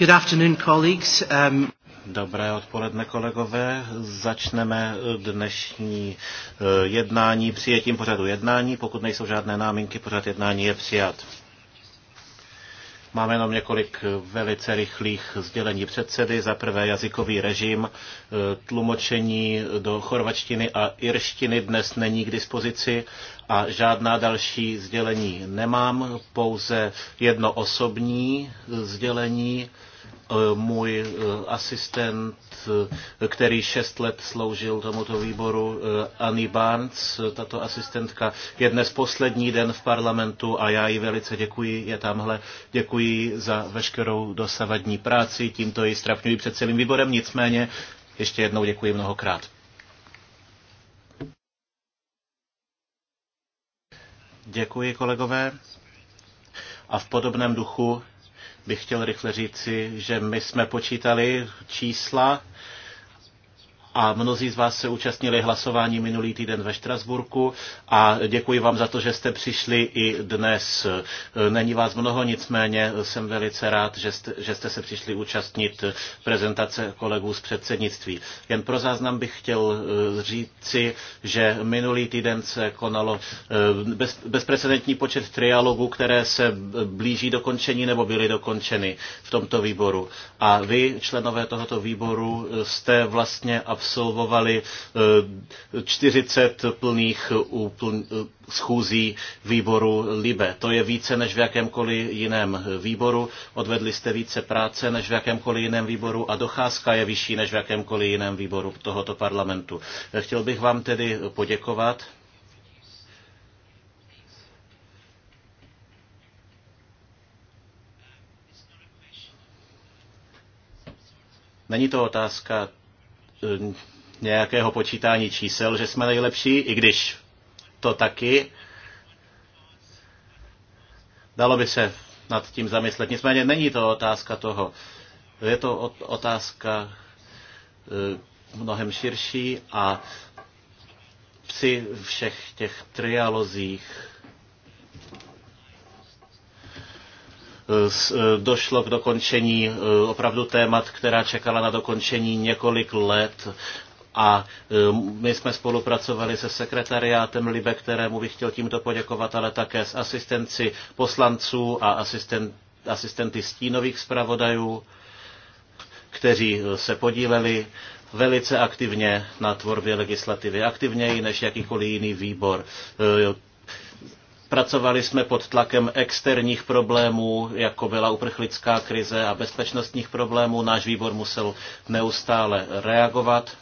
Good afternoon, colleagues. Um... Dobré odpoledne, kolegové. Začneme dnešní eh, jednání přijetím pořadu jednání. Pokud nejsou žádné náminky, pořad jednání je přijat. Máme jenom několik velice rychlých sdělení předsedy. Za prvé jazykový režim, eh, tlumočení do chorvačtiny a irštiny dnes není k dispozici a žádná další sdělení nemám, pouze jedno osobní sdělení Eh, můj eh, asistent, eh, který šest let sloužil tomuto výboru, Annie Barnes, tato asistentka, je dnes poslední den v parlamentu a já jí velice děkuji, je tamhle. Děkuji za veškerou dosavadní práci, tímto ji strapňuji před celým výborem, nicméně ještě jednou děkuji mnohokrát. Děkuji, kolegové. A v podobném duchu bych chtěl rychle říci, že my jsme počítali čísla, a mnozí z vás se účastnili hlasování minulý týden ve Štrasburku a děkuji vám za to, že jste přišli i dnes. Není vás mnoho, nicméně jsem velice rád, že jste, že jste se přišli účastnit prezentace kolegů z předsednictví. Jen pro záznam bych chtěl eh, říci, že minulý týden se konalo eh, bez, bezprecedentní počet trialogů, které se blíží dokončení nebo byly dokončeny v tomto výboru. A vy, členové tohoto výboru, jste vlastně absolvovali 40 eh, plných eh, schůzí výboru LIBE. To je více než v jakémkoliv jiném eh, výboru. Odvedli jste více práce než v jakémkoliv jiném výboru a docházka je vyšší než v jakémkoliv jiném výboru tohoto parlamentu. Chtěl bych vám tedy poděkovat. Není to otázka Eh, nějakého počítání čísel, že jsme nejlepší, i když to taky. Dalo by se nad tím zamyslet. Nicméně není to otázka toho. Je to otázka eh, mnohem širší a při všech těch trialozích Eh, došlo k dokončení eh, opravdu témat, která čekala na dokončení několik let a eh, my jsme spolupracovali se sekretariátem Libe, kterému bych chtěl tímto poděkovat, ale také s asistenci poslanců a asistent, asistenty stínových zpravodajů, kteří se podíleli velice aktivně na tvorbě legislativy, aktivněji než jakýkoliv jiný výbor Pracovali jsme pod tlakem externích problémů, jako byla uprchlická krize a bezpečnostních problémů. Náš výbor musel neustále reagovat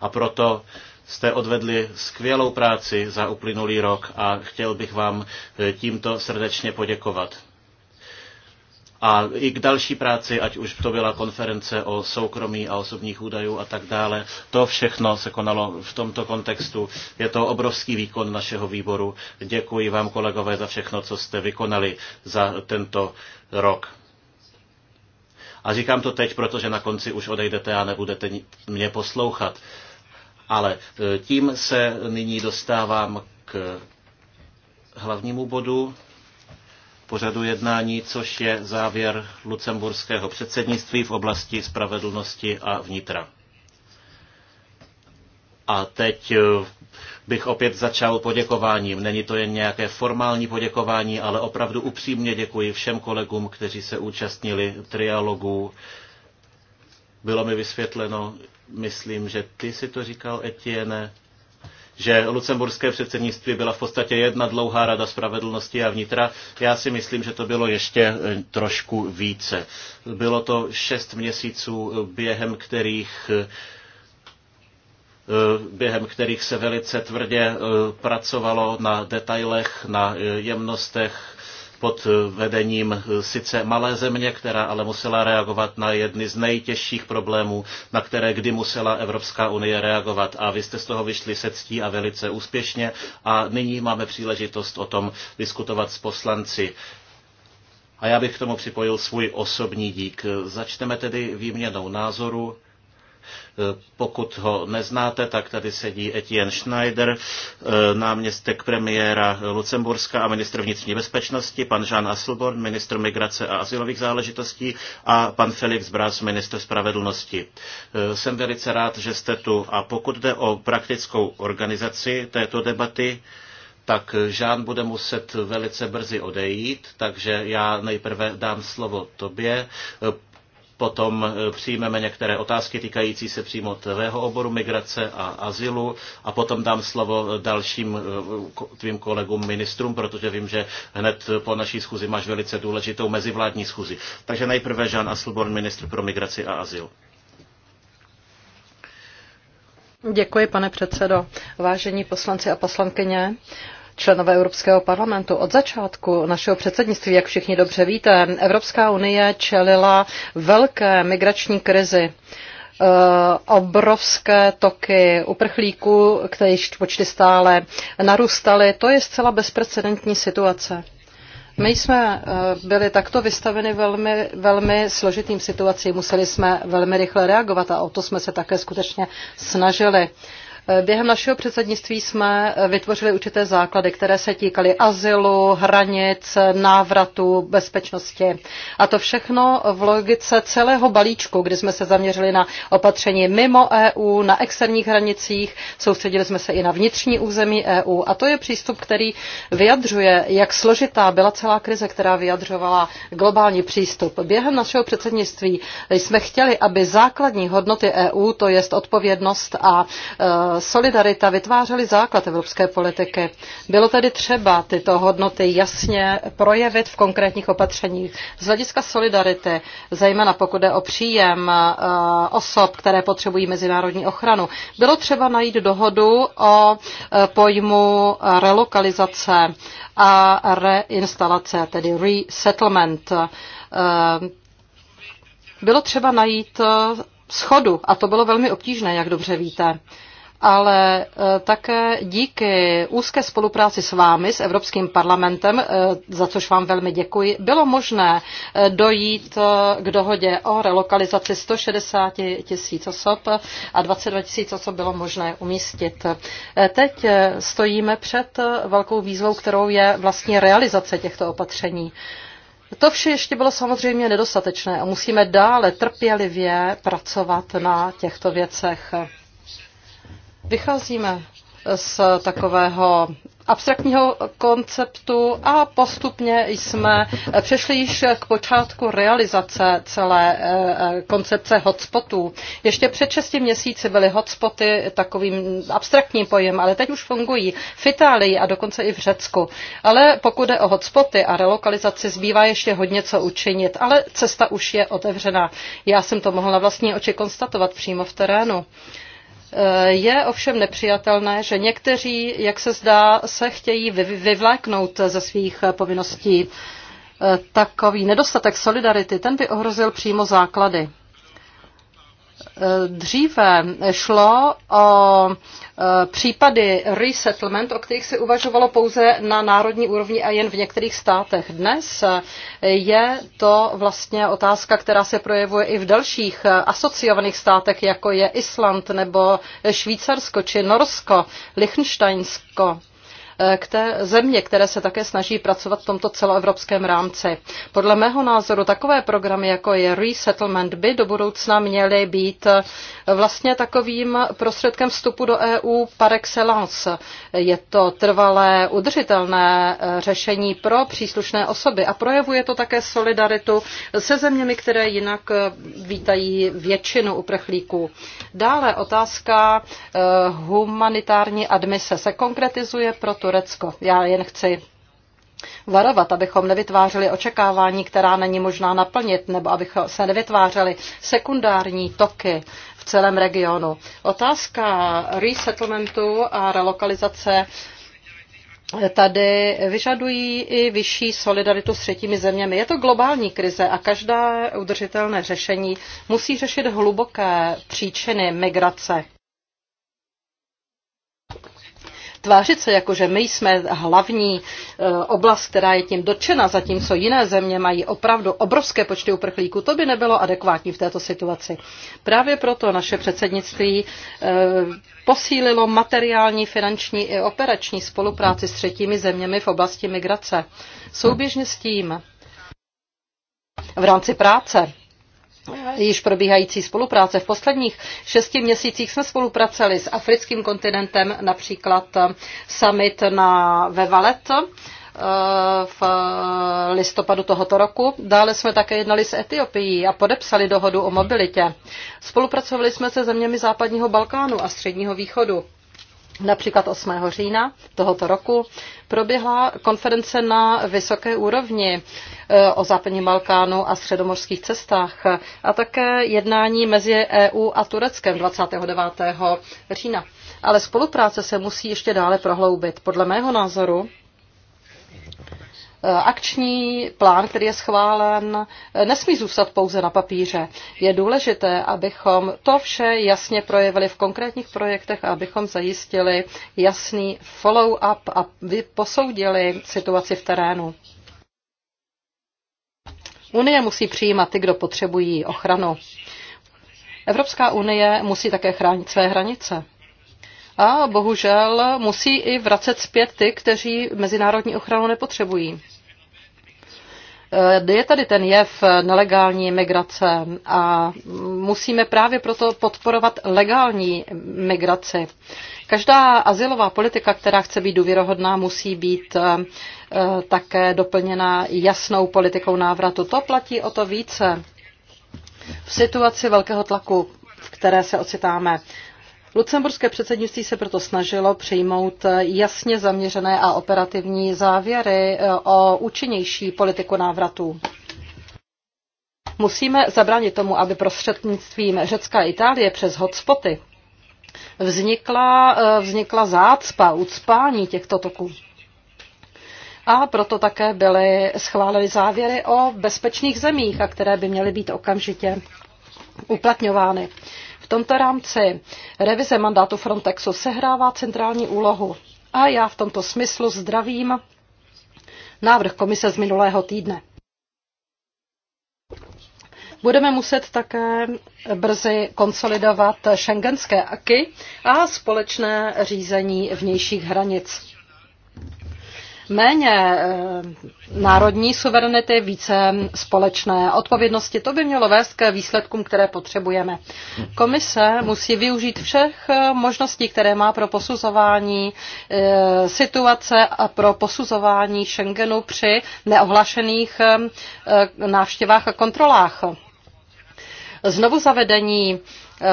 a proto jste odvedli skvělou práci za uplynulý rok a chtěl bych vám eh, tímto srdečně poděkovat a i k další práci, ať už to byla konference o soukromí a osobních údajů a tak dále. To všechno se konalo v tomto kontextu. Je to obrovský výkon našeho výboru. Děkuji vám, kolegové, za všechno, co jste vykonali za tento rok. A říkám to teď, protože na konci už odejdete a nebudete mě poslouchat. Ale e, tím se nyní dostávám k hlavnímu bodu pořadu jednání, což je závěr lucemburského předsednictví v oblasti spravedlnosti a vnitra. A teď eh, bych opět začal poděkováním. Není to jen nějaké formální poděkování, ale opravdu upřímně děkuji všem kolegům, kteří se účastnili trialogu. Bylo mi vysvětleno, myslím, že ty si to říkal, Etienne, že lucemburské předsednictví byla v podstatě jedna dlouhá rada spravedlnosti a vnitra. Já si myslím, že to bylo ještě e, trošku více. Bylo to šest měsíců, e, během kterých e, během kterých se velice tvrdě pracovalo na detailech, na jemnostech, pod vedením sice malé země, která ale musela reagovat na jedny z nejtěžších problémů, na které kdy musela Evropská unie reagovat. A vy jste z toho vyšli se ctí a velice úspěšně a nyní máme příležitost o tom diskutovat s poslanci. A já bych k tomu připojil svůj osobní dík. Začneme tedy výměnou názoru. Eh, pokud ho neznáte, tak tady sedí Etienne Schneider, eh, náměstek premiéra Lucemburska a ministr vnitřní bezpečnosti, pan Jean Asselborn, ministr migrace a asilových záležitostí a pan Felix Bras, ministr spravedlnosti. Eh, jsem velice rád, že jste tu a pokud jde o praktickou organizaci této debaty, tak Žán bude muset velice brzy odejít, takže já nejprve dám slovo tobě, Potom e, přijmeme některé otázky týkající se přímo tvého oboru migrace a azylu a potom dám slovo dalším e, tvým kolegům ministrům, protože vím, že hned po naší schůzi máš velice důležitou mezivládní schůzi. Takže nejprve Jean Aslborn, ministr pro migraci a azyl. Děkuji, pane předsedo. Vážení poslanci a poslankyně, členové Evropského parlamentu. Od začátku našeho předsednictví, jak všichni dobře víte, Evropská unie čelila velké migrační krizi e, obrovské toky uprchlíků, které počty stále narůstaly. To je zcela bezprecedentní situace. My jsme e, byli takto vystaveni velmi, velmi složitým situacím, museli jsme velmi rychle reagovat a o to jsme se také skutečně snažili. Eh, během našeho předsednictví jsme eh, vytvořili určité základy, které se týkaly azylu, hranic, návratu, bezpečnosti. A to všechno v logice celého balíčku, kdy jsme se zaměřili na opatření mimo EU, na externích hranicích, soustředili jsme se i na vnitřní území EU. A to je přístup, který vyjadřuje, jak složitá byla celá krize, která vyjadřovala globální přístup. Během našeho předsednictví jsme chtěli, aby základní hodnoty EU, to jest odpovědnost a eh, solidarita vytvářely základ evropské politiky. Bylo tedy třeba tyto hodnoty jasně projevit v konkrétních opatřeních. Z hlediska solidarity, zejména pokud jde o příjem eh, osob, které potřebují mezinárodní ochranu, bylo třeba najít dohodu o eh, pojmu relokalizace a reinstalace, tedy resettlement. Eh, bylo třeba najít schodu a to bylo velmi obtížné, jak dobře víte ale e, také díky úzké spolupráci s vámi, s Evropským parlamentem, e, za což vám velmi děkuji, bylo možné e, dojít k dohodě o relokalizaci 160 tisíc osob a 22 tisíc osob bylo možné umístit. Teď stojíme před velkou výzvou, kterou je vlastně realizace těchto opatření. To vše ještě bylo samozřejmě nedostatečné a musíme dále trpělivě pracovat na těchto věcech. Vycházíme z takového abstraktního konceptu a postupně jsme přešli již k počátku realizace celé eh, eh, koncepce hotspotů. Ještě před 6 měsíci byly hotspoty takovým abstraktním pojem, ale teď už fungují v Itálii a dokonce i v Řecku. Ale pokud je o hotspoty a relokalizaci, zbývá ještě hodně co učinit, ale cesta už je otevřená. Já jsem to mohla vlastně oči konstatovat přímo v terénu. Je ovšem nepřijatelné, že někteří, jak se zdá, se chtějí vyvléknout ze svých povinností. E, takový nedostatek solidarity, ten by ohrozil přímo základy. Eh, dříve šlo o eh, případy resettlement, o kterých se uvažovalo pouze na národní úrovni a jen v některých státech. Dnes eh, je to vlastně otázka, která se projevuje i v dalších asociovaných státech, jako je Island nebo Švýcarsko či Norsko, Lichtensteinsko. Eh, k té země, které se také snaží pracovat v tomto celoevropském rámci. Podle mého názoru takové programy, jako je resettlement, by do budoucna měly být eh, vlastně takovým prostředkem vstupu do EU par excellence. Je to trvalé, udržitelné eh, řešení pro příslušné osoby a projevuje to také solidaritu se zeměmi, které jinak vítají většinu uprchlíků. Dále otázka humanitární admise se konkretizuje pro tu Turecko. Já jen chci varovat, abychom nevytvářeli očekávání, která není možná naplnit, nebo abychom se nevytvářeli sekundární toky v celém regionu. Otázka resettlementu a relokalizace tady vyžadují i vyšší solidaritu s třetími zeměmi. Je to globální krize a každá udržitelné řešení musí řešit hluboké příčiny migrace tvářit se jako, že my jsme hlavní eh, oblast, která je tím dotčena, zatímco jiné země mají opravdu obrovské počty uprchlíků, to by nebylo adekvátní v této situaci. Právě proto naše předsednictví eh, posílilo materiální, finanční i operační spolupráci s třetími zeměmi v oblasti migrace. Souběžně s tím v rámci práce již probíhající spolupráce. V posledních šesti měsících jsme spolupracovali s africkým kontinentem, například eh, summit na, Vevalet eh, v eh, listopadu tohoto roku. Dále jsme také jednali s Etiopií a podepsali dohodu o mobilitě. Spolupracovali jsme se zeměmi západního Balkánu a středního východu. Například 8. října tohoto roku proběhla konference na vysoké úrovni eh, o západní Balkánu a středomorských cestách a také jednání mezi EU a Tureckem 29. října. Ale spolupráce se musí ještě dále prohloubit. Podle mého názoru Eh, akční plán, který je schválen, eh, nesmí zůstat pouze na papíře. Je důležité, abychom to vše jasně projevili v konkrétních projektech a abychom zajistili jasný follow-up a posoudili situaci v terénu. Unie musí přijímat ty, kdo potřebují ochranu. Evropská unie musí také chránit své hranice. A bohužel musí i vracet zpět ty, kteří mezinárodní ochranu nepotřebují. Eh, je tady ten jev nelegální migrace a musíme právě proto podporovat legální migraci. Každá asilová politika, která chce být důvěrohodná, musí být eh, eh, také doplněna jasnou politikou návratu. To platí o to více v situaci velkého tlaku, v které se ocitáme. Lucemburské předsednictví se proto snažilo přijmout jasně zaměřené a operativní závěry eh, o účinnější politiku návratů. Musíme zabránit tomu, aby prostřednictvím Řecka a Itálie přes hotspoty vznikla, eh, vznikla zácpa, ucpání těchto toků. A proto také byly schváleny závěry o bezpečných zemích, a které by měly být okamžitě uplatňovány. V tomto rámci revize mandátu Frontexu sehrává centrální úlohu a já v tomto smyslu zdravím návrh komise z minulého týdne. Budeme muset také brzy konsolidovat šengenské aky a společné řízení vnějších hranic méně eh, národní suverenity, více společné odpovědnosti. To by mělo vést k výsledkům, které potřebujeme. Komise musí využít všech eh, možností, které má pro posuzování eh, situace a pro posuzování Schengenu při neohlašených návštěvách a kontrolách znovuzavedení eh,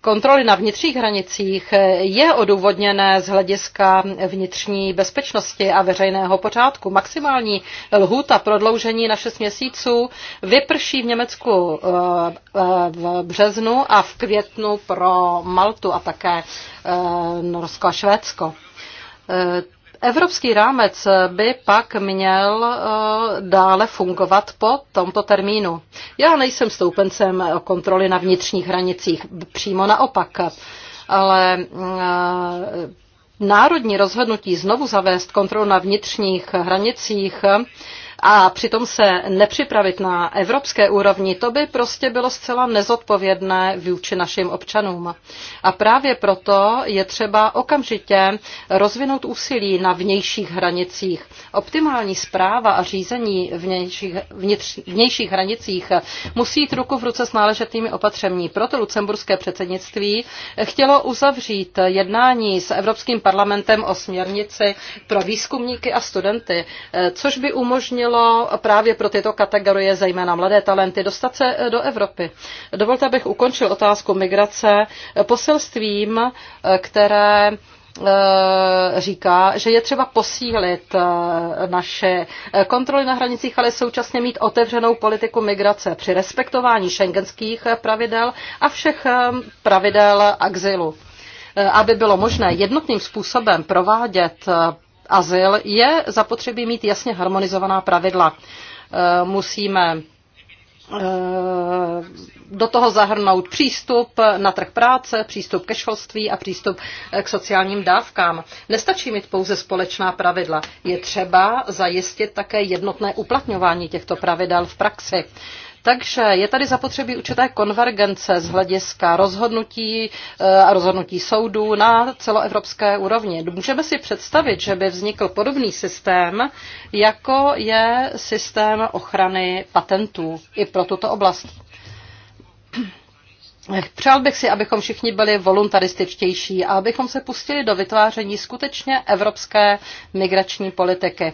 kontroly na vnitřních hranicích eh, je odůvodněné z hlediska vnitřní bezpečnosti a veřejného pořádku. Maximální lhůta prodloužení na 6 měsíců vyprší v Německu eh, v březnu a v květnu pro Maltu a také Norsko a Švédsko. Evropský rámec by pak měl eh, dále fungovat po tomto termínu. Já nejsem stoupencem kontroly na vnitřních hranicích, přímo naopak, ale eh, národní rozhodnutí znovu zavést kontrolu na vnitřních hranicích a přitom se nepřipravit na evropské úrovni, to by prostě bylo zcela nezodpovědné vůči našim občanům. A právě proto je třeba okamžitě rozvinout úsilí na vnějších hranicích. Optimální zpráva a řízení vnějších, vnitř, vnějších hranicích musí jít ruku v ruce s náležitými opatřeními. Proto lucemburské předsednictví chtělo uzavřít jednání s Evropským parlamentem o směrnici pro výzkumníky a studenty, což by umožnilo podařilo právě pro tyto kategorie, zejména mladé talenty, dostat se eh, do Evropy. Dovolte, abych ukončil otázku migrace poselstvím, eh, které eh, říká, že je třeba posílit naše kontroly na hranicích, ale současně mít otevřenou politiku migrace při respektování šengenských pravidel a všech pravidel axilu aby bylo možné jednotným způsobem provádět azyl, je zapotřebí mít jasně harmonizovaná pravidla. Eh, musíme eh, do toho zahrnout přístup na trh práce, přístup ke školství a přístup eh, k sociálním dávkám. Nestačí mít pouze společná pravidla. Je třeba zajistit také jednotné uplatňování těchto pravidel v praxi. Takže je tady zapotřebí určité konvergence z hlediska rozhodnutí eh, a rozhodnutí soudů na celoevropské úrovni. Můžeme si představit, že by vznikl podobný systém, jako je systém ochrany patentů i pro tuto oblast. Přál bych si, abychom všichni byli voluntarističtější a abychom se pustili do vytváření skutečně evropské migrační politiky.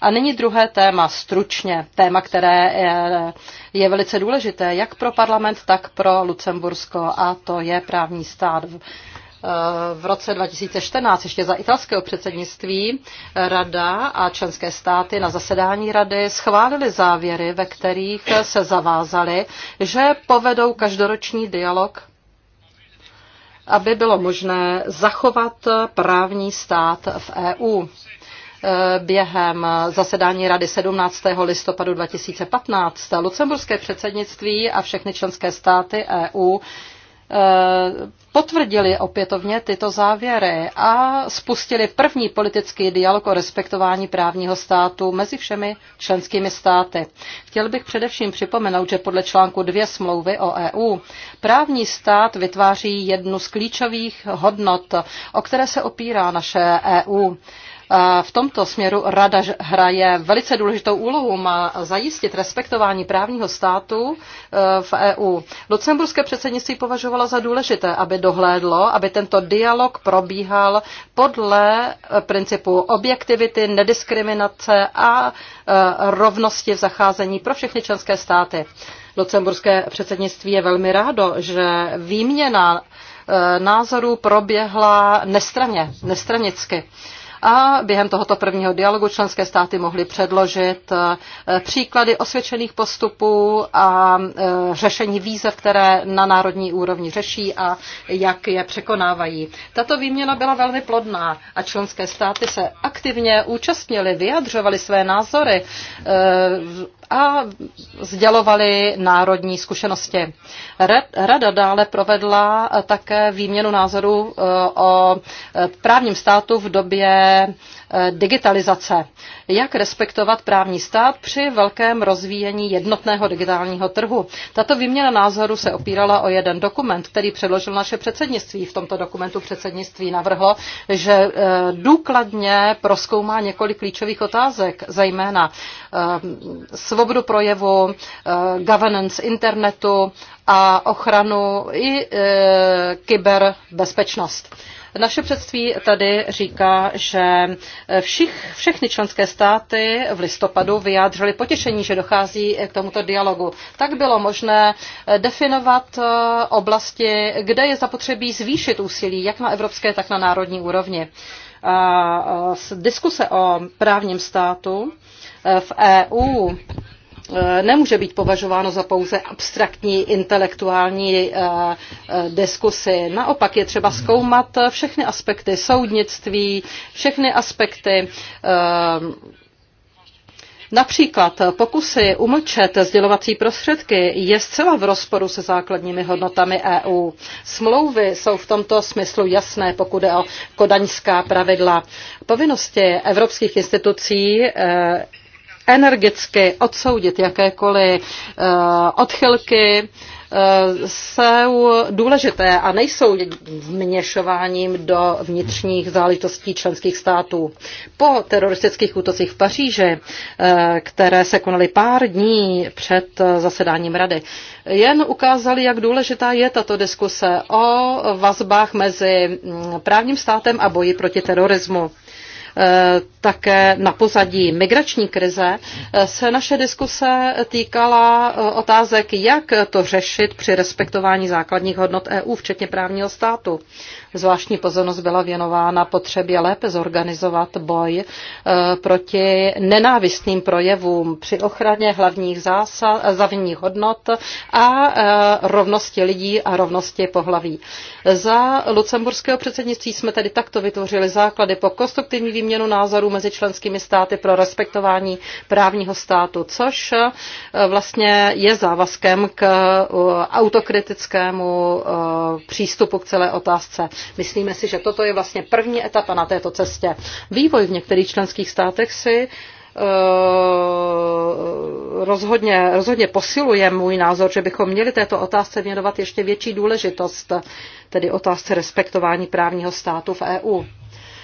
A nyní druhé téma, stručně, téma, které je, eh, je velice důležité jak pro parlament, tak pro Lucembursko, a to je právní stát. Eh, v roce 2014, ještě za italského předsednictví, eh, Rada a členské státy na zasedání Rady schválili závěry, ve kterých se zavázali, že povedou každoroční dialog aby bylo možné zachovat právní stát v EU eh, během zasedání Rady 17. listopadu 2015 lucemburské předsednictví a všechny členské státy EU Eh, potvrdili opětovně tyto závěry a spustili první politický dialog o respektování právního státu mezi všemi členskými státy. Chtěl bych především připomenout, že podle článku 2 smlouvy o EU právní stát vytváří jednu z klíčových hodnot, o které se opírá naše EU. V tomto směru rada hraje velice důležitou úlohu, má zajistit respektování právního státu e, v EU. Lucemburské předsednictví považovalo za důležité, aby dohlédlo, aby tento dialog probíhal podle e, principu objektivity, nediskriminace a e, rovnosti v zacházení pro všechny členské státy. Lucemburské předsednictví je velmi rádo, že výměna názorů proběhla nestraně, nestranicky a během tohoto prvního dialogu členské státy mohly předložit eh, příklady osvědčených postupů a eh, řešení výzev, které na národní úrovni řeší a jak je překonávají. Tato výměna byla velmi plodná a členské státy se aktivně účastnili, vyjadřovali své názory, eh, a sdělovali národní zkušenosti. Rada dále provedla také výměnu názorů eh, o eh, právním státu v době Eh, digitalizace. Jak respektovat právní stát při velkém rozvíjení jednotného digitálního trhu. Tato výměna názoru se opírala o jeden dokument, který předložil naše předsednictví. V tomto dokumentu předsednictví navrhlo, že eh, důkladně proskoumá několik klíčových otázek, zejména eh, svobodu projevu, governance internetu a ochranu i kyberbezpečnost. Naše předství tady říká, že všich, všechny členské státy v listopadu vyjádřili potěšení, že dochází k tomuto dialogu. Tak bylo možné definovat eh, oblasti, kde je zapotřebí zvýšit úsilí, jak na evropské, tak na národní úrovni. A diskuse o právním státu eh, v EU Eh, nemůže být považováno za pouze abstraktní intelektuální eh, eh, diskusy. Naopak je třeba zkoumat všechny aspekty soudnictví, všechny aspekty Například pokusy umlčet sdělovací prostředky je zcela v rozporu se základními hodnotami EU. Smlouvy jsou v tomto smyslu jasné, pokud je o kodaňská pravidla. Povinnosti evropských institucí energicky odsoudit jakékoliv eh, odchylky, eh, jsou důležité a nejsou vměšováním do vnitřních záležitostí členských států. Po teroristických útocích v Paříži, eh, které se konaly pár dní před zasedáním rady, jen ukázali, jak důležitá je tato diskuse o vazbách mezi mm, právním státem a boji proti terorismu. Eh, také na pozadí migrační krize eh, se naše diskuse týkala eh, otázek, jak to řešit při respektování základních hodnot EU, včetně právního státu. Zvláštní pozornost byla věnována potřebě lépe zorganizovat boj eh, proti nenávistným projevům při ochraně hlavních zásad, zavinních hodnot a eh, rovnosti lidí a rovnosti pohlaví. Za lucemburského předsednictví jsme tedy takto vytvořili základy po konstruktivní výměnu názorů mezi členskými státy pro respektování právního státu, což eh, vlastně je závazkem k autokritickému přístupu k celé otázce. Myslíme si, že toto je vlastně první etapa na této cestě. Vývoj v některých členských státech si eh, rozhodně, rozhodně posiluje můj názor, že bychom měli této otázce věnovat ještě větší důležitost, tedy otázce respektování právního státu v EU.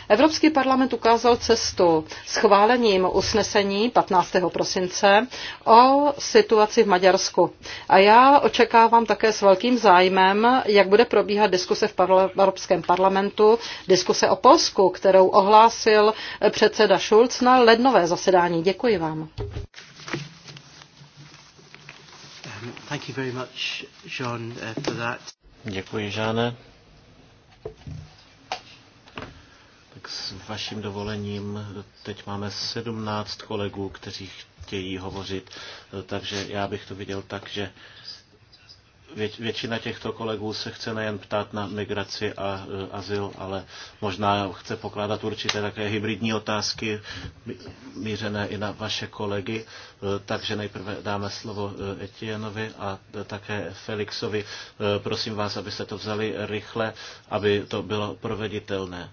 Evropský parlament ukázal cestu schválením usnesení 15. prosince o situaci v Maďarsku. A já očekávám také s velkým zájmem, jak bude probíhat diskuse v parla- Evropském parlamentu, diskuse o Polsku, kterou ohlásil předseda Schulz na lednové zasedání. Děkuji vám. Thank you very much, Jean, uh, for that. Děkuji, Žáne s vaším dovolením teď máme 17 kolegů, kteří chtějí hovořit, takže já bych to viděl tak, že většina těchto kolegů se chce nejen ptát na migraci a e, azyl, ale možná chce pokládat určité také hybridní otázky mířené i na vaše kolegy. E, takže nejprve dáme slovo e, Etienovi a také Felixovi. Prosím vás, abyste to vzali rychle, aby to bylo proveditelné.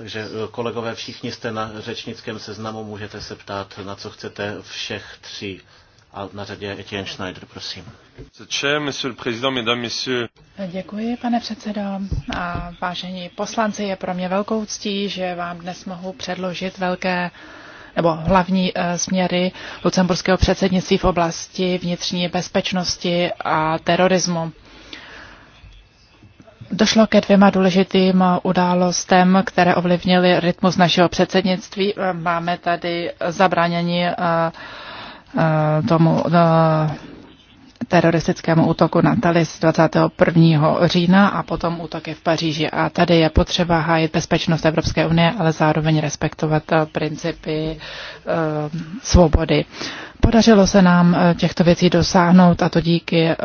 Takže eh, kolegové, všichni jste na řečnickém seznamu, můžete se ptát, na co chcete všech tří. A na řadě Etienne Schneider, prosím. Děkuji, pane předsedo. A vážení poslanci, je pro mě velkou ctí, že vám dnes mohu předložit velké nebo hlavní eh, směry lucemburského předsednictví v oblasti vnitřní bezpečnosti a terorismu. Došlo ke dvěma důležitým událostem, které ovlivnily rytmus našeho předsednictví. Máme tady zabránění eh, eh, tomu eh, teroristickému útoku na Talis 21. října a potom útoky v Paříži. A tady je potřeba hájit bezpečnost Evropské unie, ale zároveň respektovat principy svobody. Podařilo se nám eh, těchto věcí dosáhnout a to díky eh,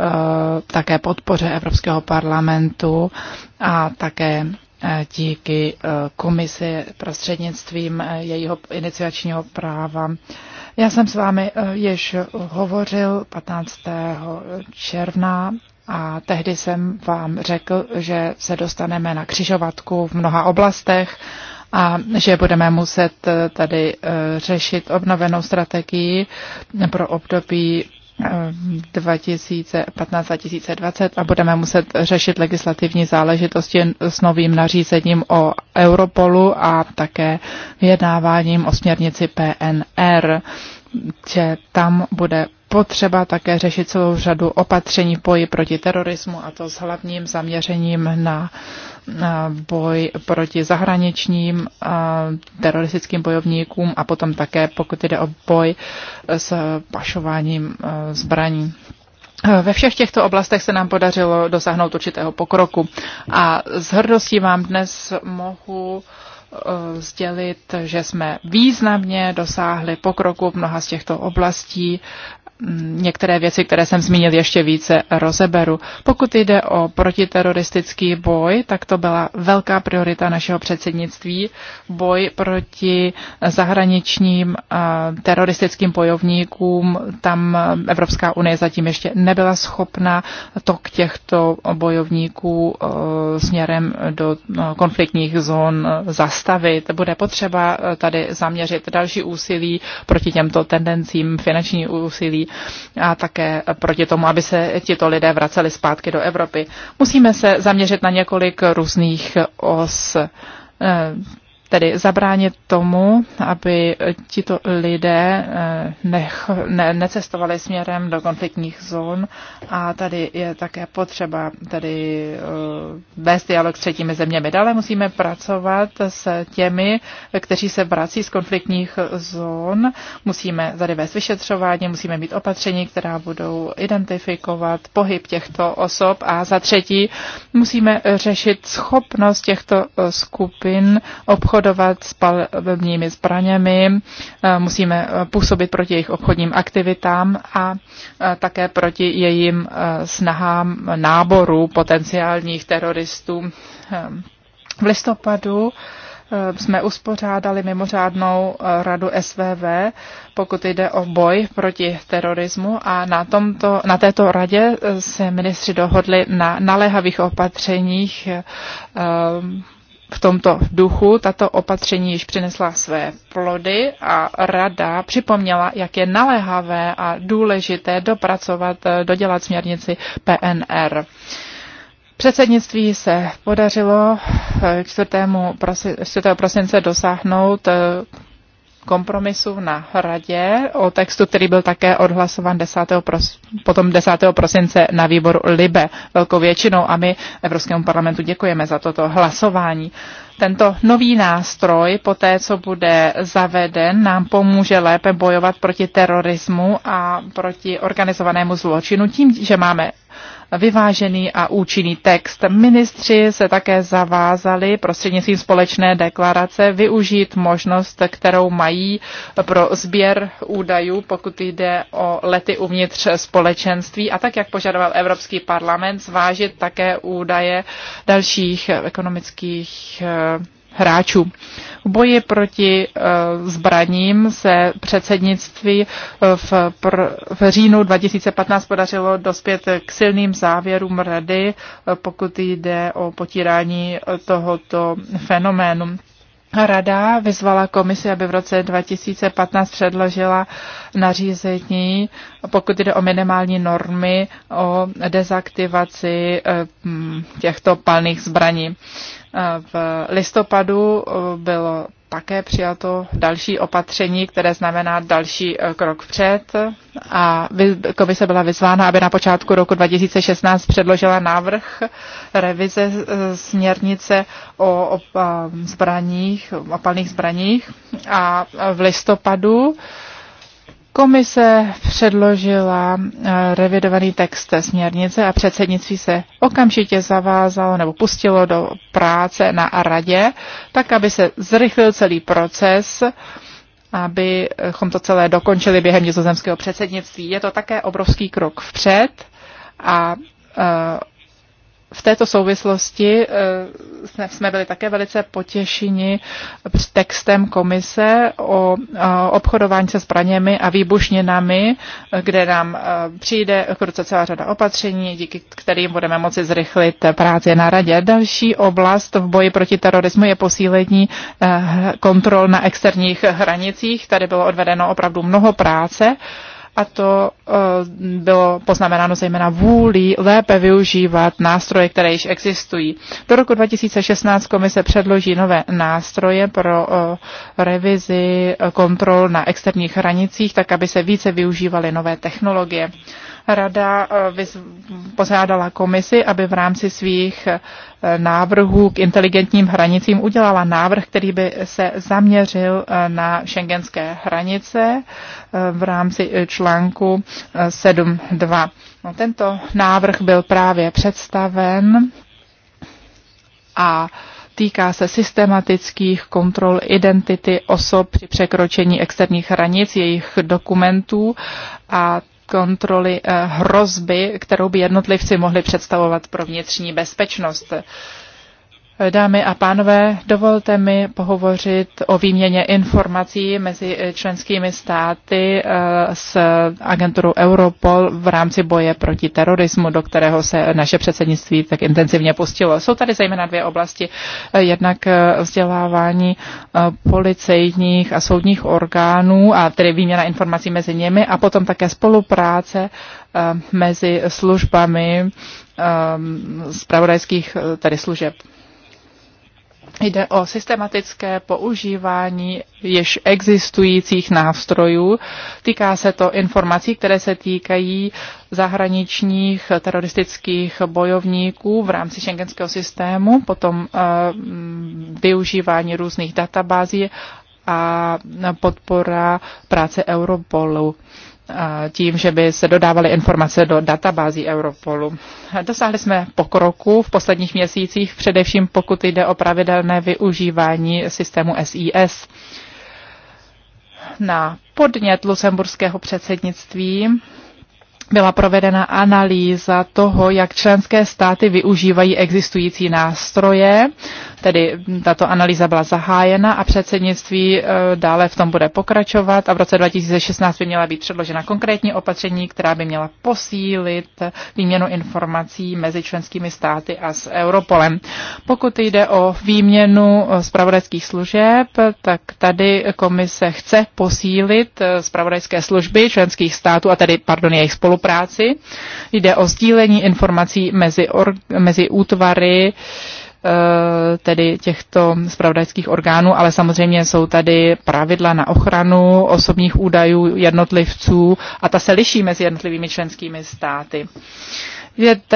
také podpoře Evropského parlamentu a také eh, díky komisi prostřednictvím jejího iniciačního práva. Já jsem s vámi již hovořil 15. června a tehdy jsem vám řekl, že se dostaneme na křižovatku v mnoha oblastech a že budeme muset eh, tady eh, řešit obnovenou strategii pro období 2015-2020 eh, a budeme muset řešit legislativní záležitosti s novým nařízením o Europolu a také vyjednáváním o směrnici PNR že tam bude potřeba také řešit celou řadu opatření v boji proti terorismu a to s hlavním zaměřením na, boj proti zahraničním teroristickým bojovníkům a potom také, pokud jde o boj s pašováním zbraní. Ve všech těchto oblastech se nám podařilo dosáhnout určitého pokroku a s hrdostí vám dnes mohu e, sdělit, že jsme významně dosáhli pokroku v mnoha z těchto oblastí Mm, některé věci, které jsem zmínil, ještě více rozeberu. Pokud jde o protiteroristický boj, tak to byla velká priorita našeho předsednictví. Boj proti zahraničním teroristickým bojovníkům, tam Evropská unie zatím ještě nebyla schopna tok těchto bojovníků směrem do konfliktních zón zastavit. Bude potřeba e, tady zaměřit další úsilí proti těmto tendencím, finanční úsilí a také proti tomu, aby se tito lidé vraceli zpátky do Evropy. Musíme se zaměřit na několik různých os tedy zabránit tomu, aby tito lidé eh, nech, ne, necestovali směrem do konfliktních zón a tady je také potřeba tady eh, vést dialog s třetími zeměmi. Dále musíme pracovat s těmi, kteří se vrací z konfliktních zón. Musíme tady vést vyšetřování, musíme mít opatření, která budou identifikovat pohyb těchto osob a za třetí musíme řešit schopnost těchto skupin obchodů obchodovat s palebními zbraněmi, eh, musíme eh, působit proti jejich obchodním aktivitám a eh, také proti jejím snahám náboru potenciálních teroristů. V listopadu jsme uspořádali mimořádnou radu SVV, pokud jde o boj proti terorismu a na, tomto, na této radě se ministři dohodli na naléhavých opatřeních v tomto duchu tato opatření již přinesla své plody a rada připomněla, jak je naléhavé a důležité dopracovat, eh, dodělat směrnici PNR. Předsednictví se podařilo 4. Eh, prosince, dosáhnout eh, kompromisu na radě o textu, který byl také odhlasován 10. Pros, potom 10. prosince na výboru LIBE velkou většinou a my Evropskému parlamentu děkujeme za toto hlasování. Tento nový nástroj, po té, co bude zaveden, nám pomůže lépe bojovat proti terorismu a proti organizovanému zločinu tím, že máme vyvážený a účinný text. Ministři se také zavázali prostřednictvím společné deklarace využít možnost, kterou mají pro sběr údajů, pokud jde o lety uvnitř společenství a tak, jak požadoval Evropský parlament, zvážit také údaje dalších ekonomických eh, hráčů. V boji proti eh, zbraním se předsednictví eh, v, pr- v říjnu 2015 podařilo dospět k silným závěrům rady, eh, pokud jde o potírání tohoto fenoménu. Rada vyzvala komisi, aby v roce 2015 předložila nařízení pokud jde o minimální normy o dezaktivaci eh, hm, těchto palných zbraní. Eh, v listopadu eh, bylo také přijato další opatření, které znamená další krok vpřed. A komise byla vyzvána, aby na počátku roku 2016 předložila návrh revize směrnice o zbraních, opalných zbraních. A v listopadu Komise předložila eh, revidovaný text směrnice a předsednictví se okamžitě zavázalo nebo pustilo do práce na radě, tak aby se zrychlil celý proces, abychom to celé dokončili během nizozemského předsednictví. Je to také obrovský krok vpřed a eh, v této souvislosti eh, jsme byli také velice potěšeni textem komise o eh, obchodování se zbraněmi a výbušninami, eh, kde nám přijde k ruce celá řada opatření, díky kterým budeme moci zrychlit práci na radě. Další oblast v boji proti terorismu je posílení kontrol na externích hranicích. Tady bylo odvedeno opravdu mnoho práce a to eh, bylo poznamenáno zejména vůli lépe využívat nástroje, které již existují. Do roku 2016 komise předloží nové nástroje pro eh, revizi eh, kontrol na externích hranicích, tak aby se více využívaly nové technologie. Rada eh, pořádala komisi, aby v rámci svých eh, návrhů k inteligentním hranicím udělala návrh, který by se zaměřil eh, na šengenské hranice v rámci článku 7.2. No, tento návrh byl právě představen a týká se systematických kontrol identity osob při překročení externích hranic, jejich dokumentů a kontroly eh, hrozby, kterou by jednotlivci mohli představovat pro vnitřní bezpečnost. Dámy a pánové, dovolte mi pohovořit o výměně informací mezi členskými státy eh, s agenturou Europol v rámci boje proti terorismu, do kterého se naše předsednictví tak intenzivně pustilo. Jsou tady zejména dvě oblasti. Eh, jednak eh, vzdělávání policejních a soudních orgánů a tedy výměna informací mezi nimi a potom také spolupráce mezi službami spravodajských tedy služeb Jde o systematické používání již existujících nástrojů. Týká se to informací, které se týkají zahraničních teroristických bojovníků v rámci šengenského systému, potom eh, využívání různých databází a podpora práce Europolu tím, že by se dodávaly informace do databází Europolu. Dosáhli jsme pokroku v posledních měsících, především pokud jde o pravidelné využívání systému SIS. Na podnět lucemburského předsednictví byla provedena analýza toho, jak členské státy využívají existující nástroje Tedy tato analýza byla zahájena a předsednictví eh, dále v tom bude pokračovat a v roce 2016 by měla být předložena konkrétní opatření, která by měla posílit výměnu informací mezi členskými státy a s Europolem. Pokud jde o výměnu eh, zpravodajských služeb, tak tady komise chce posílit eh, zpravodajské služby členských států a tedy, pardon, jejich spolupráci. Jde o sdílení informací mezi, or, mezi útvary, Eh, tedy těchto spravodajských orgánů, ale samozřejmě jsou tady pravidla na ochranu osobních údajů jednotlivců a ta se liší mezi jednotlivými členskými státy.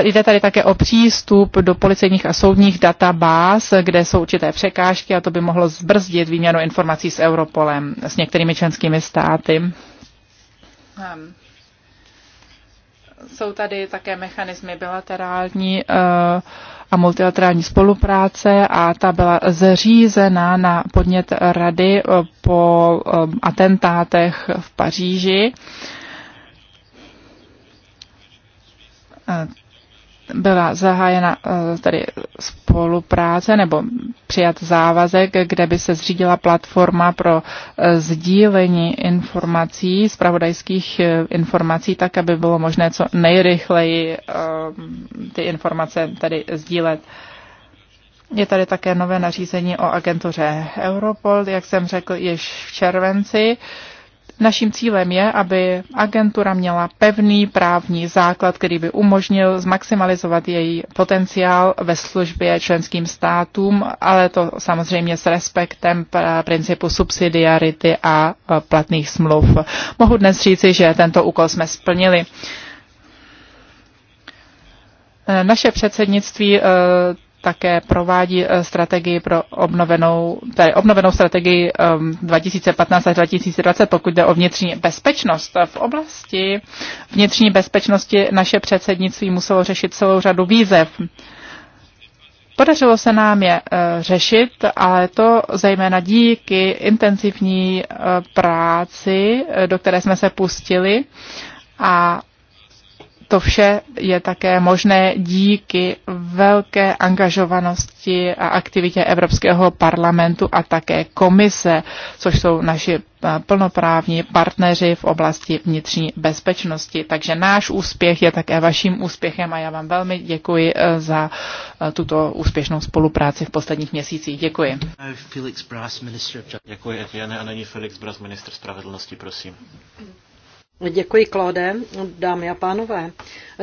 Jde tady také o přístup do policejních a soudních databáz, kde jsou určité překážky a to by mohlo zbrzdit výměnu informací s Europolem, s některými členskými státy. Ehm, jsou tady také mechanismy bilaterální. Uh, a multilaterální spolupráce a ta byla zřízena na podnět rady eh, po eh, atentátech v Paříži. Eh, byla zahájena tady spolupráce, nebo přijat závazek, kde by se zřídila platforma pro eh, sdílení informací, spravodajských eh, informací, tak, aby bylo možné co nejrychleji eh, ty informace tady sdílet. Je tady také nové nařízení o agentuře Europol, jak jsem řekl již v červenci. Uh, Naším cílem je, aby agentura měla pevný právní základ, který by umožnil zmaximalizovat její potenciál ve službě členským státům, ale to samozřejmě s respektem principu subsidiarity a e, platných smluv. Mohu dnes říci, že tento úkol jsme splnili. E, naše předsednictví e, také provádí eh, strategii pro obnovenou, tedy obnovenou strategii 2015 ehm, až 2020, pokud jde o vnitřní bezpečnost. V oblasti vnitřní bezpečnosti naše předsednictví muselo řešit celou řadu výzev. Podařilo se nám je eh, řešit, ale to zejména díky intenzivní eh, práci, do které jsme se pustili a to vše je také možné díky velké angažovanosti a aktivitě Evropského parlamentu a také komise, což jsou naši eh, plnoprávní partneři v oblasti vnitřní bezpečnosti. Takže náš úspěch je také vaším úspěchem a já vám velmi děkuji eh, za eh, tuto úspěšnou spolupráci v posledních měsících. Děkuji. Felix Brass, minister... Děkuji, Etienne. A není Felix Bras, minister spravedlnosti, prosím. Děkuji, Klode. Dámy a pánové,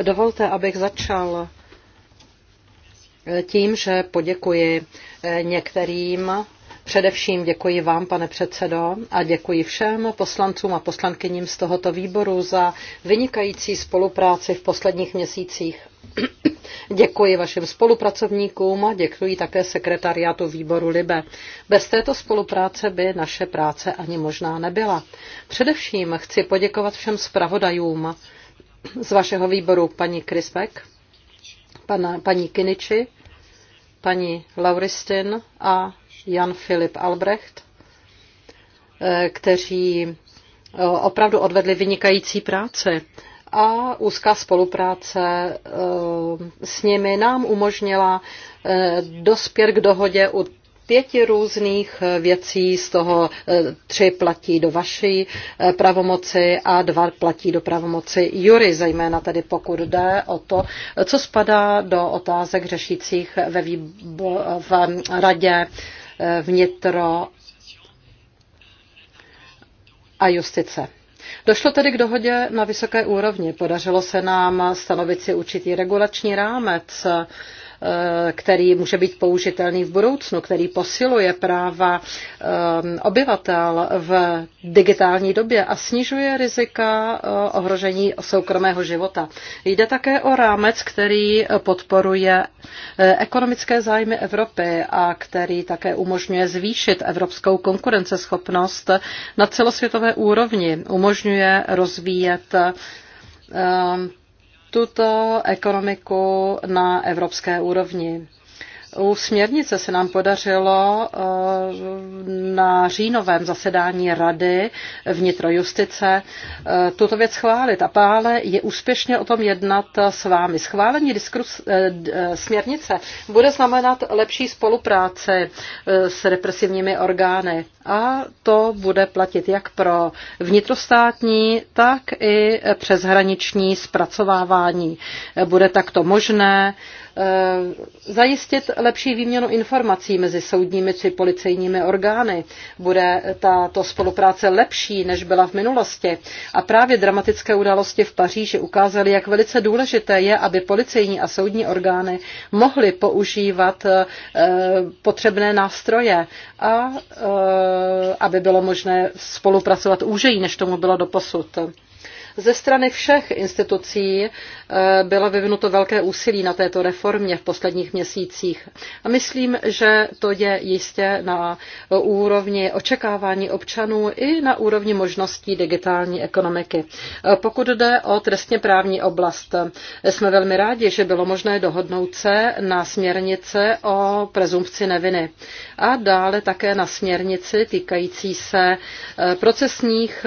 dovolte, abych začal tím, že poděkuji některým Především děkuji vám, pane předsedo, a děkuji všem poslancům a poslankyním z tohoto výboru za vynikající spolupráci v posledních měsících. Děkuji vašim spolupracovníkům a děkuji také sekretariátu výboru Libe. Bez této spolupráce by naše práce ani možná nebyla. Především chci poděkovat všem zpravodajům z vašeho výboru paní Krispek, pana, paní Kiniči, paní Lauristin a Jan Filip Albrecht, eh, kteří eh, opravdu odvedli vynikající práci. A úzká spolupráce eh, s nimi nám umožnila dospět k dohodě u pěti různých věcí, z toho tři platí do vaší pravomoci a dva platí do pravomoci jury, zejména tedy pokud jde o to, co spadá do otázek řešících ve výbo- v radě vnitro a justice. Došlo tedy k dohodě na vysoké úrovni. Podařilo se nám stanovit si určitý regulační rámec Eh, který může být použitelný v budoucnu, který posiluje práva eh, obyvatel v digitální době a snižuje rizika eh, ohrožení soukromého života. Jde také o rámec, který podporuje ekonomické zájmy Evropy a který také umožňuje zvýšit evropskou konkurenceschopnost na celosvětové úrovni, umožňuje rozvíjet tuto ekonomiku na evropské úrovni. U směrnice se nám podařilo eh, na říjnovém zasedání Rady vnitrojustice eh, tuto věc schválit a pále je úspěšně o tom jednat s vámi. Schválení diskrus, eh, směrnice bude znamenat lepší spolupráci s represivními orgány a to bude platit jak pro vnitrostátní, tak i přeshraniční zpracovávání. Bude takto možné Eh, zajistit lepší výměnu informací mezi soudními či policejními orgány. Bude tato spolupráce lepší, než byla v minulosti. A právě dramatické události v Paříži ukázaly, jak velice důležité je, aby policejní a soudní orgány mohly používat eh, potřebné nástroje a eh, aby bylo možné spolupracovat úžejí, než tomu bylo doposud. Ze strany všech institucí eh, bylo vyvinuto velké úsilí na této reformě v posledních měsících. A myslím, že to je jistě na úrovni očekávání občanů i na úrovni možností digitální ekonomiky. Eh, pokud jde o trestně právní oblast, eh, jsme velmi rádi, že bylo možné dohodnout se na směrnice o prezumpci neviny a dále také na směrnici týkající se procesních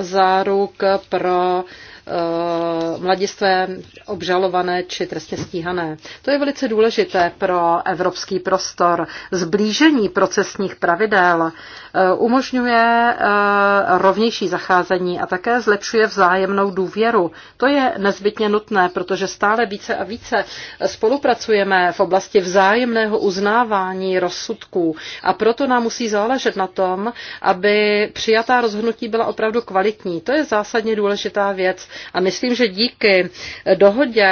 záruk pro o Eh, mladistvé obžalované či trestně stíhané. To je velice důležité pro evropský prostor. Zblížení procesních pravidel eh, umožňuje eh, rovnější zacházení a také zlepšuje vzájemnou důvěru. To je nezbytně nutné, protože stále více a více spolupracujeme v oblasti vzájemného uznávání rozsudků a proto nám musí záležet na tom, aby přijatá rozhodnutí byla opravdu kvalitní. To je zásadně důležitá věc. A myslím, že díky dohodě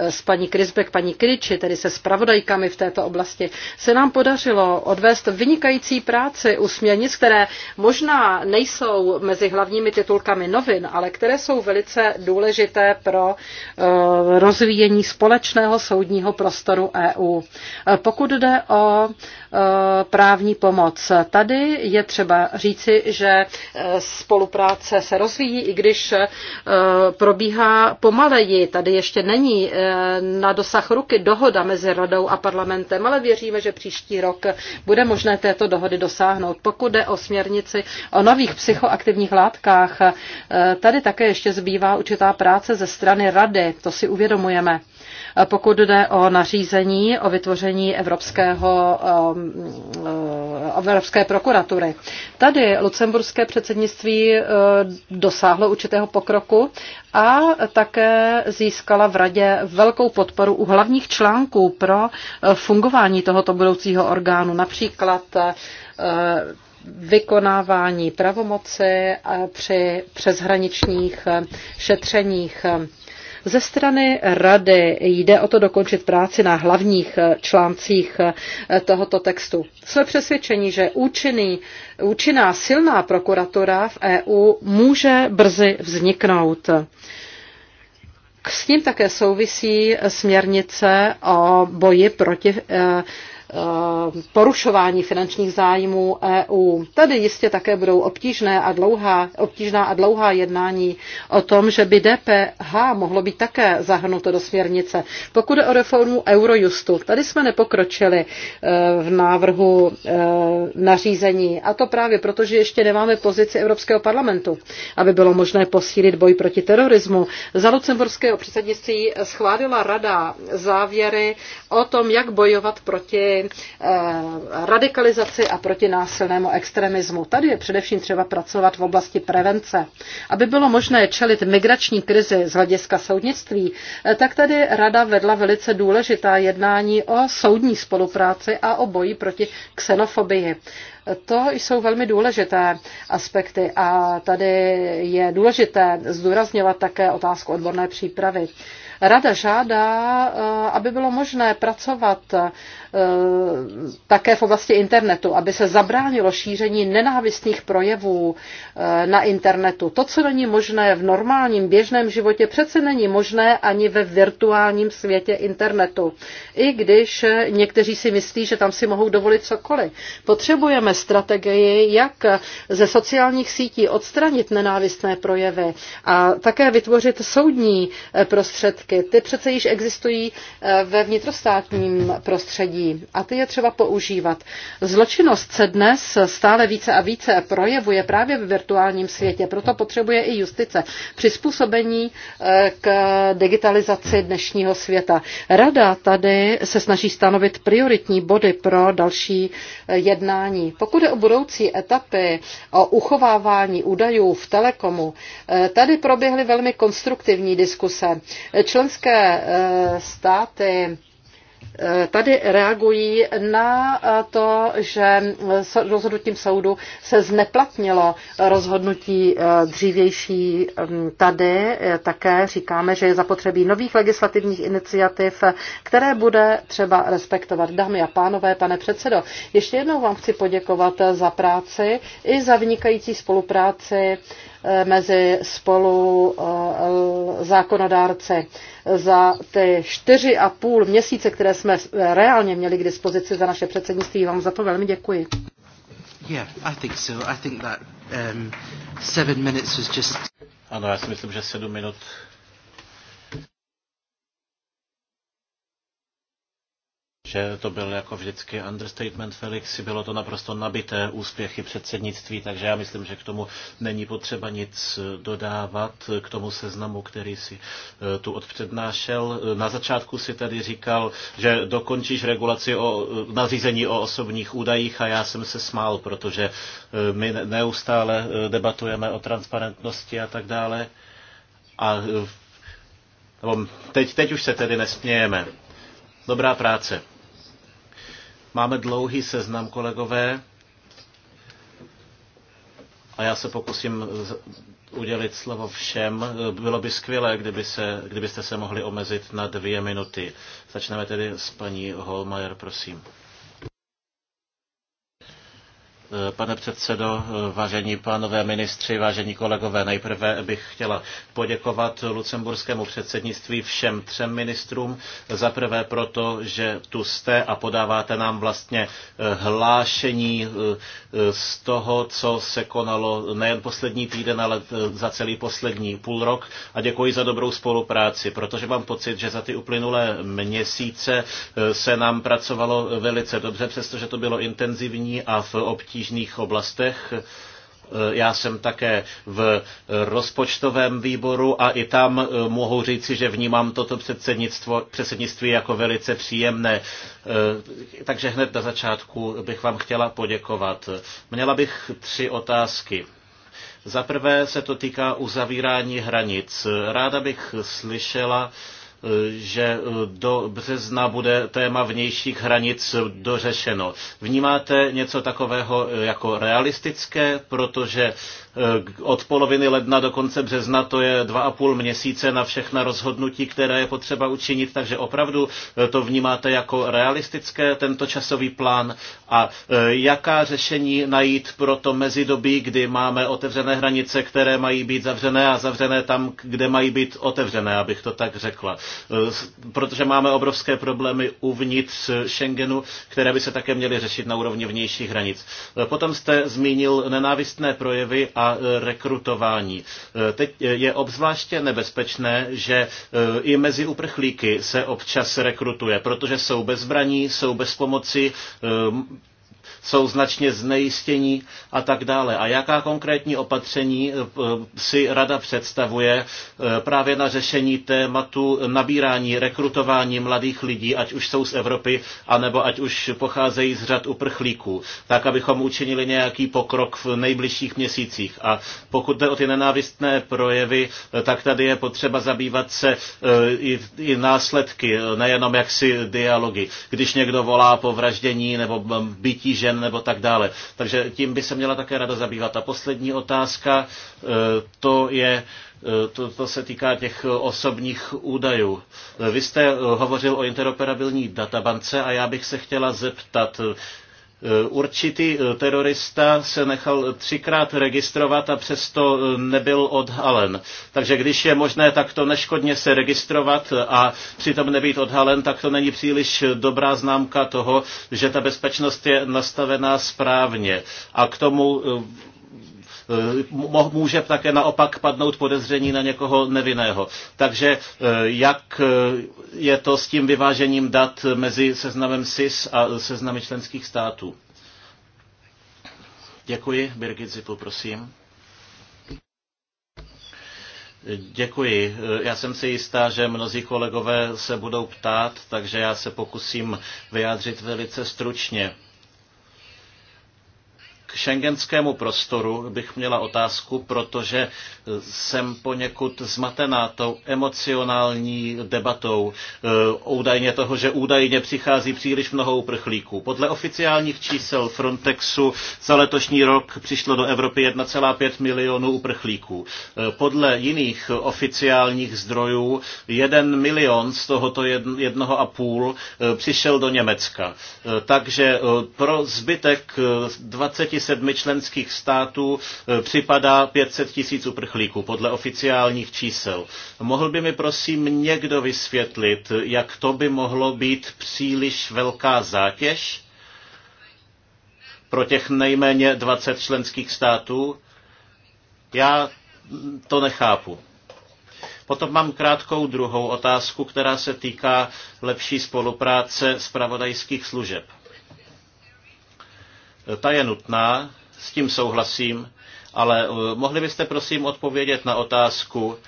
s paní Krisbek, paní Kriči, tedy se spravodajkami v této oblasti, se nám podařilo odvést vynikající práci u směrnic, které možná nejsou mezi hlavními titulkami novin, ale které jsou velice důležité pro eh, rozvíjení společného soudního prostoru EU. Eh, pokud jde o eh, právní pomoc, tady je třeba říci, že spolupráce se rozvíjí, i když probíhá pomaleji. Tady ještě není eh, na dosah ruky dohoda mezi radou a parlamentem, ale věříme, že příští rok bude možné této dohody dosáhnout. Pokud jde o směrnici o nových psychoaktivních látkách, eh, tady také ještě zbývá určitá práce ze strany rady, to si uvědomujeme. Eh, pokud jde o nařízení o vytvoření evropského Eh, Evropské prokuratury. Tady lucemburské předsednictví eh, dosáhlo určitého pokroku a také získala v radě velkou podporu u hlavních článků pro eh, fungování tohoto budoucího orgánu, například vykonávání pravomoci při přeshraničních šetřeních ze strany rady jde o to dokončit práci na hlavních eh, článcích eh, tohoto textu. Jsme přesvědčeni, že účinný, účinná silná prokuratura v EU může brzy vzniknout. S tím také souvisí směrnice o boji proti eh, Eh, porušování finančních zájmů EU. Tady jistě také budou obtížné a dlouhá, obtížná a dlouhá jednání o tom, že by DPH mohlo být také zahrnuto do směrnice. Pokud je o reformu Eurojustu, tady jsme nepokročili eh, v návrhu eh, nařízení a to právě proto, že ještě nemáme pozici Evropského parlamentu, aby bylo možné posílit boj proti terorismu. Za lucemburského předsednictví schválila rada závěry o tom, jak bojovat proti Eh, radikalizaci a proti násilnému extremismu. Tady je především třeba pracovat v oblasti prevence. Aby bylo možné čelit migrační krizi z hlediska soudnictví, eh, tak tady rada vedla velice důležitá jednání o soudní spolupráci a o boji proti xenofobii. To jsou velmi důležité aspekty a tady je důležité zdůrazňovat také otázku odborné přípravy. Rada žádá, eh, aby bylo možné pracovat Eh, také v oblasti internetu, aby se zabránilo šíření nenávistných projevů eh, na internetu. To, co není možné v normálním běžném životě, přece není možné ani ve virtuálním světě internetu. I když někteří si myslí, že tam si mohou dovolit cokoliv. Potřebujeme strategii, jak ze sociálních sítí odstranit nenávistné projevy a také vytvořit soudní eh, prostředky. Ty přece již existují ve vnitrostátním prostředí lidí a ty je třeba používat. Zločinnost se dnes stále více a více projevuje právě v virtuálním světě, proto potřebuje i justice přizpůsobení eh, k digitalizaci dnešního světa. Rada tady se snaží stanovit prioritní body pro další eh, jednání. Pokud je o budoucí etapy, o uchovávání údajů v Telekomu, eh, tady proběhly velmi konstruktivní diskuse. Členské státy tady reagují na to, že rozhodnutím soudu se zneplatnilo rozhodnutí eh, dřívější mm, tady. Eh, také říkáme, že je zapotřebí nových legislativních iniciativ, které bude třeba respektovat. Dámy a pánové, pane předsedo, ještě jednou vám chci poděkovat za práci i za vynikající spolupráci Eh, mezi spolu eh, zákonodárce Za ty čtyři a půl měsíce, které jsme eh, reálně měli k dispozici za naše předsednictví, vám za to velmi děkuji. Um, ano, já si myslím, že sedm minut že to byl jako vždycky understatement Felixi, bylo to naprosto nabité úspěchy předsednictví, takže já myslím, že k tomu není potřeba nic dodávat, k tomu seznamu, který si eh, tu odpřednášel. Na začátku si tady říkal, že dokončíš regulaci o eh, nařízení o osobních údajích a já jsem se smál, protože eh, my neustále debatujeme o transparentnosti a tak dále. A teď, teď už se tedy nesmějeme. Dobrá práce. Máme dlouhý seznam, kolegové. A já se pokusím udělit slovo všem. Bylo by skvělé, kdyby se, kdybyste se mohli omezit na dvě minuty. Začneme tedy s paní Holmajer, prosím. Pane předsedo, vážení pánové ministři, vážení kolegové, nejprve bych chtěla poděkovat lucemburskému předsednictví všem třem ministrům. Za prvé proto, že tu jste a podáváte nám vlastně eh, hlášení eh, z toho, co se konalo nejen poslední týden, ale eh, za celý poslední půl rok. A děkuji za dobrou spolupráci, protože mám pocit, že za ty uplynulé měsíce se nám pracovalo velice dobře, přestože to bylo intenzivní a v obtížích obtížných oblastech. Já jsem také v rozpočtovém výboru a i tam eh, mohu říci, že vnímám toto předsednictvo, předsednictví jako velice příjemné. Eh, takže hned na začátku bych vám chtěla poděkovat. Měla bych tři otázky. Za prvé se to týká uzavírání hranic. Ráda bych slyšela, že eh, do března bude téma vnějších hranic dořešeno. Vnímáte něco takového jako realistické, protože Eh, od poloviny ledna do konce března to je dva a půl měsíce na všechna rozhodnutí, které je potřeba učinit, takže opravdu eh, to vnímáte jako realistické, tento časový plán a eh, jaká řešení najít pro to mezidobí, kdy máme otevřené hranice, které mají být zavřené a zavřené tam, kde mají být otevřené, abych to tak řekla. Protože máme obrovské problémy uvnitř Schengenu, které by se také měly řešit na úrovni vnějších hranic. Potom jste zmínil nenávistné projevy a a e, rekrutování. E, teď je obzvláště nebezpečné, že e, i mezi uprchlíky se občas rekrutuje, protože jsou bez zbraní, jsou bez pomoci, jsou značně znejistění a tak dále. A jaká konkrétní opatření eh, si rada představuje eh, právě na řešení tématu nabírání, rekrutování mladých lidí, ať už jsou z Evropy, anebo ať už pocházejí z řad uprchlíků, tak abychom učinili nějaký pokrok v nejbližších měsících. A pokud jde o ty nenávistné projevy, eh, tak tady je potřeba zabývat se i, i následky, nejenom jaksi dialogy. Když někdo volá po vraždění nebo mm, bytí dětí, žen nebo tak dále. Takže tím by se měla také rada zabývat. A poslední otázka, e, to je e, to, to se týká těch osobních údajů. E, vy jste hovořil o interoperabilní databance a já bych se chtěla zeptat, Eh, určitý eh, terorista se nechal třikrát registrovat a přesto eh, nebyl odhalen. Takže když je možné takto neškodně se registrovat a přitom nebýt odhalen, tak to není příliš dobrá známka toho, že ta bezpečnost je nastavená správně. A k tomu Eh, může také naopak padnout podezření na někoho nevinného. Takže eh, jak eh, je to s tím vyvážením dat mezi seznamem SIS a seznamy členských států? Děkuji. Birgit Zipu, prosím. Děkuji. Já jsem si jistá, že mnozí kolegové se budou ptát, takže já se pokusím vyjádřit velice stručně. K šengenskému prostoru bych měla otázku, protože eh, jsem poněkud zmatená tou emocionální debatou eh, údajně toho, že údajně přichází příliš mnoho uprchlíků. Podle oficiálních čísel Frontexu za letošní rok přišlo do Evropy 1,5 milionu uprchlíků. Eh, podle jiných oficiálních zdrojů 1 milion z tohoto 1,5 přišel do Německa. Takže pro zbytek 20 27 členských států e, připadá 500 tisíc uprchlíků podle oficiálních čísel. Mohl by mi prosím někdo vysvětlit, jak to by mohlo být příliš velká zátěž pro těch nejméně 20 členských států? Já to nechápu. Potom mám krátkou druhou otázku, která se týká lepší spolupráce zpravodajských služeb. Ta je nutná, s tím souhlasím, ale eh, mohli byste prosím odpovědět na otázku,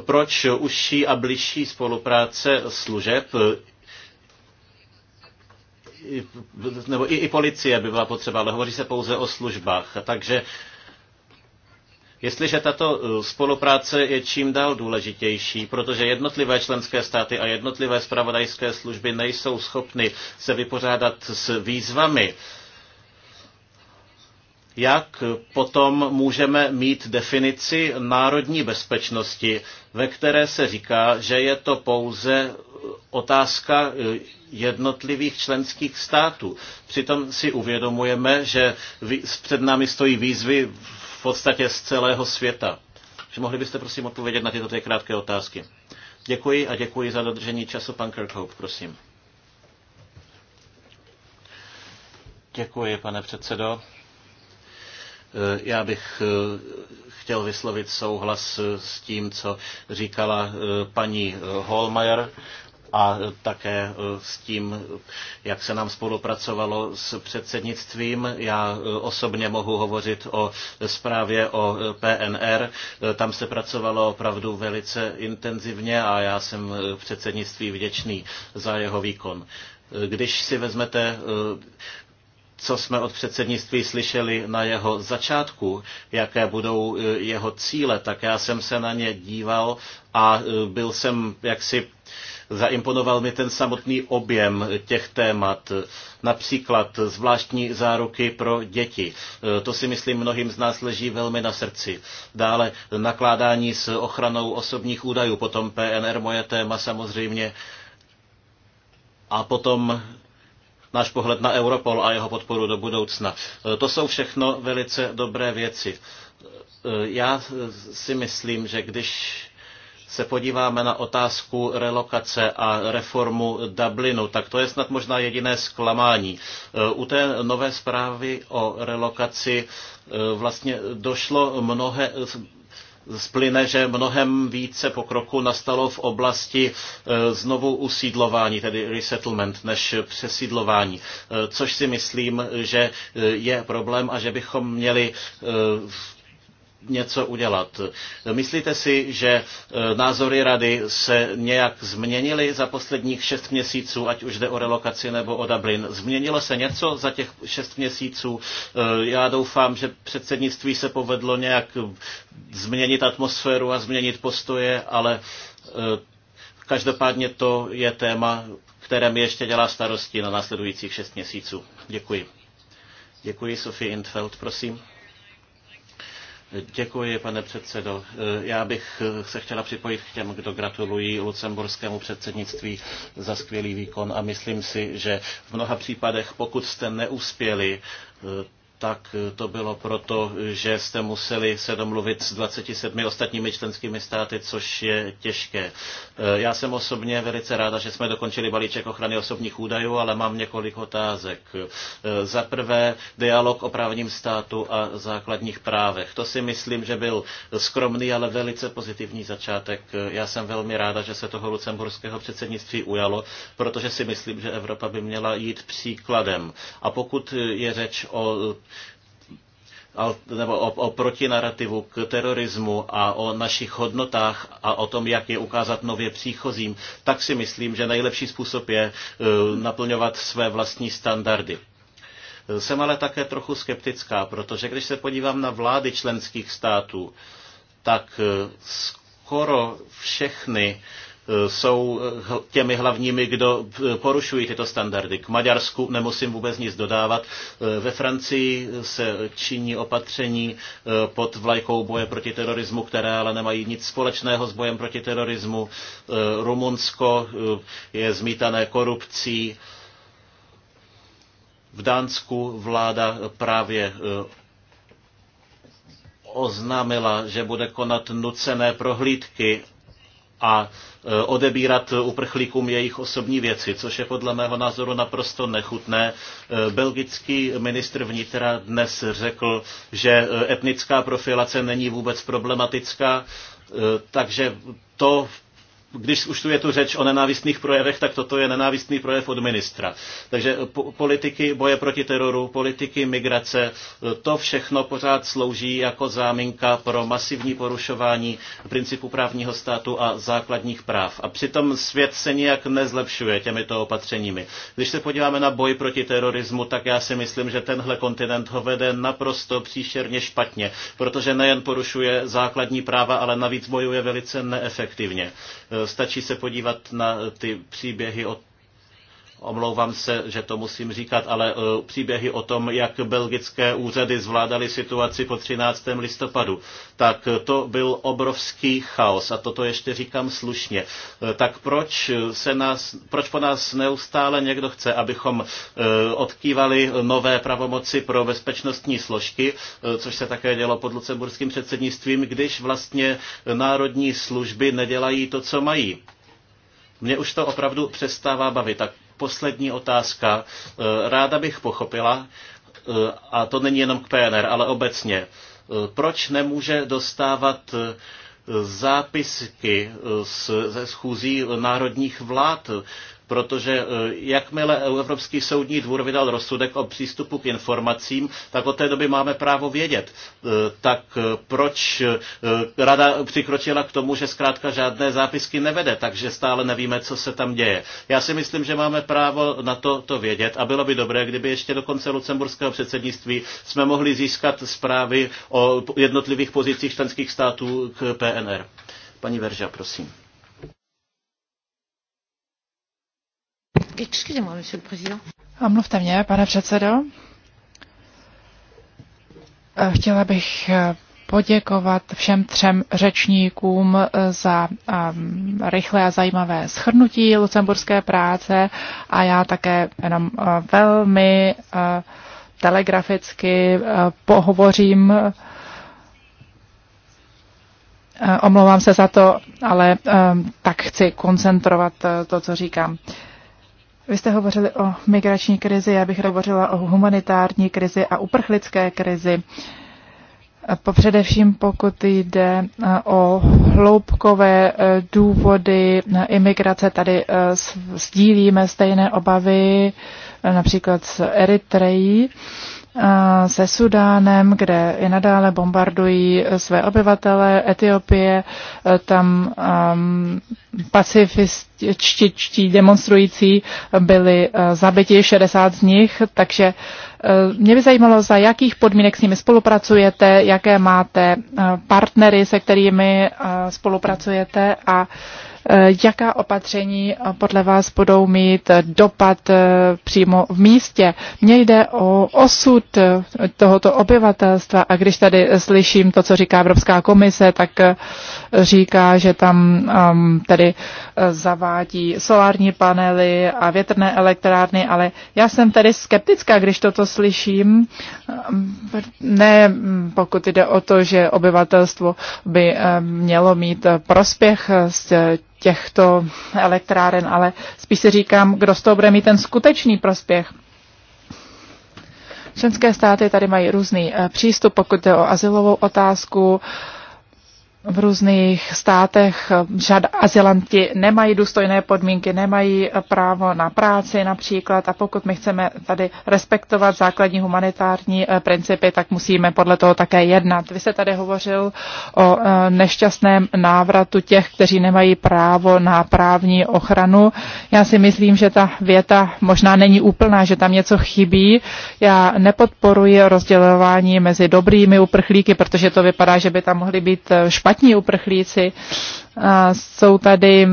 proč užší a blížší spolupráce služeb eh, nebo i, i policie by byla potřeba, ale hovoří se pouze o službách. Takže Jestliže tato eh, spolupráce je čím dál důležitější, protože jednotlivé členské státy a jednotlivé spravodajské služby nejsou schopny se vypořádat s výzvami, jak potom můžeme mít definici národní bezpečnosti, ve které se říká, že je to pouze otázka eh, jednotlivých členských států. Přitom si uvědomujeme, že před námi stojí výzvy podstatě z celého světa. Že mohli byste prosím odpovědět na tyto dvě krátké otázky. Děkuji a děkuji za dodržení času, pan Kirkhope, prosím. Děkuji, pane předsedo. Já bych eh, chtěl vyslovit souhlas eh, s tím, co říkala eh, paní Holmajer a také eh, s tím, jak se nám spolupracovalo s předsednictvím. Já eh, osobně mohu hovořit o zprávě o eh, PNR. Tam se pracovalo opravdu velice intenzivně a já jsem předsednictví vděčný za jeho výkon. Když si vezmete co jsme od předsednictví slyšeli na jeho začátku, jaké budou jeho cíle, tak já jsem se na ně díval a byl jsem jaksi Zaimponoval mi ten samotný objem těch témat, například zvláštní záruky pro děti. E, to si myslím mnohým z nás leží velmi na srdci. Dále nakládání s ochranou osobních údajů, potom PNR moje téma samozřejmě. A potom náš pohled na Europol a jeho podporu do budoucna. E, to jsou všechno velice dobré věci. E, já si myslím, že když se podíváme na otázku relokace a reformu Dublinu, tak to je snad možná jediné zklamání. U té nové zprávy o relokaci e, vlastně došlo mnohé splyne, že mnohem více pokroku nastalo v oblasti e, znovu usídlování, tedy resettlement, než přesídlování, e, což si myslím, že je problém a že bychom měli něco udělat. Myslíte si, že e, názory rady se nějak změnily za posledních šest měsíců, ať už jde o relokaci nebo o Dublin? Změnilo se něco za těch šest měsíců? E, já doufám, že předsednictví se povedlo nějak změnit atmosféru a změnit postoje, ale e, každopádně to je téma, které mi ještě dělá starosti na následujících šest měsíců. Děkuji. Děkuji, Sofie Intfeld, prosím. Děkuji, pane předsedo. Já bych se chtěla připojit k těm, kdo gratulují lucemburskému předsednictví za skvělý výkon a myslím si, že v mnoha případech, pokud jste neuspěli, tak to bylo proto, že jste museli se domluvit s 27 ostatními členskými státy, což je těžké. Eh, já jsem osobně velice ráda, že jsme dokončili balíček ochrany osobních údajů, ale mám několik otázek. Eh, za prvé, dialog o právním státu a základních právech. To si myslím, že byl skromný, ale velice pozitivní začátek. Eh, já jsem velmi ráda, že se toho lucemburského předsednictví ujalo, protože si myslím, že Evropa by měla jít příkladem. A pokud je řeč o nebo o, o protinarativu k terorismu a o našich hodnotách a o tom, jak je ukázat nově příchozím, tak si myslím, že nejlepší způsob je e, naplňovat své vlastní standardy. Jsem ale také trochu skeptická, protože když se podívám na vlády členských států, tak e, skoro všechny Eh, jsou eh, těmi hlavními, kdo eh, porušují tyto standardy. K Maďarsku nemusím vůbec nic dodávat. Ve Francii se činí opatření pod vlajkou boje proti terorismu, které ale nemají nic společného s bojem proti terorismu. Rumunsko je zmítané korupcí. V Dánsku vláda právě oznámila, že bude konat nucené prohlídky a Eh, odebírat uprchlíkům jejich osobní věci, což je podle mého názoru naprosto nechutné. Eh, belgický ministr vnitra dnes řekl, že eh, etnická profilace není vůbec problematická, takže to když už tu je tu řeč o nenávistných projevech, tak toto je nenávistný projev od ministra. Takže politiky boje proti teroru, politiky migrace, to všechno pořád slouží jako záminka pro masivní porušování principu právního státu a základních práv. A přitom svět se nijak nezlepšuje těmito opatřeními. Když se podíváme na boj proti terorismu, tak já si myslím, že tenhle kontinent ho vede naprosto příšerně špatně, protože nejen porušuje základní práva, ale navíc bojuje velice neefektivně Stačí se podívat na ty příběhy o Omlouvám se, že to musím říkat, ale e, příběhy o tom, jak belgické úřady zvládaly situaci po 13. listopadu, tak e, to byl obrovský chaos a toto ještě říkám slušně. E, tak proč, se nás, proč po nás neustále někdo chce, abychom odkývali nové pravomoci pro bezpečnostní složky, což se také dělo pod lucemburským předsednictvím, když vlastně národní služby nedělají to, co mají? Mně už to opravdu přestává bavit. Tak poslední otázka. E, ráda bych pochopila, e, a to není jenom k PNR, ale obecně, e, proč nemůže dostávat zápisky ze schůzí národních vlád protože e, jakmile Evropský soudní dvůr vydal rozsudek o přístupu k informacím, tak od té doby máme právo vědět. E, tak e, proč rada přikročila k tomu, že zkrátka žádné zápisky nevede, takže stále nevíme, co se tam děje. Já si myslím, že máme právo na to, to vědět a bylo by dobré, kdyby ještě do konce lucemburského předsednictví jsme mohli získat zprávy o jednotlivých pozicích členských států k PNR. Paní Verža, prosím. Mluvte mě, pane předsedo. Chtěla bych eh, poděkovat všem třem řečníkům eh, za eh, rychlé a zajímavé schrnutí lucemburské práce a já také jenom velmi telegraficky pohovořím. omlouvám se za to, ale tak chci koncentrovat to, co říkám. Vy jste hovořili o migrační krizi, já bych hovořila o humanitární krizi a uprchlické krizi. Po především pokud jde o hloubkové e, důvody e, imigrace, tady e, sdílíme stejné obavy například s Eritreji se Sudánem, kde i nadále bombardují své obyvatele Etiopie, e, tam um, pacifističtí demonstrující byli e, zabiti, 60 z nich, takže e, mě by zajímalo, za jakých podmínek s nimi spolupracujete, jaké máte partnery, se kterými spolupracujete a uh, Eh, jaká opatření eh, podle vás budou mít eh, dopad přímo v místě. Mně jde o osud tohoto obyvatelstva a když tady slyším to, co říká Evropská komise, tak říká, že tam ehm, tady zavádí solární panely a větrné elektrárny, ale já jsem tady skeptická, když toto slyším. Ehm, ne hm, pokud jde o to, že obyvatelstvo by ehm, mělo mít prospěch z těchto elektráren, ale spíš si říkám, kdo z toho bude mít ten skutečný prospěch. Členské státy tady mají různý eh, přístup, pokud jde o asilovou otázku v různých státech žad, azylanti nemají důstojné podmínky, nemají právo na práci například a pokud my chceme tady respektovat základní humanitární eh, principy, tak musíme podle toho také jednat. Vy jste tady hovořil o eh, nešťastném návratu těch, kteří nemají právo na právní ochranu. Já si myslím, že ta věta možná není úplná, že tam něco chybí. Já nepodporuji rozdělování mezi dobrými uprchlíky, protože to vypadá, že by tam mohly být špatné špatní uprchlíci. Jsou tady,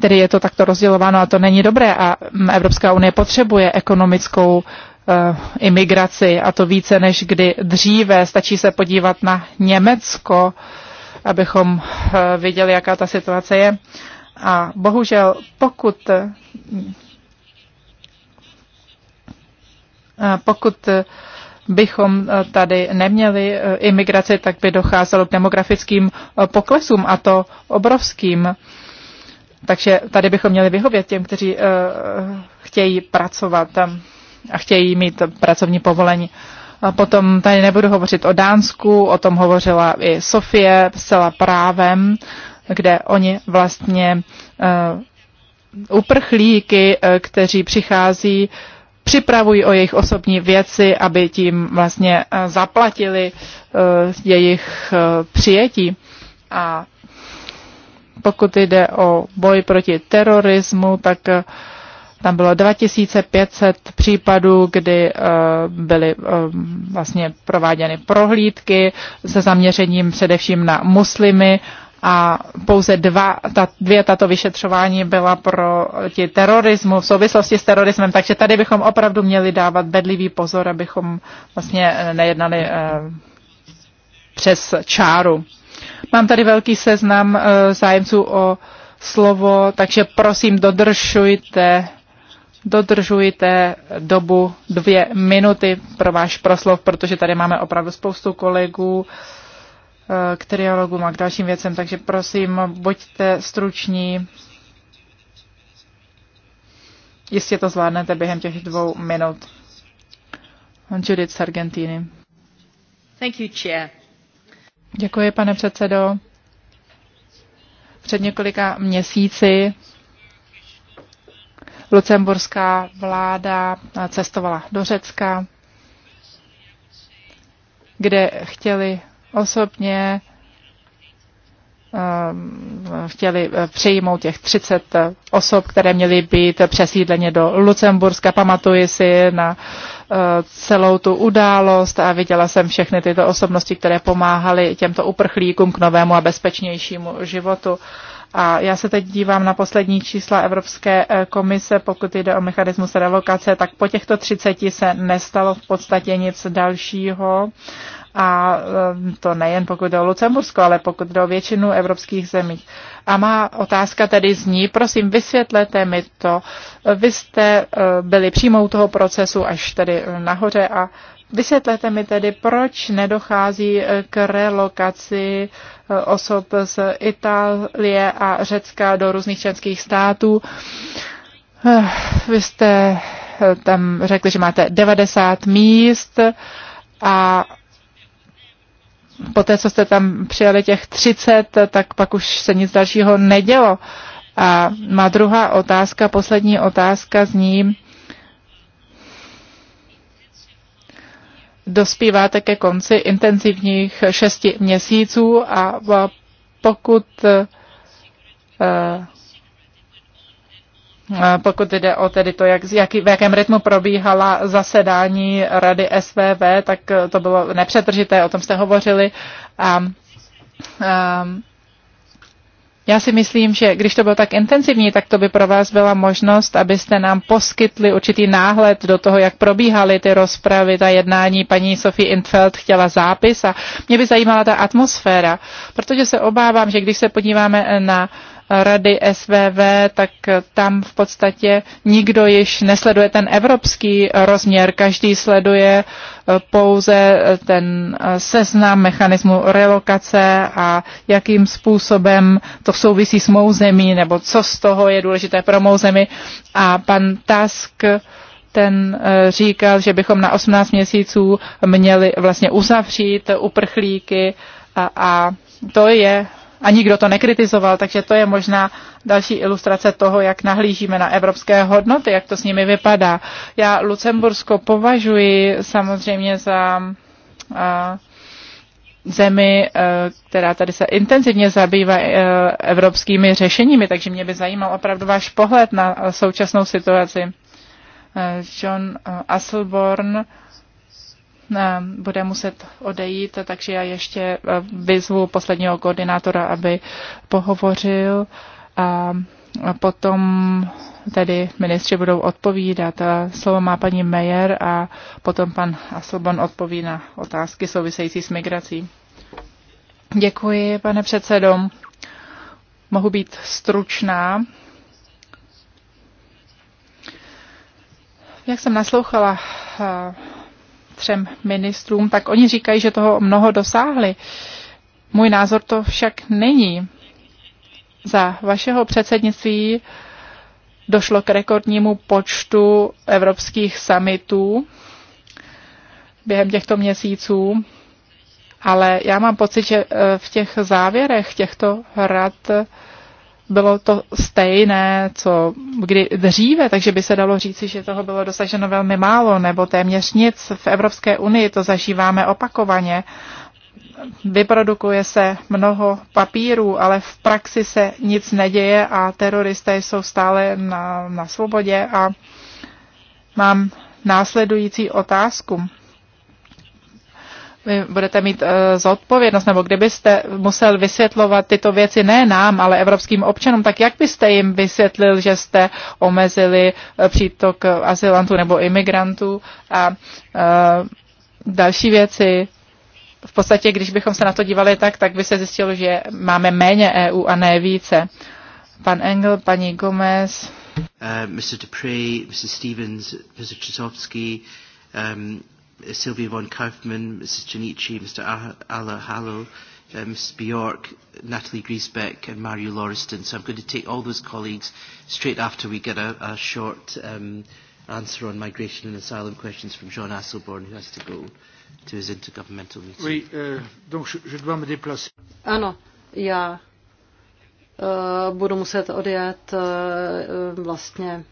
tedy je to takto rozdělováno a to není dobré a Evropská unie potřebuje ekonomickou e, imigraci a to více než kdy dříve. Stačí se podívat na Německo, abychom e, viděli, jaká ta situace je. A bohužel, pokud e, pokud bychom eh, tady neměli eh, imigraci, tak by docházelo k demografickým eh, poklesům a to obrovským. Takže tady bychom měli vyhovět těm, kteří chtějí pracovat a chtějí mít pracovní povolení. A potom tady nebudu hovořit o Dánsku, o tom hovořila i Sofie zcela právem, kde oni vlastně uprchlíky, kteří přichází připravují o jejich osobní věci, aby tím vlastně eh, zaplatili eh, jejich eh, přijetí. A pokud jde o boj proti terorismu, tak tam bylo 2500 případů, kdy byly vlastně prováděny prohlídky se zaměřením především na muslimy a pouze dva, ta, dvě tato vyšetřování byla ti terorismu, v souvislosti s terorismem, takže tady bychom opravdu měli dávat bedlivý pozor, abychom vlastně eh, nejednali eh, přes čáru. Mám tady velký seznam eh, zájemců o slovo, takže prosím dodržujte dodržujte dobu dvě minuty pro váš proslov, protože tady máme opravdu spoustu kolegů. Eh, Eh, k trialogům a k dalším věcem, takže prosím, buďte struční. Jistě to zvládnete během těch dvou minut. Judith z Argentíny. Thank you, chair. Děkuji, pane předsedo. Před několika měsíci lucemburská vláda cestovala do Řecka, kde chtěli osobně ehm, chtěli eh, přijmout těch 30 eh, osob, které měly být přesídleně do Lucemburska. Pamatuji si na eh, celou tu událost a viděla jsem všechny tyto osobnosti, které pomáhaly těmto uprchlíkům k novému a bezpečnějšímu životu. A já se teď dívám na poslední čísla Evropské eh, komise, pokud jde o mechanismus relokace, tak po těchto 30 se nestalo v podstatě nic dalšího. A eh, to nejen pokud jde o Lucembursko, ale pokud jde o většinu evropských zemí. A má otázka tedy zní, prosím, vysvětlete mi to. Vy jste eh, byli přímou toho procesu až tedy nahoře a Vysvětlete mi tedy, proč nedochází eh, k relokaci eh, osob z Itálie a Řecka do různých členských států. Eh, vy jste tam řekli, že máte 90 míst a poté, co jste tam přijali těch 30, tak pak už se nic dalšího nedělo. A má druhá otázka, poslední otázka zní, dospíváte ke konci intenzivních šesti měsíců a pokud e, e, pokud jde o tedy to, jak, jaký, v jakém rytmu probíhala zasedání rady SVV, tak to bylo nepřetržité, o tom jste hovořili. A, a já si myslím, že když to bylo tak intenzivní, tak to by pro vás byla možnost, abyste nám poskytli určitý náhled do toho, jak probíhaly ty rozpravy, ta jednání. Paní Sofie Intfeld chtěla zápis a mě by zajímala ta atmosféra, protože se obávám, že když se podíváme na uh, rady SVV, tak tam v podstatě nikdo již nesleduje ten evropský rozměr. Každý sleduje eh, pouze eh, ten eh, seznam mechanismu relokace a jakým způsobem to souvisí s mou zemí, nebo co z toho je důležité pro mou zemi. A pan Tusk ten říkal, že bychom na 18 měsíců měli vlastně uzavřít uprchlíky a, a to je a nikdo to nekritizoval, takže to je možná další ilustrace toho, jak nahlížíme na evropské hodnoty, jak to s nimi vypadá. Já Lucembursko považuji samozřejmě za a, zemi, e, která tady se intenzivně zabývá e, evropskými řešeními, takže mě by zajímal opravdu váš pohled na současnou situaci. E, John Asselborn Eh, bude muset odejít, takže já ještě eh, vyzvu posledního koordinátora, aby pohovořil a potom tedy ministři budou odpovídat. Slovo má paní Meyer a potom pan Aslbon odpoví na otázky související s migrací. Děkuji, pane předsedo. Mohu být stručná. Jak jsem naslouchala eh, třem ministrům, tak oni říkají, že toho mnoho dosáhli. Můj názor to však není. Za vašeho předsednictví došlo k rekordnímu počtu evropských summitů během těchto měsíců, ale já mám pocit, že eh, v těch závěrech těchto rad bylo to stejné, co kdy dříve, takže by se dalo říci, že toho bylo dosaženo velmi málo, nebo téměř nic. V Evropské unii to zažíváme opakovaně. Vyprodukuje se mnoho papírů, ale v praxi se nic neděje a teroristé jsou stále na, na svobodě a mám následující otázku vy budete mít uh, zodpovědnost, nebo kdybyste musel vysvětlovat tyto věci ne nám, ale evropským občanům, tak jak byste jim vysvětlil, že jste omezili uh, přítok uh, azylantů nebo imigrantů a uh, další věci? V podstatě, když bychom se na to dívali tak, tak by se zjistilo, že máme méně EU a ne více. Pan Engel, paní Gomez. Uh, Mr. Dupree, Mrs. Stevens, Mr. um, Sylvia von Kaufmann, Mrs. Janici, Mr. Ala Hallow, uh, Mrs. Bjork, Natalie Griesbeck and Mario Lauriston. So I'm going to take all those colleagues straight after we get a, a short um, answer on migration and asylum questions from John Asselborn, who has to go to his intergovernmental meeting. Oui, uh, donc je, je dois me déplacer. Ano, já uh, budu muset odjet uh, um, vlastně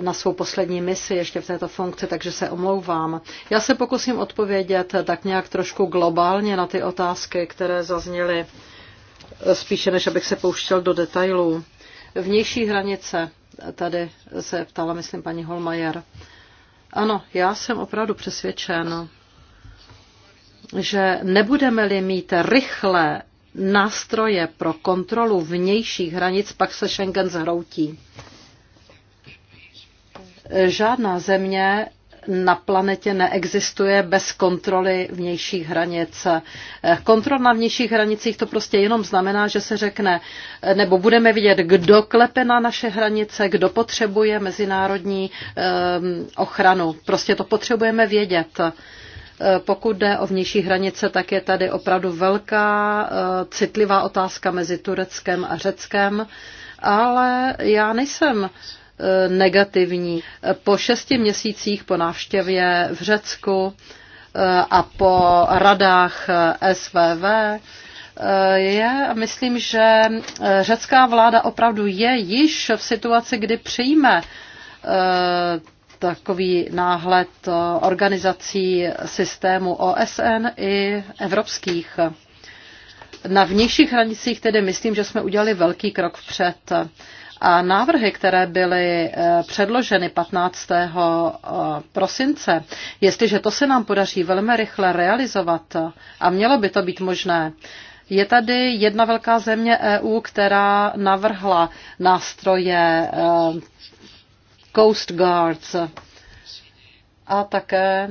na svou poslední misi ještě v této funkci, takže se omlouvám. Já se pokusím odpovědět tak nějak trošku globálně na ty otázky, které zazněly, eh, spíše než abych se pouštěl do detailů. Vnější hranice, tady se ptala, myslím, paní Holmajer. Ano, já jsem opravdu přesvědčen, že nebudeme-li mít rychle nástroje pro kontrolu vnějších hranic, pak se Schengen zhroutí. Žádná země na planetě neexistuje bez kontroly vnějších hranic. Kontrol na vnějších hranicích to prostě jenom znamená, že se řekne, nebo budeme vidět, kdo klepe na naše hranice, kdo potřebuje mezinárodní ehm, ochranu. Prostě to potřebujeme vědět. Eh, pokud jde o vnější hranice, tak je tady opravdu velká eh, citlivá otázka mezi Tureckem a Řeckem, ale já nejsem uh, Eh, negativní. Po šesti měsících po návštěvě v Řecku eh, a po radách eh, SVV je, myslím, že řecká vláda opravdu je již v situaci, kdy přijme takový náhled organizací systému OSN i evropských. Na vnějších hranicích tedy myslím, že jsme udělali velký krok vpřed. A návrhy, které byly eh, předloženy 15. Eh, prosince, jestliže to se nám podaří velmi rychle realizovat, eh, a mělo by to být možné, je tady jedna velká země EU, která navrhla nástroje Coast Guards a také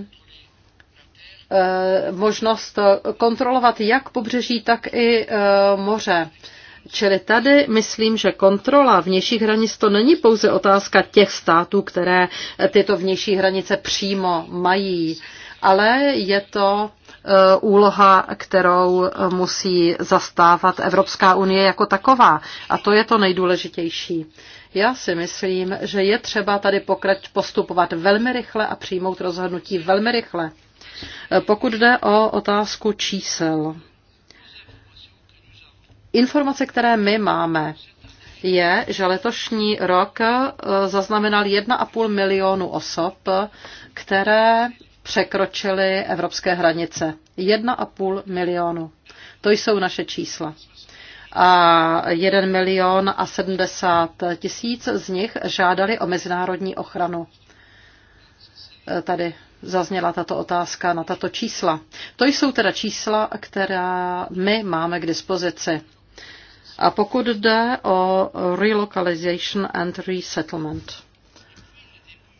možnost kontrolovat jak pobřeží, tak i moře. Čili tady myslím, že kontrola vnějších hranic to není pouze otázka těch států, které tyto vnější hranice přímo mají, ale je to eh, úloha, kterou eh, musí zastávat Evropská unie jako taková. A to je to nejdůležitější. Já si myslím, že je třeba tady pokrač postupovat velmi rychle a přijmout rozhodnutí velmi rychle. Eh, pokud jde o otázku čísel, Informace, které my máme, je, že letošní rok eh, zaznamenal 1,5 milionu osob, které překročily evropské hranice. 1,5 milionu. To jsou naše čísla. A 1 milion a 70 tisíc z nich žádali o mezinárodní ochranu. Eh, tady zazněla tato otázka na tato čísla. To jsou teda čísla, která my máme k dispozici. A pokud jde o relocalization and resettlement,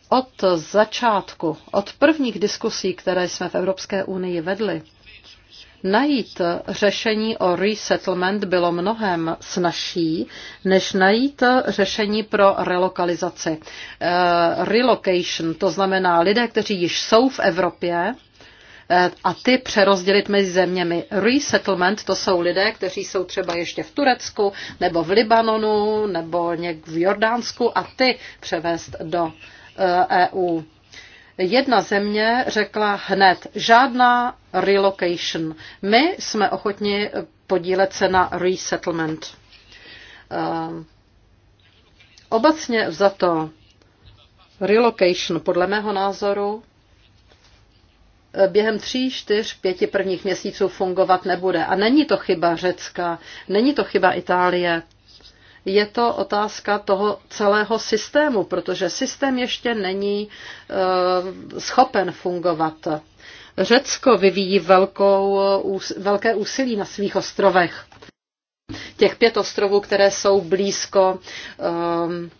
od začátku, od prvních diskusí, které jsme v Evropské unii vedli, najít řešení o resettlement bylo mnohem snažší, než najít řešení pro relokalizaci. Eh, relocation, to znamená lidé, kteří již jsou v Evropě, a ty přerozdělit mezi zeměmi. Resettlement to jsou lidé, kteří jsou třeba ještě v Turecku nebo v Libanonu nebo někde v Jordánsku a ty převést do EU. Eh, e Jedna země řekla hned, žádná relocation. My jsme ochotni podílet se na resettlement. Eh, obecně za to relocation podle mého názoru během tří, čtyř, pěti prvních měsíců fungovat nebude. A není to chyba Řecka, není to chyba Itálie. Je to otázka toho celého systému, protože systém ještě není uh, schopen fungovat. Řecko vyvíjí velkou, velké úsilí na svých ostrovech. Těch pět ostrovů, které jsou blízko um,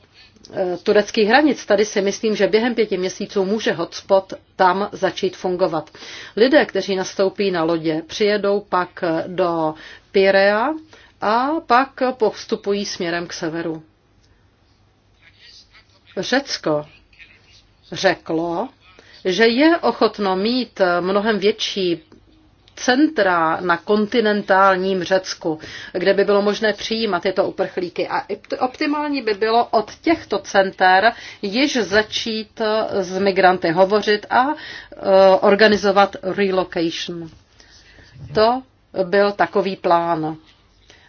Eh, tureckých hranic. Tady si myslím, že během pěti měsíců může hotspot tam začít fungovat. Lidé, kteří nastoupí na lodě, přijedou pak do Pirea a pak postupují směrem k severu. Řecko řeklo, že je ochotno mít mnohem větší centra na kontinentálním Řecku, kde by bylo možné přijímat tyto uprchlíky. A optimální by bylo od těchto center již začít eh, s migranty hovořit a eh, organizovat relocation. To byl takový plán.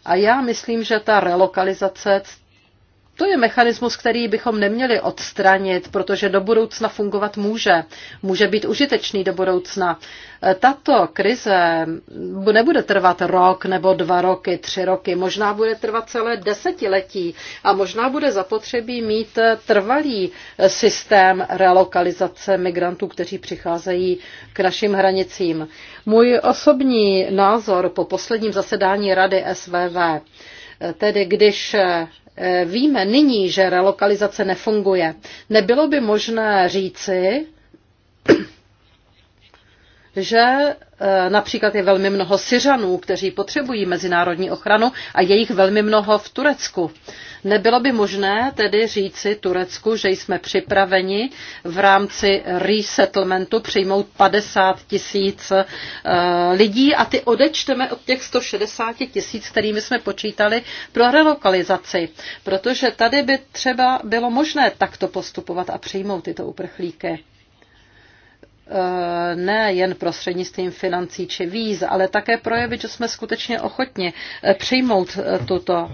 A já myslím, že ta relokalizace to je mechanismus, který bychom neměli odstranit, protože do budoucna fungovat může. Může být užitečný do budoucna. Tato krize nebude trvat rok nebo dva roky, tři roky, možná bude trvat celé desetiletí a možná bude zapotřebí mít trvalý systém relokalizace migrantů, kteří přicházejí k našim hranicím. Můj osobní názor po posledním zasedání Rady SVV, tedy když Eh, víme nyní, že relokalizace nefunguje. Nebylo by možné říci, že eh, například je velmi mnoho Syřanů, kteří potřebují mezinárodní ochranu a je jich velmi mnoho v Turecku. Nebylo by možné tedy říci Turecku, že jsme připraveni v rámci resettlementu přijmout 50 tisíc eh, lidí a ty odečteme od těch 160 tisíc, kterými jsme počítali pro relokalizaci. Protože tady by třeba bylo možné takto postupovat a přijmout tyto uprchlíky. Eh, ne jen prostřednictvím financí či víz, ale také projevit, že jsme skutečně ochotni eh, přijmout eh, tuto,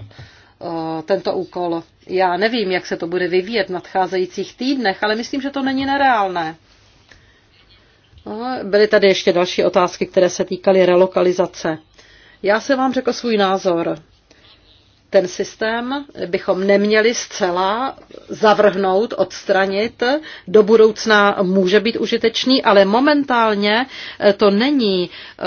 tento úkol. Já nevím, jak se to bude vyvíjet v nadcházejících týdnech, ale myslím, že to není nereálné. No, byly tady ještě další otázky, které se týkaly relokalizace. Já se vám řekl svůj názor ten systém bychom neměli zcela zavrhnout, odstranit. Do budoucna může být užitečný, ale momentálně eh, to není eh,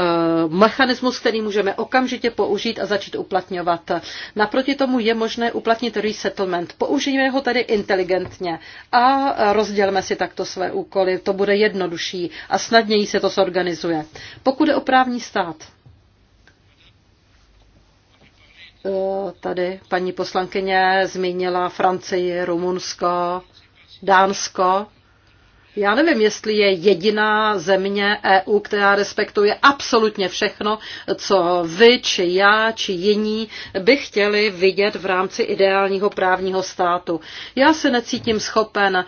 mechanismus, který můžeme okamžitě použít a začít uplatňovat. Naproti tomu je možné uplatnit resettlement. Použijeme ho tady inteligentně a rozdělme si takto své úkoly. To bude jednodušší a snadněji se to zorganizuje. Pokud je o právní stát, Eh, tady paní poslankyně zmínila Francii, Rumunsko, Dánsko. Já nevím, jestli je jediná země EU, která respektuje absolutně všechno, co vy, či já, či jiní by chtěli vidět v rámci ideálního právního státu. Já se necítím schopen eh,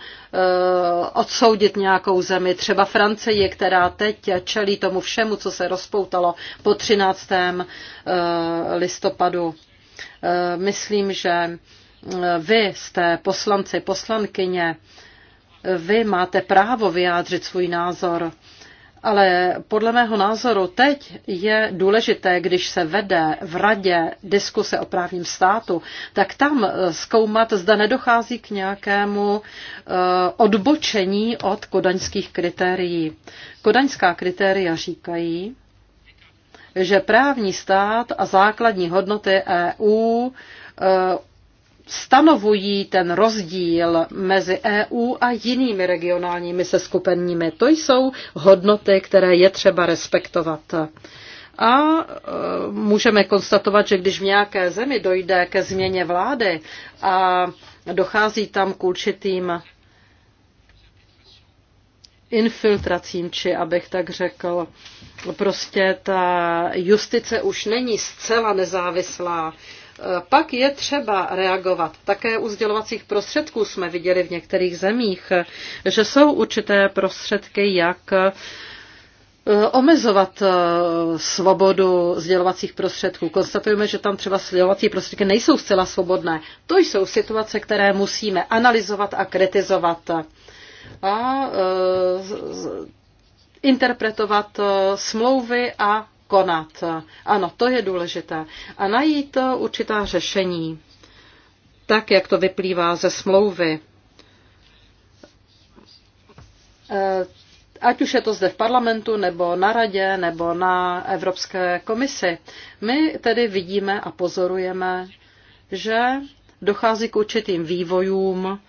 odsoudit nějakou zemi, třeba Francii, která teď čelí tomu všemu, co se rozpoutalo po 13. Eh, listopadu. Eh, myslím, že vy jste poslanci, poslankyně, vy máte právo vyjádřit svůj názor, ale podle mého názoru teď je důležité, když se vede v radě diskuse o právním státu, tak tam eh, zkoumat, zda nedochází k nějakému eh, odbočení od kodaňských kritérií. Kodaňská kritéria říkají, že právní stát a základní hodnoty EU eh, stanovují ten rozdíl mezi EU a jinými regionálními seskupeními. To jsou hodnoty, které je třeba respektovat. A e, můžeme konstatovat, že když v nějaké zemi dojde ke změně vlády a dochází tam k určitým infiltracím, či abych tak řekl. Prostě ta justice už není zcela nezávislá. Pak je třeba reagovat. Také u sdělovacích prostředků jsme viděli v některých zemích, že jsou určité prostředky, jak eh, omezovat eh, svobodu sdělovacích prostředků. Konstatujeme, že tam třeba sdělovací prostředky nejsou zcela svobodné. To jsou situace, které musíme analyzovat a kritizovat a eh, interpretovat smlouvy a konat. Ano, to je důležité. A najít určitá řešení, tak jak to vyplývá ze smlouvy. Eh, ať už je to zde v parlamentu, nebo na radě, nebo na Evropské komisi. My tedy vidíme a pozorujeme, že dochází k určitým vývojům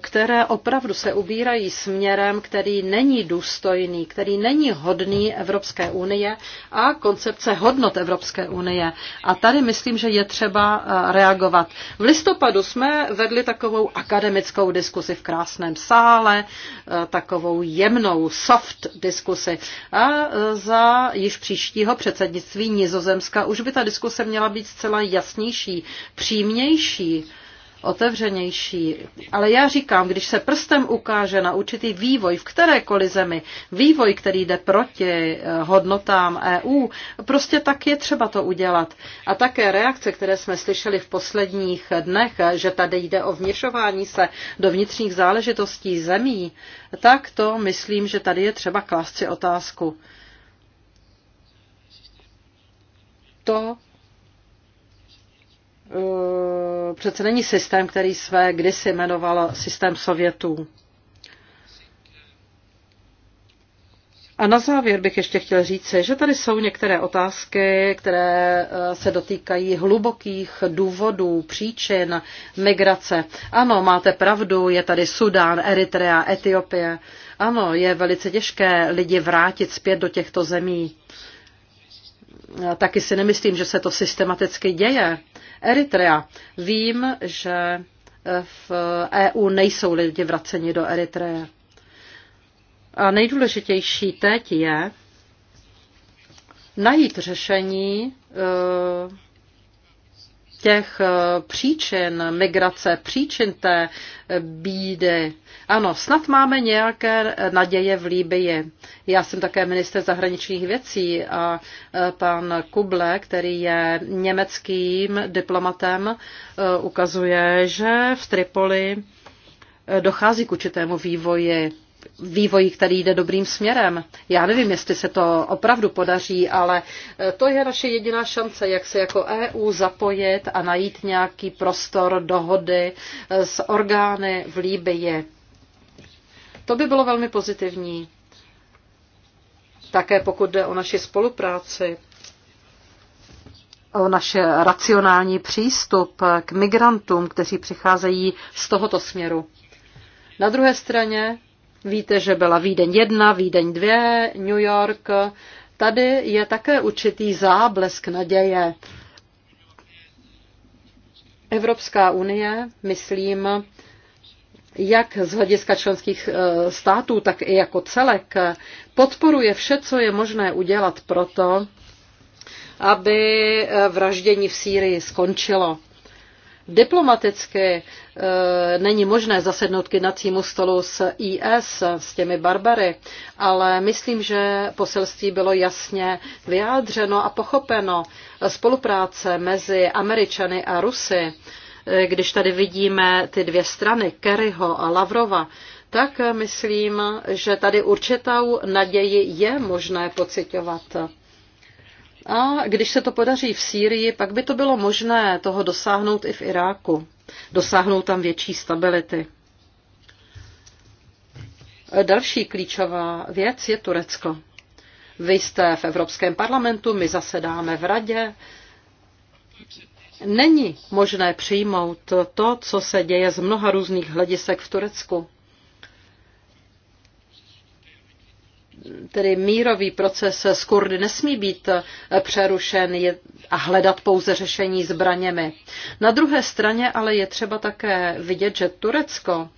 které opravdu se ubírají směrem, který není důstojný, který není hodný Evropské unie a koncepce hodnot Evropské unie. A tady myslím, že je třeba eh, reagovat. V listopadu jsme vedli takovou akademickou diskusi v krásném sále, eh, takovou jemnou soft diskusi. A eh, za již příštího předsednictví Nizozemska už by ta diskuse měla být zcela jasnější, přímější otevřenější. Ale já říkám, když se prstem ukáže na určitý vývoj v kterékoliv zemi, vývoj, který jde proti eh, hodnotám EU, prostě tak je třeba to udělat. A také reakce, které jsme slyšeli v posledních dnech, že tady jde o vměšování se do vnitřních záležitostí zemí, tak to myslím, že tady je třeba klást si otázku. To Eh, přece není systém, který své kdysi jmenoval systém Sovětů. A na závěr bych ještě chtěl říct, že tady jsou některé otázky, které eh, se dotýkají hlubokých důvodů, příčin migrace. Ano, máte pravdu, je tady Sudán, Eritrea, Etiopie. Ano, je velice těžké lidi vrátit zpět do těchto zemí. Taky si nemyslím, že se to systematicky děje. Eritrea. Vím, že v EU nejsou lidi vraceni do Eritreje. A nejdůležitější teď je najít řešení eh, těch eh, příčin migrace, příčin té eh, bídy. Ano, snad máme nějaké eh, naděje v Líbyi. Já jsem také minister zahraničních věcí a pan Kuble, který je německým diplomatem, ukazuje, že v Tripoli dochází k určitému vývoji vývoji, který jde dobrým směrem. Já nevím, jestli se to opravdu podaří, ale eh, to je naše jediná šance, jak se jako EU zapojit a najít nějaký prostor dohody eh, s orgány v Líbyi. To by bylo velmi pozitivní. Také pokud jde o naši spolupráci, o naš racionální přístup eh, k migrantům, kteří přicházejí z tohoto směru. Na druhé straně Víte, že byla Vídeň 1, Vídeň 2, New York. Tady je také určitý záblesk naděje. Evropská unie, myslím, jak z hlediska členských eh, států, tak i jako celek, podporuje vše, co je možné udělat proto, aby eh, vraždění v Sýrii skončilo. Diplomaticky eh, není možné zasednout k jednacímu stolu s IS, s těmi barbary, ale myslím, že poselství bylo jasně vyjádřeno a pochopeno. Spolupráce mezi Američany a Rusy, eh, když tady vidíme ty dvě strany, Kerryho a Lavrova, tak myslím, že tady určitou naději je možné pocitovat. A když se to podaří v Sýrii, pak by to bylo možné toho dosáhnout i v Iráku. Dosáhnout tam větší stability. Další klíčová věc je Turecko. Vy jste v Evropském parlamentu, my zasedáme v radě. Není možné přijmout to, co se děje z mnoha různých hledisek v Turecku. tedy mírový proces s Kurdy nesmí být eh, přerušen a hledat pouze řešení zbraněmi. Na druhé straně ale je třeba také vidět, že Turecko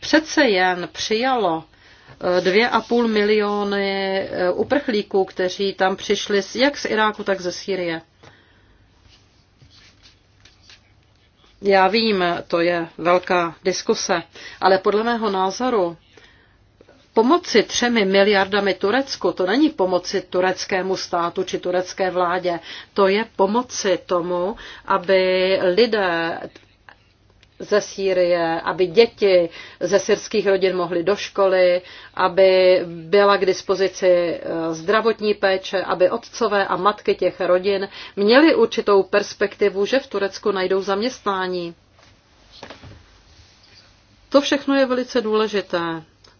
přece jen přijalo eh, dvě a půl miliony eh, uprchlíků, kteří tam přišli jak z Iráku, tak ze Sýrie. Já vím, to je velká diskuse, ale podle mého názoru Pomoci třemi miliardami Turecku, to není pomoci tureckému státu či turecké vládě, to je pomoci tomu, aby lidé ze Sýrie, aby děti ze syrských rodin mohly do školy, aby byla k dispozici eh, zdravotní péče, aby otcové a matky těch rodin měly určitou perspektivu, že v Turecku najdou zaměstnání. To všechno je velice důležité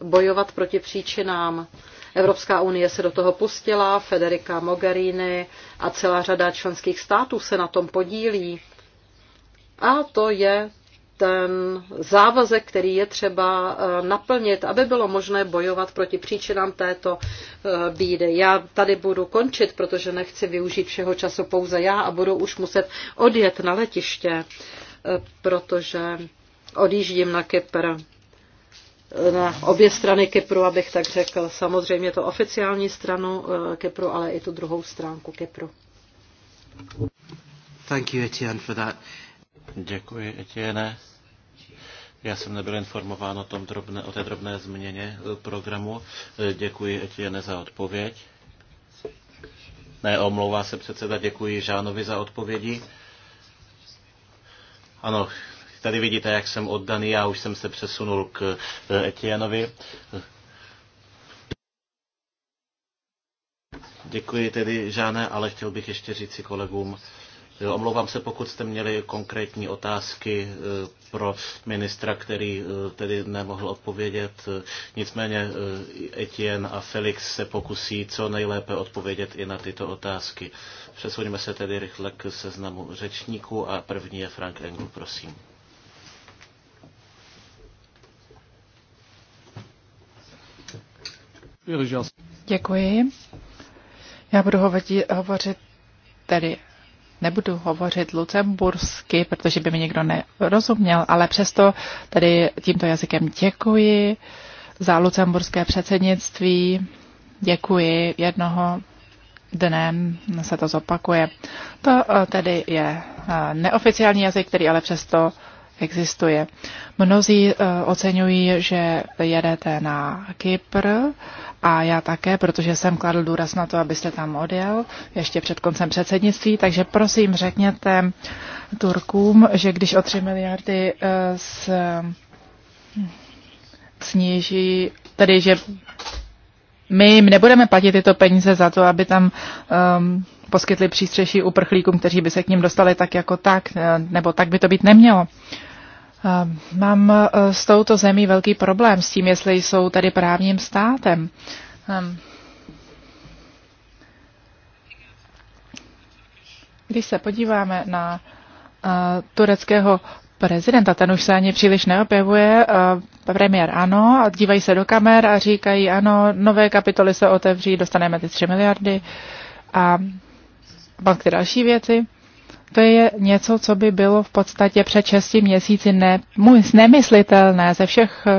bojovat proti příčinám. Evropská unie se do toho pustila, Federica Mogherini a celá řada členských států se na tom podílí. A to je ten závazek, který je třeba eh, naplnit, aby bylo možné bojovat proti příčinám této eh, bídy. Já tady budu končit, protože nechci využít všeho času pouze já a budu už muset odjet na letiště, eh, protože odjíždím na Kypr na obě strany Kypru, abych tak řekl. Samozřejmě to oficiální stranu eh, Kypru, ale i tu druhou stránku Kypru. Thank you, Etienne, for that. Děkuji, Etienne. Já jsem nebyl informován o, tom drobné, o té drobné změně eh, programu. Eh, děkuji Etienne za odpověď. Ne, omlouvá se předseda, děkuji Žánovi za odpovědi. Ano, Tady vidíte, jak jsem oddaný, já už jsem se přesunul k eh, Etienovi. Děkuji tedy, Žáne, ale chtěl bych ještě říct si kolegům, eh, Omlouvám se, pokud jste měli konkrétní otázky eh, pro ministra, který tedy nemohl odpovědět. Nicméně Etienne a Felix se pokusí co nejlépe odpovědět i na tyto otázky. Přesuneme se tedy rychle k seznamu řečníků a první je Frank Engel, prosím. Děkuji. Já budu hovořit tedy nebudu hovořit lucembursky, protože by mi někdo nerozuměl, ale přesto tady tímto jazykem děkuji za lucemburské předsednictví. Děkuji jednoho dne se to zopakuje. To eh, tedy je eh, neoficiální jazyk, který ale přesto existuje. Mnozí eh, oceňují, že jedete na Kypr a já také, protože jsem kladl důraz na to, abyste tam odjel ještě před koncem předsednictví, takže prosím řekněte Turkům, že když o 3 miliardy eh, s, sníží, tedy že my jim nebudeme platit tyto peníze za to, aby tam um, poskytli přístřeší uprchlíkům, kteří by se k ním dostali tak jako tak, eh, nebo tak by to být nemělo. Uh, Mám e, s touto zemí velký problém s tím, jestli jsou tady právním státem. Ehm. Když se podíváme na e, tureckého prezidenta, ten už se ani příliš neobjevuje, e, premiér ano, a dívají se do kamer a říkají ano, nové kapitoly se otevří, dostaneme ty 3 miliardy a pak ty další věci to je něco, co by bylo v podstatě před 6 měsíci ne, nemyslitelné ze všech eh,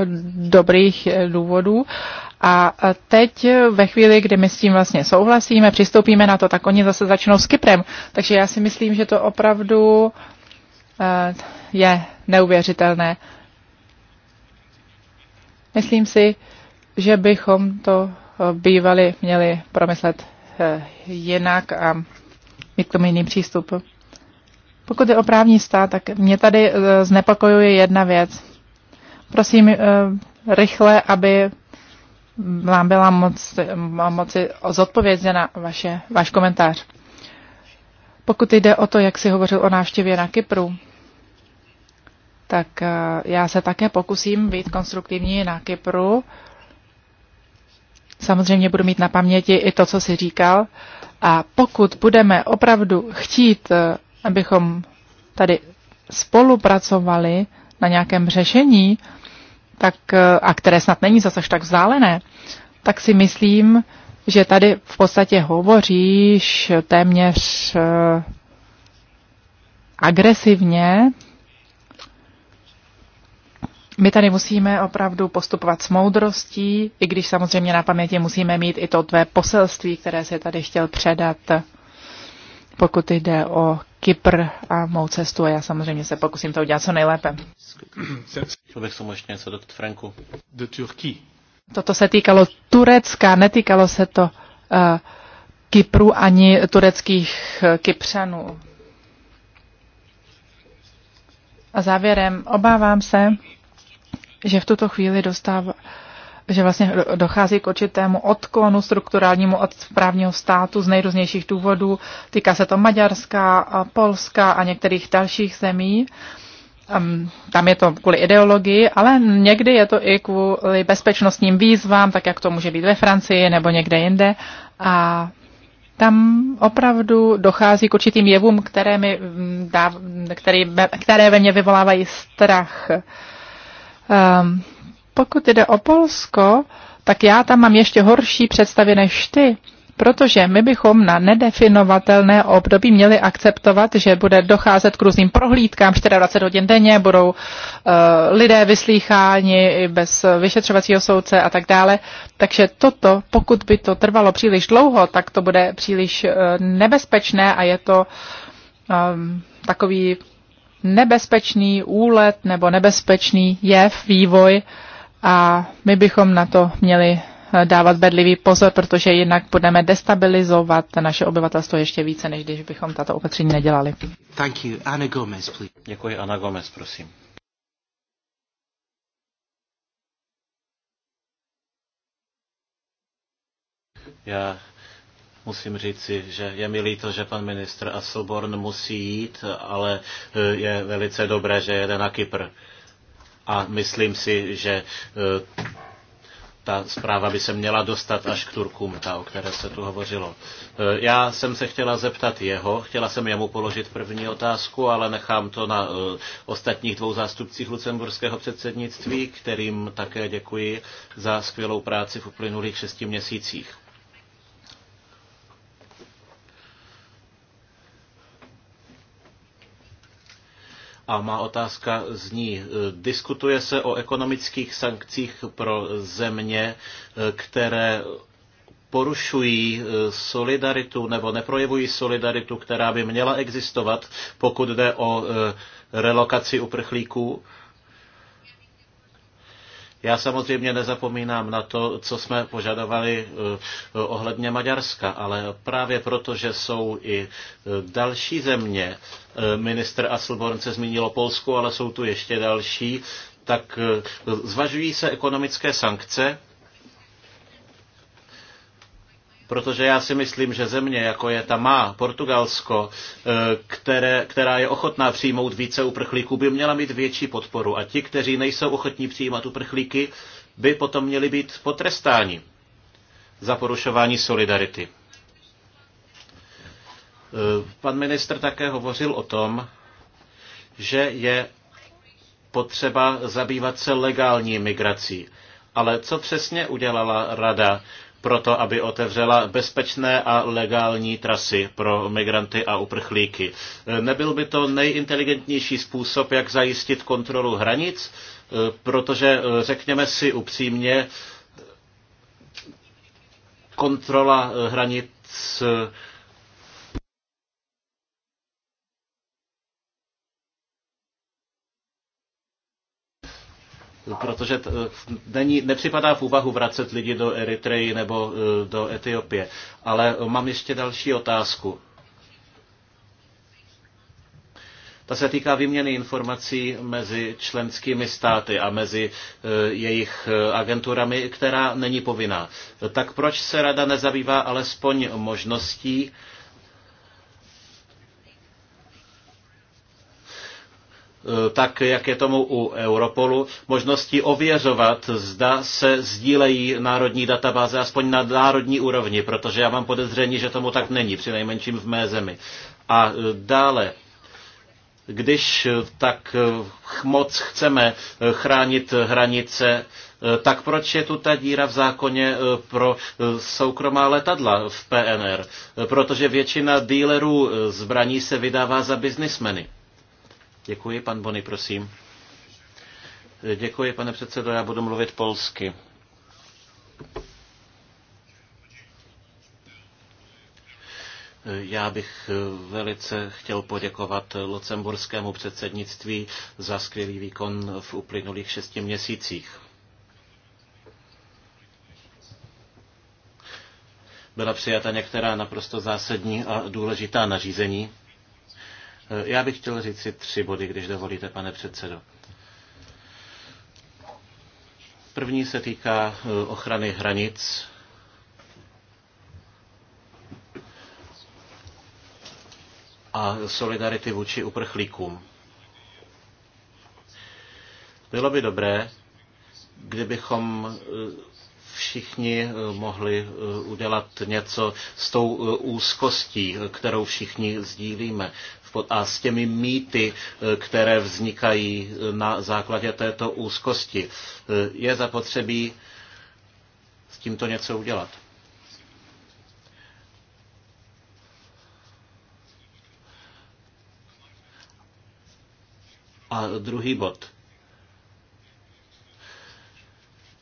dobrých eh, důvodů. A eh, teď ve chvíli, kdy my s tím vlastně souhlasíme, přistoupíme na to, tak oni zase začnou s Kyprem. Takže já si myslím, že to opravdu je neuvěřitelné. Myslím si, že bychom to bývali měli promyslet jinak a mít k tomu jiný přístup. Pokud je o právní stát, tak mě tady eh, znepokojuje jedna věc. Prosím eh, rychle, aby vám byla moc, moci zodpovězena vaše, váš komentář. Pokud jde o to, jak si hovořil o návštěvě na Kypru, tak eh, já se také pokusím být konstruktivní na Kypru. Samozřejmě budu mít na paměti i to, co si říkal. A pokud budeme opravdu chtít abychom tady spolupracovali na nějakém řešení, tak, eh, a které snad není zase tak vzdálené, tak si myslím, že tady v podstatě hovoříš téměř eh, agresivně. My tady musíme opravdu postupovat s moudrostí, i když samozřejmě na paměti musíme mít i to tvé poselství, které si tady chtěl předat pokud jde o Kypr a mou cestu a já samozřejmě se pokusím to udělat co nejlépe. Chtěl bych tomu něco dodat, Franku. Do Turkii. Toto se týkalo Turecka, netýkalo se to uh, Kypru ani tureckých uh, Kypřanů. A závěrem, obávám se, že v tuto chvíli dostáv, že vlastně dochází k určitému odklonu strukturálnímu od právního státu z nejrůznějších důvodů. Týká se to Maďarska, Polska a některých dalších zemí. Tam je to kvůli ideologii, ale někdy je to i kvůli bezpečnostním výzvám, tak jak to může být ve Francii nebo někde jinde. A tam opravdu dochází k určitým jevům, které, mi mm, dá, který, které ve mně vyvolávají strach. Um, pokud jde o Polsko, tak já tam mám ještě horší představy než ty, protože my bychom na nedefinovatelné období měli akceptovat, že bude docházet k různým prohlídkám 24 hodin denně, budou uh, lidé vyslýcháni i bez vyšetřovacího soudce a tak dále. Takže toto, pokud by to trvalo příliš dlouho, tak to bude příliš uh, nebezpečné a je to um, takový nebezpečný úlet nebo nebezpečný jev, vývoj, uh, a my bychom na to měli eh, dávat bedlivý pozor, protože jinak budeme destabilizovat naše obyvatelstvo ještě více, než když bychom tato opatření nedělali. Thank you. Anna Gomez, please. Děkuji, Ana Gomez, prosím. Já musím říci, že je mi líto, že pan ministr Asselborn musí jít, ale eh, je velice dobré, že jede na Kypr a myslím si, že e, ta zpráva by se měla dostat až k Turkům, ta, o které se tu hovořilo. E, já jsem se chtěla zeptat jeho, chtěla jsem jemu položit první otázku, ale nechám to na e, ostatních dvou zástupcích lucemburského předsednictví, kterým také děkuji za skvělou práci v uplynulých šesti měsících. A má otázka zní, eh, diskutuje se o ekonomických sankcích pro země, eh, které porušují eh, solidaritu nebo neprojevují solidaritu, která by měla existovat, pokud jde o relokaci uprchlíků. Já samozřejmě nezapomínám na to, co jsme požadovali eh, eh, ohledně Maďarska, ale právě proto, že jsou i eh, další země, minister Asselborn se zmínil o Polsku, ale jsou tu ještě další, tak zvažují se ekonomické sankce Protože já si myslím, že země, jako je ta má, Portugalsko, eh, které, která je ochotná přijmout více uprchlíků, by měla mít větší podporu. A ti, kteří nejsou ochotní přijímat uprchlíky, by potom měli být potrestáni za porušování solidarity. Eh, pan ministr také hovořil o tom, že je potřeba zabývat se legální migrací. Ale co přesně udělala Rada proto, aby otevřela bezpečné a legální trasy pro migranty a uprchlíky. Nebyl by to nejinteligentnější způsob, jak zajistit kontrolu hranic, protože řekněme si upřímně, kontrola hranic protože e, není, nepřipadá v úvahu vracet lidi do Eritreji nebo e, do Etiopie. Ale e, mám ještě další otázku. Ta se týká výměny informací mezi členskými státy a mezi jejich agenturami, která není povinná. Tak proč se rada nezabývá alespoň možností, Eh, tak jak je tomu u Europolu, možnosti ověřovat, zda se sdílejí národní databáze aspoň na národní úrovni, protože já mám podezření, že tomu tak není, přinejmenším v mé zemi. A eh, dále, když eh, tak moc chceme chránit hranice, tak proč je tu ta díra v zákoně pro soukromá letadla v PNR? Protože většina dílerů zbraní se vydává za biznismeny. Děkuji, pan Bony, prosím. Děkuji, pane předsedo, já budu mluvit polsky. Já bych velice chtěl poděkovat lucemburskému předsednictví za skvělý výkon v uplynulých šesti měsících. Byla přijata některá naprosto zásadní a důležitá nařízení. Eh, já bych chtěl říct si tři body, když dovolíte, pane předsedo. První se týká eh, ochrany hranic. a solidarity vůči uprchlíkům. Bylo by dobré, kdybychom eh, všichni eh, mohli eh, udělat něco s tou eh, úzkostí, kterou všichni sdílíme a s těmi mýty, které vznikají na základě této úzkosti. Je zapotřebí s tímto něco udělat. A druhý bod.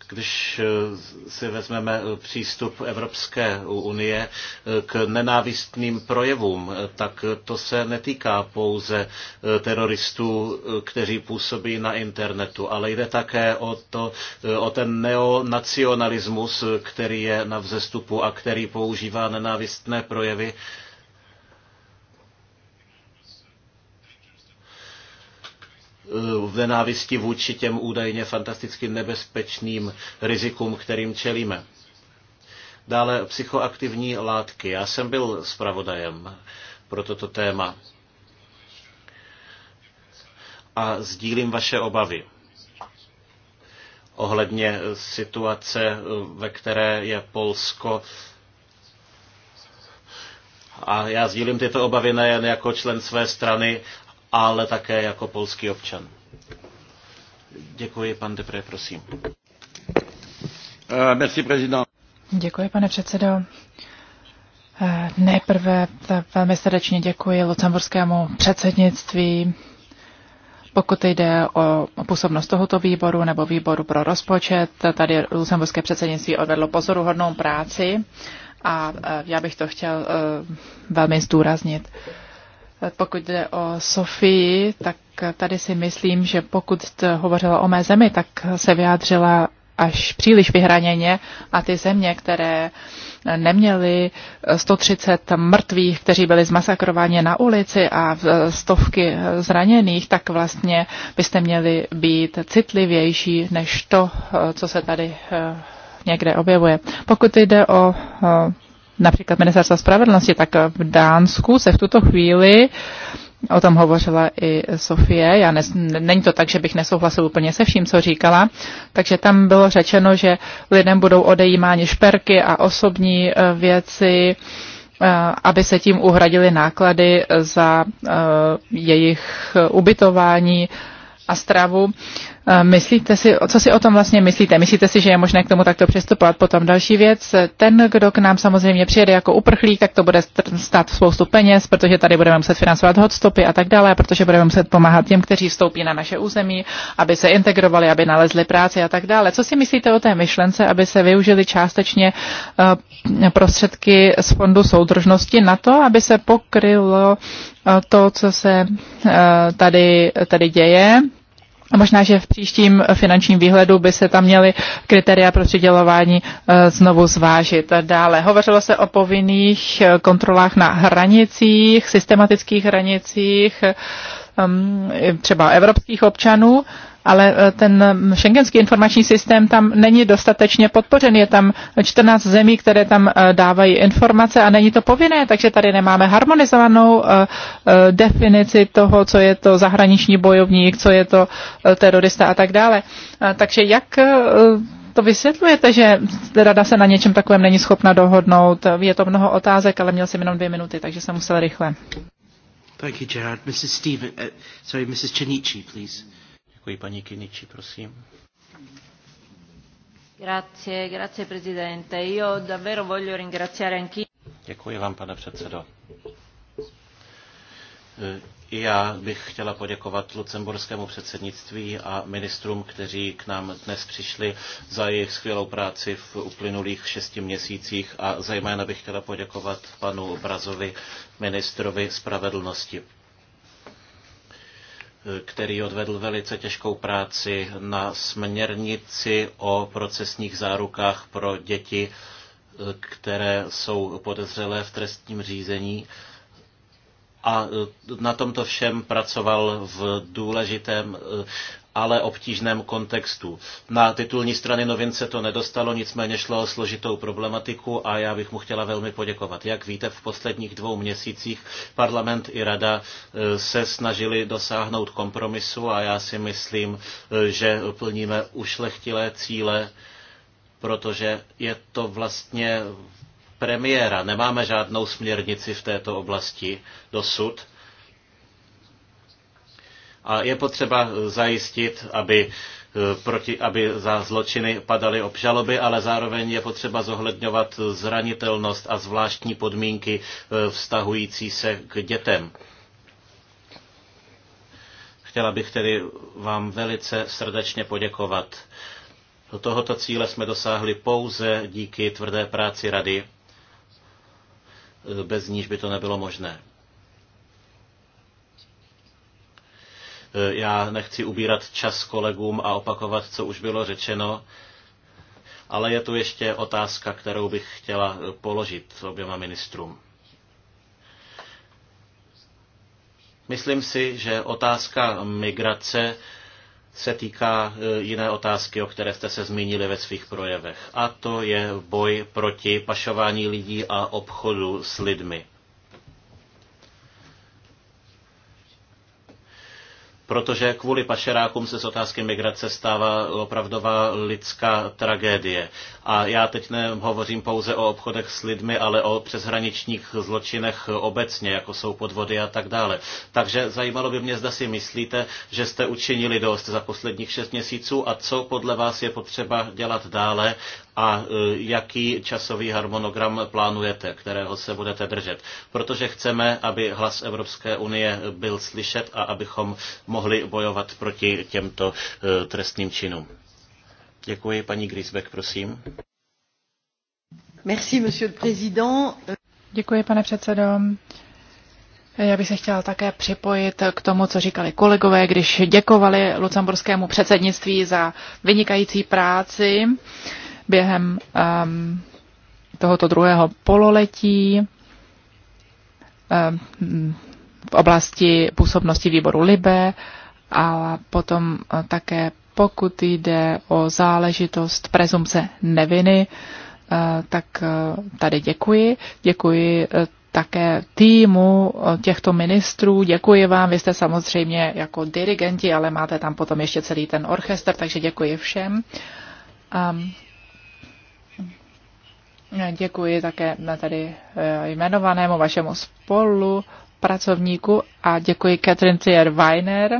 Když eh, si vezmeme eh, přístup Evropské unie eh, k nenávistným projevům, tak to se netýká pouze teroristů, kteří působí na internetu, ale jde také o, to, o ten neonacionalismus, který je na vzestupu a který používá nenávistné projevy v nenávisti vůči těm údajně fantasticky nebezpečným rizikům, kterým čelíme. Dále psychoaktivní látky. Já jsem byl zpravodajem pro toto téma a sdílím vaše obavy ohledně situace, ve které je Polsko. A já sdílím tyto obavy nejen jako člen své strany, ale také jako polský občan. Děkuji, pan Depre, prosím. Eh, merci, prezident. Děkuji, pane předsedo. Eh, nejprve velmi srdečně děkuji lucemburskému předsednictví, pokud jde o působnost tohoto výboru nebo výboru pro rozpočet. Tady lucemburské předsednictví odvedlo pozoruhodnou práci a eh, já bych to chtěl velmi zdůraznit. Pokud jde o Sofii, tak tady si myslím, že pokud hovořila o mé zemi, tak se vyjádřila až příliš vyhraněně a ty země, které neměly 130 mrtvých, kteří byli zmasakrováni na ulici a stovky zraněných, tak vlastně byste měli být citlivější než to, co se tady eh, někde objevuje. Pokud jde o eh, například Ministerstva spravedlnosti, tak v Dánsku se v tuto chvíli O tom hovořila i Sofie. Já ne, není to tak, že bych nesouhlasil úplně se vším, co říkala. Takže tam bylo řečeno, že lidem budou odejímáni šperky a osobní e, věci, e, aby se tím uhradili náklady za e, jejich ubytování a stravu. Eh, myslíte si, co si o tom vlastně myslíte? Myslíte si, že je možné k tomu takto přistupovat? Potom další věc, ten, kdo k nám samozřejmě přijede jako uprchlík, tak to bude stát spoustu peněz, protože tady budeme muset financovat hotstopy a tak dále, protože budeme muset pomáhat těm, kteří vstoupí na naše území, aby se integrovali, aby nalezli práci a tak dále. Co si myslíte o té myšlence, aby se využili částečně eh, prostředky z Fondu soudržnosti na to, aby se pokrylo eh, to, co se tady, tady děje, a možná, že v příštím finančním výhledu by se tam měly kritéria pro přidělování eh, znovu zvážit. Dále hovořilo se o povinných eh, kontrolách na hranicích, systematických hranicích, ehm, třeba evropských občanů ale e, ten šengenský informační systém tam není dostatečně podpořen. Je tam 14 zemí, které tam e, dávají informace a není to povinné, takže tady nemáme harmonizovanou e, definici toho, co je to zahraniční bojovník, co je to terorista a tak dále. Takže jak to vysvětlujete, že rada se na něčem takovém není schopna dohodnout? Je to mnoho otázek, ale měl jsem jenom dvě minuty, takže jsem musel rychle. Thank you, Gerard. Mrs. Steven, uh, eh, sorry, Mrs. Chinichi, please. Děkuji paní Kiniči, prosím. Grazie, grazie presidente. Io davvero voglio ringraziare Děkuji vám, pane předsedo. Já bych chtěla poděkovat lucemburskému předsednictví a ministrům, kteří k nám dnes přišli za jejich skvělou práci v uplynulých šesti měsících a zejména bych chtěla poděkovat panu Brazovi, ministrovi spravedlnosti který odvedl velice těžkou práci na směrnici o procesních zárukách pro děti, které jsou podezřelé v trestním řízení. A na tomto všem pracoval v důležitém ale obtížném kontextu. Na titulní strany novin se to nedostalo, nicméně šlo o složitou problematiku a já bych mu chtěla velmi poděkovat. Jak víte, v posledních dvou měsících parlament i rada e, se snažili dosáhnout kompromisu a já si myslím, e, že plníme ušlechtilé cíle, protože je to vlastně premiéra. Nemáme žádnou směrnici v této oblasti dosud a je potřeba eh, zajistit, aby, eh, proti, aby za zločiny padaly obžaloby, ale zároveň je potřeba zohledňovat zranitelnost a zvláštní podmínky eh, vztahující se k dětem. Chtěla bych tedy vám velice srdečně poděkovat. Do tohoto cíle jsme dosáhli pouze díky tvrdé práci rady, bez níž by to nebylo možné. Eh, já nechci ubírat čas kolegům a opakovat, co už bylo řečeno, ale je tu ještě otázka, kterou bych chtěla eh, položit oběma ministrům. Myslím si, že otázka migrace se týká eh, jiné otázky, o které jste se zmínili ve svých projevech. A to je boj proti pašování lidí a obchodu s lidmi. protože kvůli pašerákům se z otázky migrace stává opravdová lidská tragédie. A já teď nehovořím pouze o obchodech s lidmi, ale o přeshraničních zločinech obecně, jako jsou podvody a tak dále. Takže zajímalo by mě, zda si myslíte, že jste učinili dost za posledních šest měsíců a co podle vás je potřeba dělat dále, a e, jaký časový harmonogram plánujete, kterého se budete držet. Protože chceme, aby hlas Evropské unie byl slyšet a abychom mohli bojovat proti těmto e, trestným činům. Děkuji, paní Grisbeck, prosím. Merci, monsieur le président. Děkuji, pane předsedo. Já bych se chtěla také připojit k tomu, co říkali kolegové, když děkovali lucemburskému předsednictví za vynikající práci. Uh, během um, tohoto druhého pololetí um, v oblasti působnosti výboru LIBE a potom uh, také pokud jde o záležitost prezumce neviny, uh, tak uh, tady děkuji. Děkuji také týmu těchto ministrů. Děkuji vám, vy jste samozřejmě jako dirigenti, ale máte tam potom ještě celý ten orchestr, takže děkuji všem. Um, Děkuji také na tady eh, jmenovanému vašemu spolu pracovníku a děkuji Catherine Trier Weiner,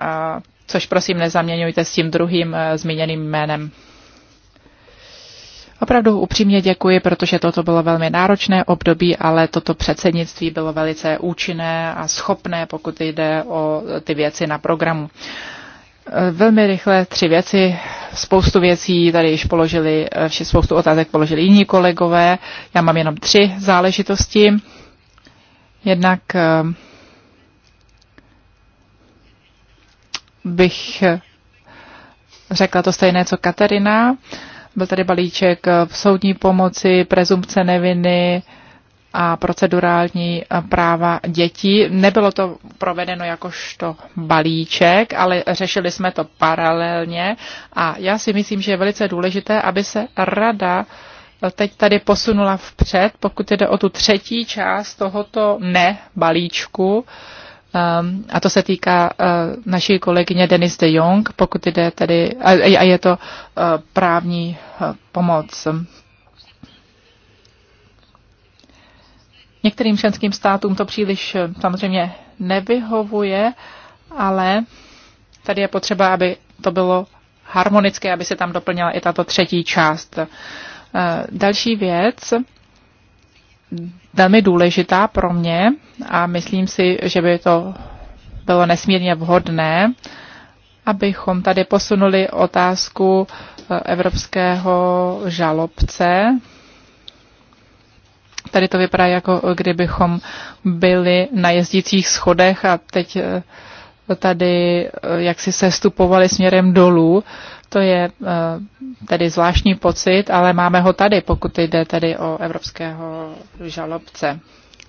a, což prosím nezaměňujte s tím druhým eh, zmíněným jménem. Opravdu upřímně děkuji, protože toto bylo velmi náročné období, ale toto předsednictví bylo velice účinné a schopné, pokud jde o ty věci na programu. Velmi rychle tři věci. Spoustu věcí tady již položili, spoustu otázek položili jiní kolegové. Já mám jenom tři záležitosti. Jednak eh, bych řekla to stejné, co Katerina. Byl tady balíček eh, soudní pomoci, prezumpce neviny, a procedurální práva dětí. Nebylo to provedeno jakožto balíček, ale řešili jsme to paralelně a já si myslím, že je velice důležité, aby se rada teď tady posunula vpřed, pokud jde o tu třetí část tohoto ne balíčku, ehm, a to se týká e, naší kolegyně Denise de Jong, pokud jde tedy, a je to e, právní e, pomoc. Některým členským státům to příliš eh, samozřejmě nevyhovuje, ale tady je potřeba, aby to bylo harmonické, aby se tam doplnila i tato třetí část. Eh, další věc, velmi důležitá pro mě a myslím si, že by to bylo nesmírně vhodné, abychom tady posunuli otázku eh, evropského žalobce Tady to vypadá jako kdybychom byli na jezdících schodech a teď eh, tady eh, jak si stupovali směrem dolů. To je eh, tedy zvláštní pocit, ale máme ho tady, pokud jde tedy o evropského žalobce.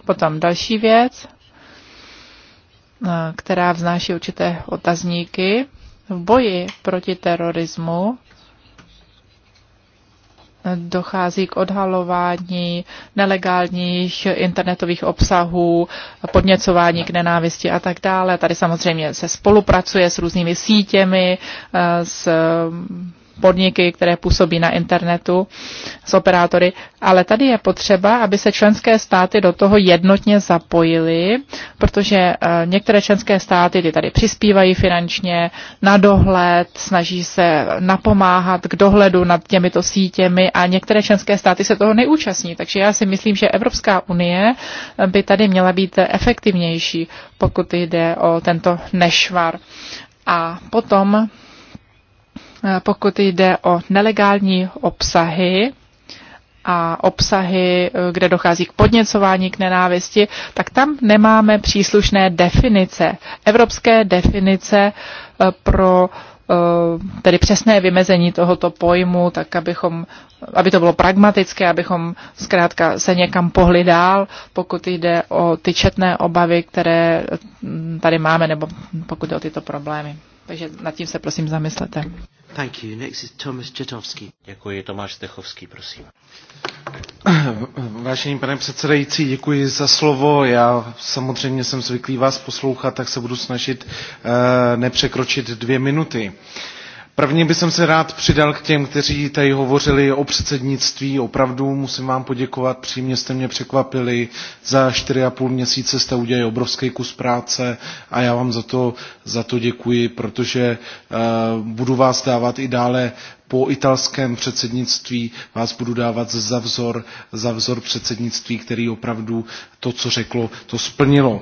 Potom další věc, která vznáší určité otazníky. V boji proti terorismu dochází k odhalování nelegálních internetových obsahů, podněcování k nenávisti a tak dále. Tady samozřejmě se spolupracuje s různými sítěmi, eh, s podniky, které působí na internetu s operátory, ale tady je potřeba, aby se členské státy do toho jednotně zapojily, protože eh, některé členské státy ty tady přispívají finančně na dohled, snaží se napomáhat k dohledu nad těmito sítěmi a některé členské státy se toho neúčastní. Takže já si myslím, že Evropská unie eh, by tady měla být efektivnější, pokud jde o tento nešvar. A potom pokud jde o nelegální obsahy, a obsahy, kde dochází k podněcování k nenávisti, tak tam nemáme příslušné definice, evropské definice eh, pro eh, tedy přesné vymezení tohoto pojmu, tak abychom, aby to bylo pragmatické, abychom zkrátka se někam pohli dál, pokud jde o ty četné obavy, které tady máme, nebo pokud jde o tyto problémy. Takže nad tím se prosím zamyslete. Thank you. Next is Thomas Děkuji. Tomáš Stechovský, prosím. Vážený pane předsedající, děkuji za slovo. Já samozřejmě jsem zvyklý vás poslouchat, tak se budu snažit uh, nepřekročit dvě minuty. Uh, První bych se rád přidal k těm, kteří tady hovořili o předsednictví. Opravdu musím vám poděkovat, přímě jste mě překvapili. Za 4,5 měsíce jste udělali obrovský kus práce a já vám za to, za to děkuji, protože uh, budu vás dávat i dále po italském předsednictví vás budu dávat za vzor, za vzor předsednictví, který opravdu to, co řeklo, to splnilo. Uh,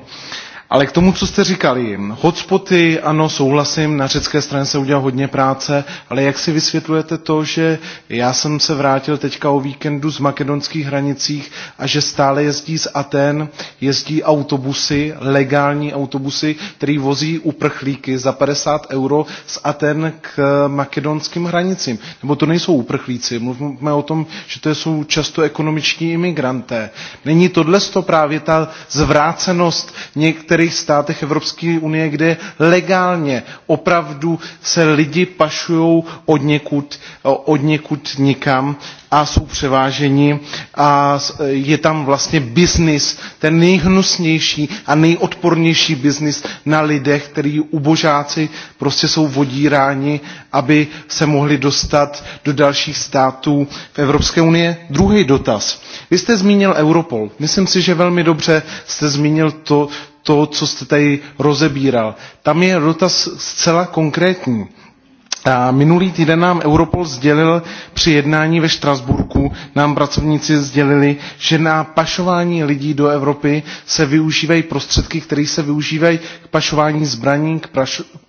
ale k tomu, co jste říkali jim. Hotspoty, ano, souhlasím, na řecké straně se udělal hodně práce, ale jak si vysvětlujete to, že já jsem se vrátil teďka o víkendu z makedonských hranicích a že stále jezdí z Aten, jezdí autobusy, legální autobusy, který vozí uprchlíky za 50 euro z Aten k makedonským hranicím. Nebo to nejsou uprchlíci, mluvíme o tom, že to jsou často ekonomiční imigranté. Není tohle to právě ta zvrácenost některých některých státech Evropské unie, kde legálně opravdu se lidi pašují od někud, od někud nikam a jsou převáženi a e, je tam vlastně biznis, ten nejhnusnější a nejodpornější biznis na lidech, který ubožáci prostě jsou vodíráni, aby se mohli dostat do dalších států v Evropské unie. Druhý dotaz. Vy jste zmínil Europol. Myslím si, že velmi dobře jste zmínil to, to, co jste tady rozebíral. Tam je dotaz zcela konkrétní minulý týden nám Europol sdělil při jednání ve Štrasburku, nám pracovníci sdělili, že na pašování lidí do Evropy se využívají prostředky, které se využívají k pašování zbraní, k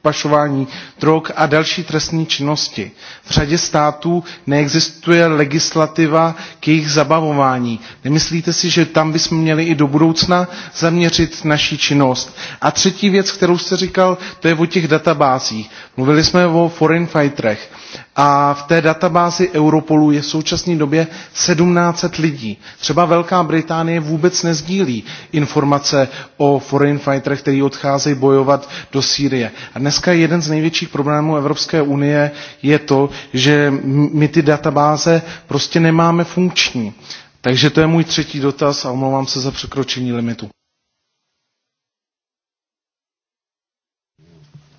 pašování drog a další trestní činnosti. V řadě států neexistuje legislativa k jejich zabavování. Nemyslíte si, že tam bychom měli i do budoucna zaměřit naši činnost? A třetí věc, kterou jste říkal, to je o těch databázích. Mluvili jsme o foreign foreign-fighterech. A v té databázi Europolu je v současné době 1700 lidí. Třeba Velká Británie vůbec nezdílí informace o foreign fighterech, který odcházejí bojovat do Sýrie. A dneska jeden z největších problémů Evropské unie je to, že my ty databáze prostě nemáme funkční. Takže to je můj třetí dotaz a omlouvám se za překročení limitu.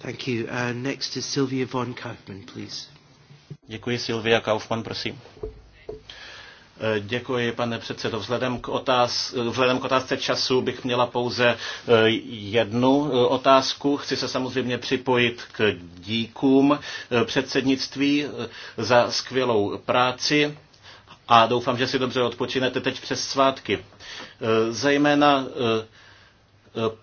Thank you. Uh, next is Sylvia von Kaufman, please. Děkuji, Sylvia prosím. Eh, děkuji, pane předsedo. Vzhledem k, otáz, vzhledem k otázce času bych měla pouze eh, jednu eh, otázku. Chci se samozřejmě připojit k díkům předsednictví za skvělou práci a doufám, že si dobře odpočinete teď přes svátky. Zejména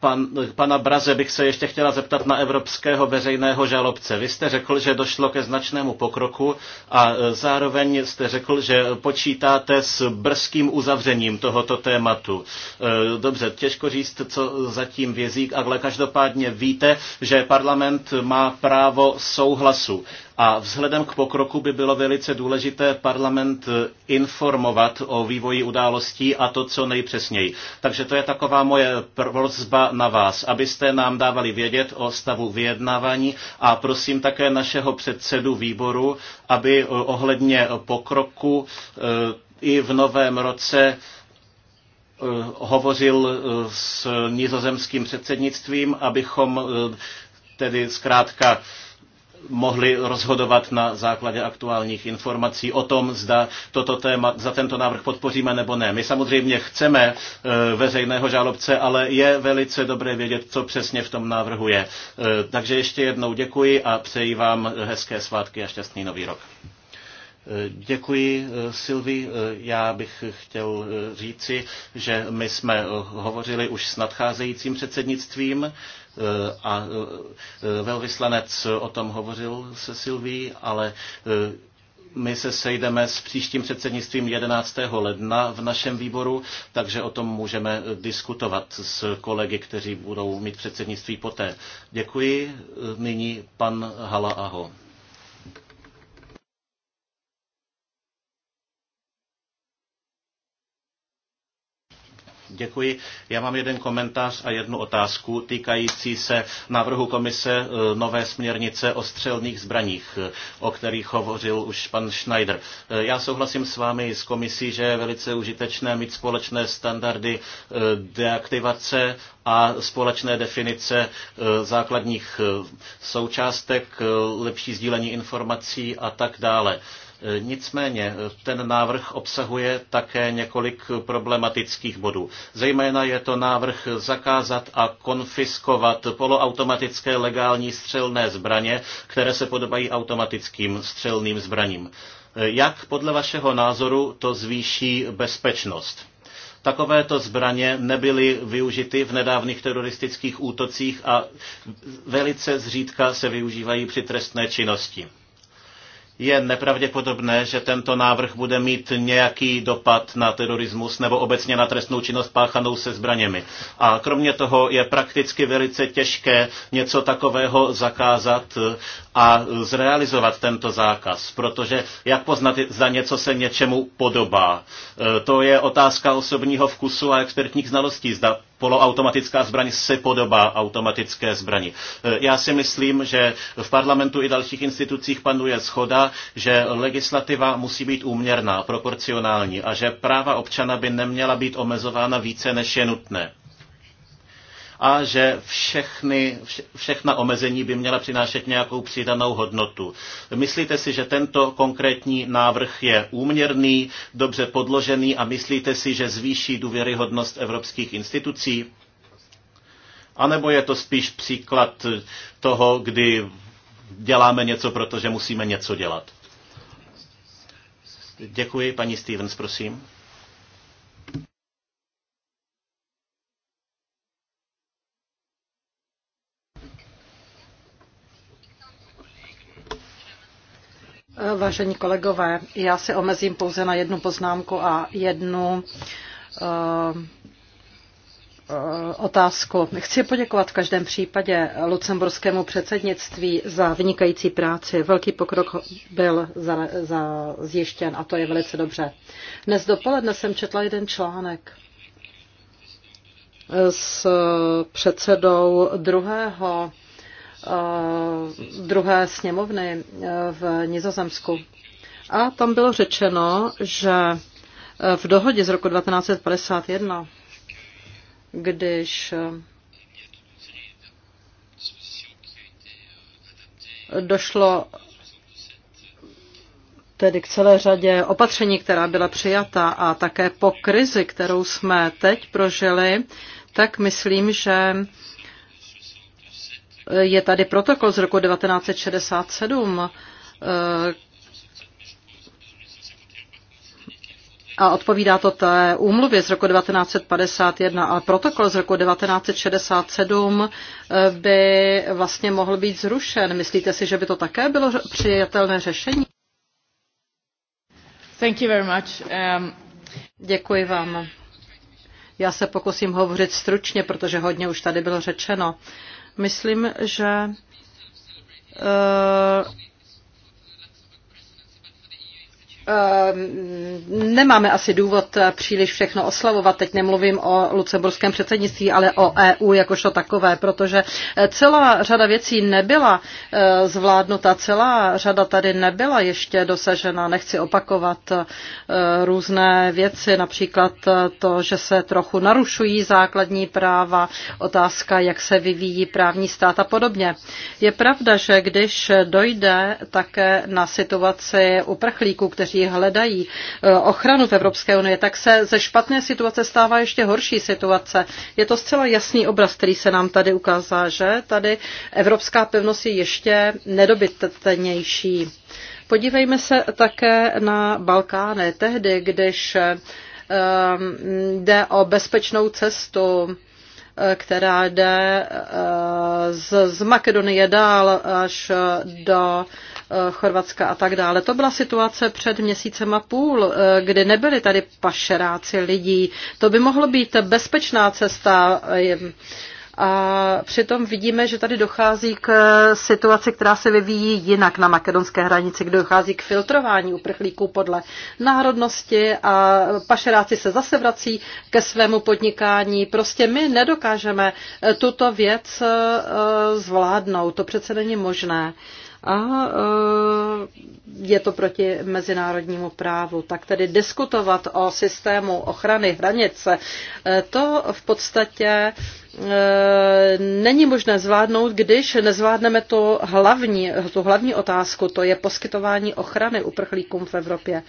Pan, pana Braze bych se ještě chtěla zeptat na evropského veřejného žalobce. Vy jste řekl, že došlo ke značnému pokroku a e, zároveň jste řekl, že počítáte s brzkým uzavřením tohoto tématu. E, dobře, těžko říct, co zatím vězí, ale každopádně víte, že parlament má právo souhlasu. A vzhledem k pokroku by bylo velice důležité parlament eh, informovat o vývoji událostí a to co nejpřesněji. Takže to je taková moje prozba na vás, abyste nám dávali vědět o stavu vyjednávání a prosím také našeho předsedu výboru, aby eh, ohledně pokroku eh, i v novém roce hovořil s nizozemským předsednictvím, abychom tedy zkrátka mohli rozhodovat na základě aktuálních informací o tom, zda toto téma, za tento návrh podpoříme nebo ne. My samozřejmě chceme eh, veřejného žalobce, ale je velice dobré vědět, co přesně v tom návrhu je. Eh, takže ještě jednou děkuji a přeji vám hezké svátky a šťastný nový rok. Eh, děkuji, Silvi. Já bych chtěl říci, že my jsme hovořili už s nadcházejícím předsednictvím. Eh, a eh, velvyslanec o tom hovořil se Silví, ale eh, my se sejdeme s příštím předsednictvím 11. ledna v našem výboru, takže o tom můžeme diskutovat s kolegy, kteří budou mít předsednictví poté. Děkuji. Nyní pan Hala Aho. Děkuji. Já mám jeden komentář a jednu otázku týkající se návrhu komise eh, nové směrnice o střelných zbraních, eh, o kterých hovořil už pan Schneider. Eh, já souhlasím s vámi s komisí, že je velice užitečné mít společné standardy deaktivace a společné definice základních součástek, lepší sdílení informací a tak dále. E, nicméně e, ten návrh obsahuje také několik problematických bodů. Zejména je to návrh zakázat a konfiskovat poloautomatické legální střelné zbraně, které se podobají automatickým střelným zbraním. E, jak podle vašeho názoru to zvýší bezpečnost? Takovéto zbraně nebyly využity v nedávných teroristických útocích a velice zřídka se využívají při trestné činnosti je nepravděpodobné, že tento návrh bude mít nějaký dopad na terorismus nebo obecně na trestnou činnost páchanou se zbraněmi. A kromě toho je prakticky velice těžké něco takového zakázat a zrealizovat tento zákaz, protože jak poznat, za něco se něčemu podobá. E, to je otázka osobního vkusu a expertních znalostí, zda poloautomatická zbraň se podobá automatické zbrani. E, já si myslím, že v parlamentu i dalších institucích panuje schoda, že legislativa musí být úměrná, proporcionální a že práva občana by neměla být omezována více, než je nutné a že všechny, vše, všechna omezení by měla přinášet nějakou přidanou hodnotu. Myslíte si, že tento konkrétní návrh je úměrný, dobře podložený a myslíte si, že zvýší důvěryhodnost evropských institucí? A nebo je to spíš příklad toho, kdy děláme něco, protože musíme něco dělat? Děkuji, paní Stevens, prosím. Vážení kolegové, já se omezím pouze na jednu poznámku a jednu uh, otázku. Chci poděkovat v každém případě lucemburskému předsednictví za vynikající práci. Velký pokrok byl za, za zjištěn a to je velice dobře. Dnes dopoledne jsem četla jeden článek s předsedou druhého Eh, druhé sněmovny eh, v Nizozemsku. A tam bylo řečeno, že eh, v dohodě z roku 1951, když došlo tedy k celé řadě opatření, která byla přijata a také po krizi, kterou jsme teď prožili, tak myslím, že je tady protokol z roku 1967 eh, a odpovídá to té úmluvě z roku 1951 a protokol z roku 1967 eh, by vlastně mohl být zrušen. Myslíte si, že by to také bylo přijatelné řešení? Thank you very much. Um... Děkuji vám. Já se pokusím hovořit stručně, protože hodně už tady bylo řečeno. Myslím, že Ehm, nemáme asi důvod eh, příliš všechno oslavovat. Teď nemluvím o lucemburském předsednictví, ale o EU jakožto takové, protože eh, celá řada věcí nebyla eh, zvládnuta, celá řada tady nebyla ještě dosažena. Nechci opakovat různé věci, například to, že se trochu narušují základní práva, otázka, jak se vyvíjí právní stát a podobně. Je pravda, že když dojde také na situaci uprchlíků, kteří hledají eh, ochranu v Evropské unii, tak se ze špatné situace stává ještě horší situace. Je to zcela jasný obraz, který se nám tady ukázá, že tady evropská pevnost je ještě nedobytnější. Podívejme se také na Balkány. Tehdy, když eh, jde o bezpečnou cestu, která jde eh, z, z Makedonie dál až do eh, Chorvatska a tak dále. To byla situace před měsícem a půl, eh, kdy nebyli tady pašeráci lidí. To by mohlo být bezpečná cesta a přitom vidíme, že tady dochází k situaci, která se vyvíjí jinak na makedonské hranici, kde dochází k filtrování uprchlíků podle národnosti a pašeráci se zase vrací ke svému podnikání. Prostě my nedokážeme tuto věc eh, zvládnout. To přece není možné a e, je to proti mezinárodnímu právu. Tak tedy diskutovat o systému ochrany hranice, e, to v podstatě e, není možné zvládnout, když nezvládneme tu hlavní, tu hlavní otázku, to je poskytování ochrany uprchlíkům v Evropě.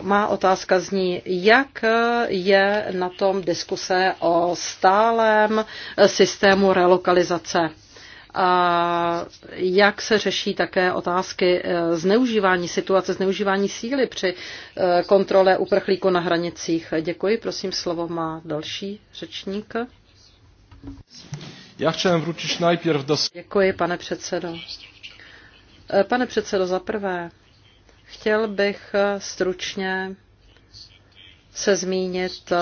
Má otázka zní, jak je na tom diskuse o stálém systému relokalizace a jak se řeší také otázky eh, zneužívání situace, zneužívání síly při eh, kontrole uprchlíků na hranicích. Děkuji, prosím, slovo má další řečník. Já chci vrátit nejprve do... Děkuji, pane předsedo. Eh, pane předsedo, za prvé, chtěl bych stručně se zmínit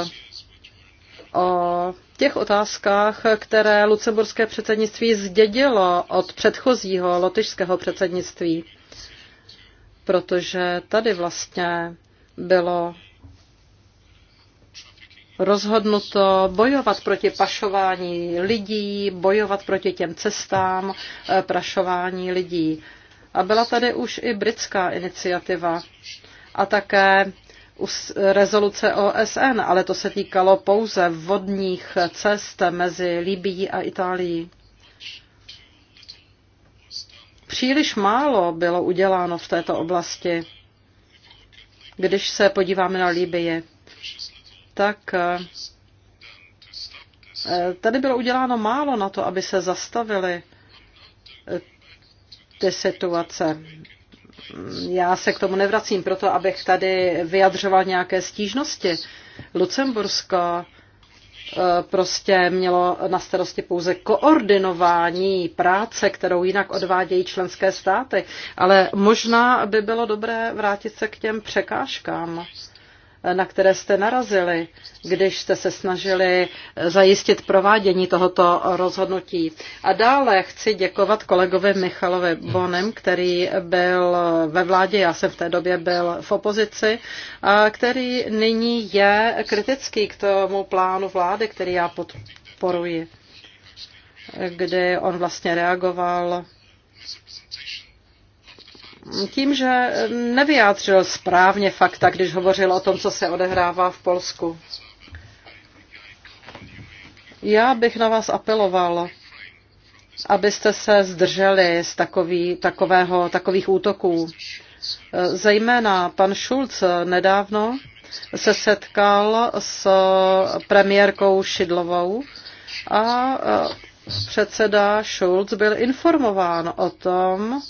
o těch otázkách, které lucemburské předsednictví zdědilo od předchozího lotyšského předsednictví, protože tady vlastně bylo rozhodnuto bojovat proti pašování lidí, bojovat proti těm cestám eh, prašování lidí. A byla tady už i britská iniciativa a také rezoluce OSN, ale to se týkalo pouze vodních cest mezi Libií a Itálií. Příliš málo bylo uděláno v této oblasti. Když se podíváme na Libii, tak eh, tady bylo uděláno málo na to, aby se zastavili eh, ty situace já se k tomu nevracím proto, abych tady vyjadřoval nějaké stížnosti. Lucembursko eh, prostě mělo na starosti pouze koordinování práce, kterou jinak odvádějí členské státy. Ale možná by bylo dobré vrátit se k těm překážkám na které jste narazili, když jste se snažili zajistit provádění tohoto rozhodnutí. A dále chci děkovat kolegovi Michalovi Bonem, který byl ve vládě, já jsem v té době byl v opozici, a který nyní je kritický k tomu plánu vlády, který já podporuji, kdy on vlastně reagoval tím, že nevyjádřil správně fakta, když hovořil o tom, co se odehrává v Polsku. Já bych na vás apeloval, abyste se zdrželi z takový, takového, takových útoků. Zejména pan Schulz nedávno se setkal s premiérkou Šidlovou a předseda Schulz byl informován o tom,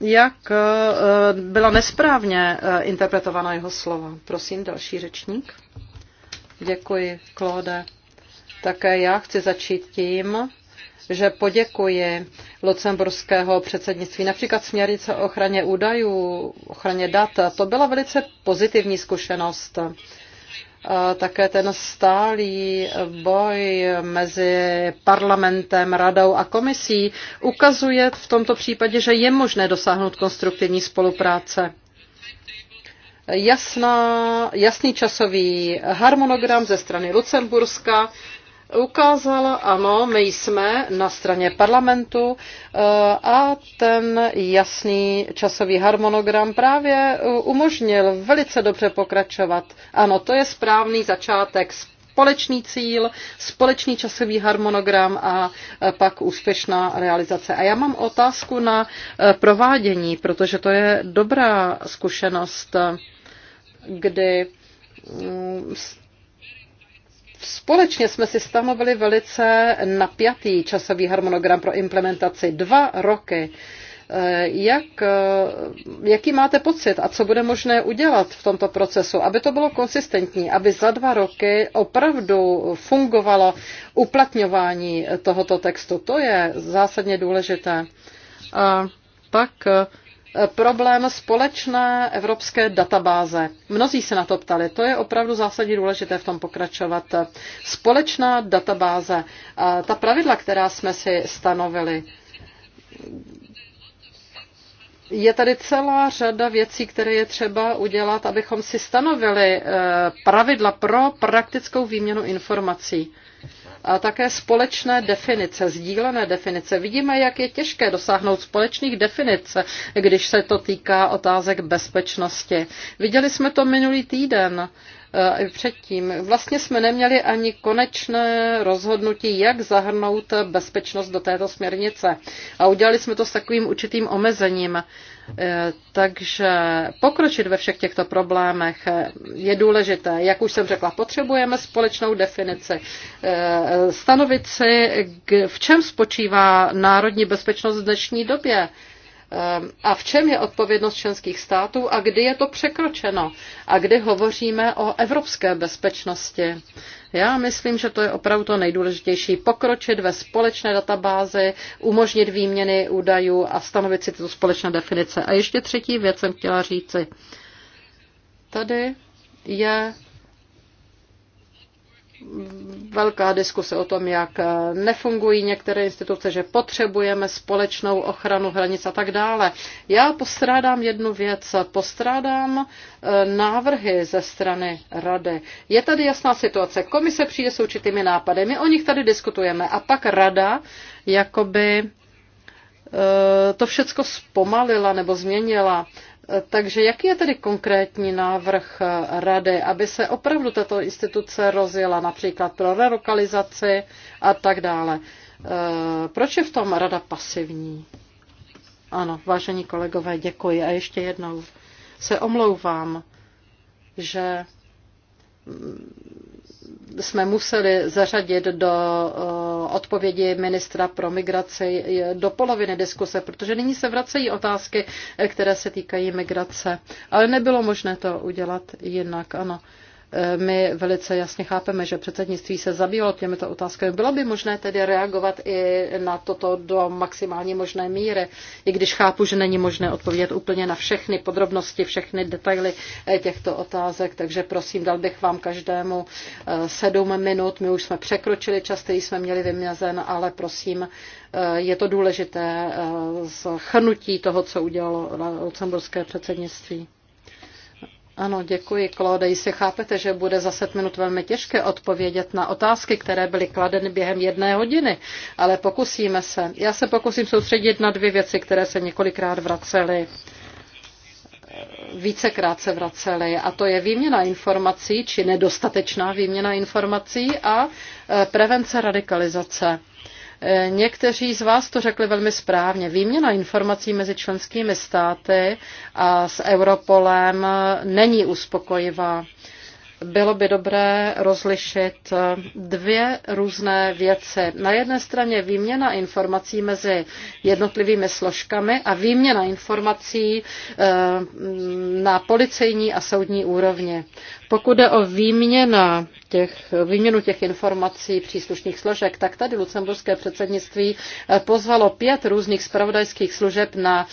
jak eh, byla nesprávně eh, interpretována jeho slova. Prosím, další řečník. Děkuji, Klóde. Také já chci začít tím, že poděkuji lucemburského předsednictví. Například směrnice o ochraně údajů, ochraně dat, to byla velice pozitivní zkušenost také ten stálý boj mezi parlamentem, radou a komisí ukazuje v tomto případě, že je možné dosáhnout konstruktivní spolupráce. Jasná, jasný časový harmonogram ze strany Lucemburska ukázala, ano, my jsme na straně parlamentu eh, a ten jasný časový harmonogram právě eh, umožnil velice dobře pokračovat. Ano, to je správný začátek společný cíl, společný časový harmonogram a eh, pak úspěšná realizace. A já mám otázku na provádění, protože to je dobrá zkušenost, kdy mm, Společně jsme si stanovili velice napjatý časový harmonogram pro implementaci. Dva roky. Eh, jak, eh, jaký máte pocit a co bude možné udělat v tomto procesu, aby to bylo konsistentní, aby za dva roky opravdu fungovalo uplatňování tohoto textu? To je zásadně důležité. A pak eh, Eh, problém společné evropské databáze. Mnozí se na to ptali. To je opravdu zásadně důležité v tom pokračovat. Společná databáze. Eh, ta pravidla, která jsme si stanovili. Je tady celá řada věcí, které je třeba udělat, abychom si stanovili eh, pravidla pro praktickou výměnu informací a také společné definice, sdílené definice. Vidíme, jak je těžké dosáhnout společných definic, když se to týká otázek bezpečnosti. Viděli jsme to minulý týden. Eh, předtím. Vlastně jsme neměli ani konečné rozhodnutí, jak zahrnout bezpečnost do této směrnice. A udělali jsme to s takovým určitým omezením. Eh, takže pokročit ve všech těchto problémech je důležité. Jak už jsem řekla, potřebujeme společnou definici. Eh, stanovit si, v čem spočívá národní bezpečnost v dnešní době. Ehm, a v čem je odpovědnost členských států a kdy je to překročeno a kdy hovoříme o evropské bezpečnosti. Já myslím, že to je opravdu to nejdůležitější. Pokročit ve společné databázi, umožnit výměny údajů a stanovit si tyto společné definice. A ještě třetí věc jsem chtěla říci. Tady je velká diskuse o tom, jak nefungují některé instituce, že potřebujeme společnou ochranu hranic a tak dále. Já postrádám jednu věc, postrádám eh, návrhy ze strany rady. Je tady jasná situace. Komise přijde s určitými nápady, my o nich tady diskutujeme a pak rada jakoby eh, to všecko zpomalila nebo změnila. Takže jaký je tedy konkrétní návrh eh, rady, aby se opravdu tato instituce rozjela například pro relokalizaci a tak dále? Eh, proč je v tom rada pasivní? Ano, vážení kolegové, děkuji. A ještě jednou se omlouvám, že jsme museli zařadit do eh, odpovědi ministra pro migraci do poloviny diskuse, protože nyní se vracejí otázky, eh, které se týkají migrace. Ale nebylo možné to udělat jinak, ano. Eh, my velice jasně chápeme, že předsednictví se zabývalo těmito otázkami. Bylo by možné tedy reagovat i na toto do maximální možné míry, i když chápu, že není možné odpovědět úplně na všechny podrobnosti, všechny detaily eh, těchto otázek, takže prosím, dal bych vám každému eh, sedm minut. My už jsme překročili čas, který jsme měli vymězen, ale prosím, je to důležité schrnutí toho, co udělalo lucemburské předsednictví. Ano, děkuji, Claude. Jistě chápete, že bude za set minut velmi těžké odpovědět na otázky, které byly kladeny během jedné hodiny, ale pokusíme se. Já se pokusím soustředit na dvě věci, které se několikrát vracely vícekrát se vracely a to je výměna informací či nedostatečná výměna informací a eh, prevence radikalizace. E, někteří z vás to řekli velmi správně. Výměna informací mezi členskými státy a s Europolem není uspokojivá bylo by dobré rozlišit eh, dvě různé věci. Na jedné straně výměna informací mezi jednotlivými složkami a výměna informací eh, na policejní a soudní úrovni. Pokud jde o výměna těch, výměnu těch informací příslušných složek, tak tady lucemburské předsednictví eh, pozvalo pět různých spravodajských služeb na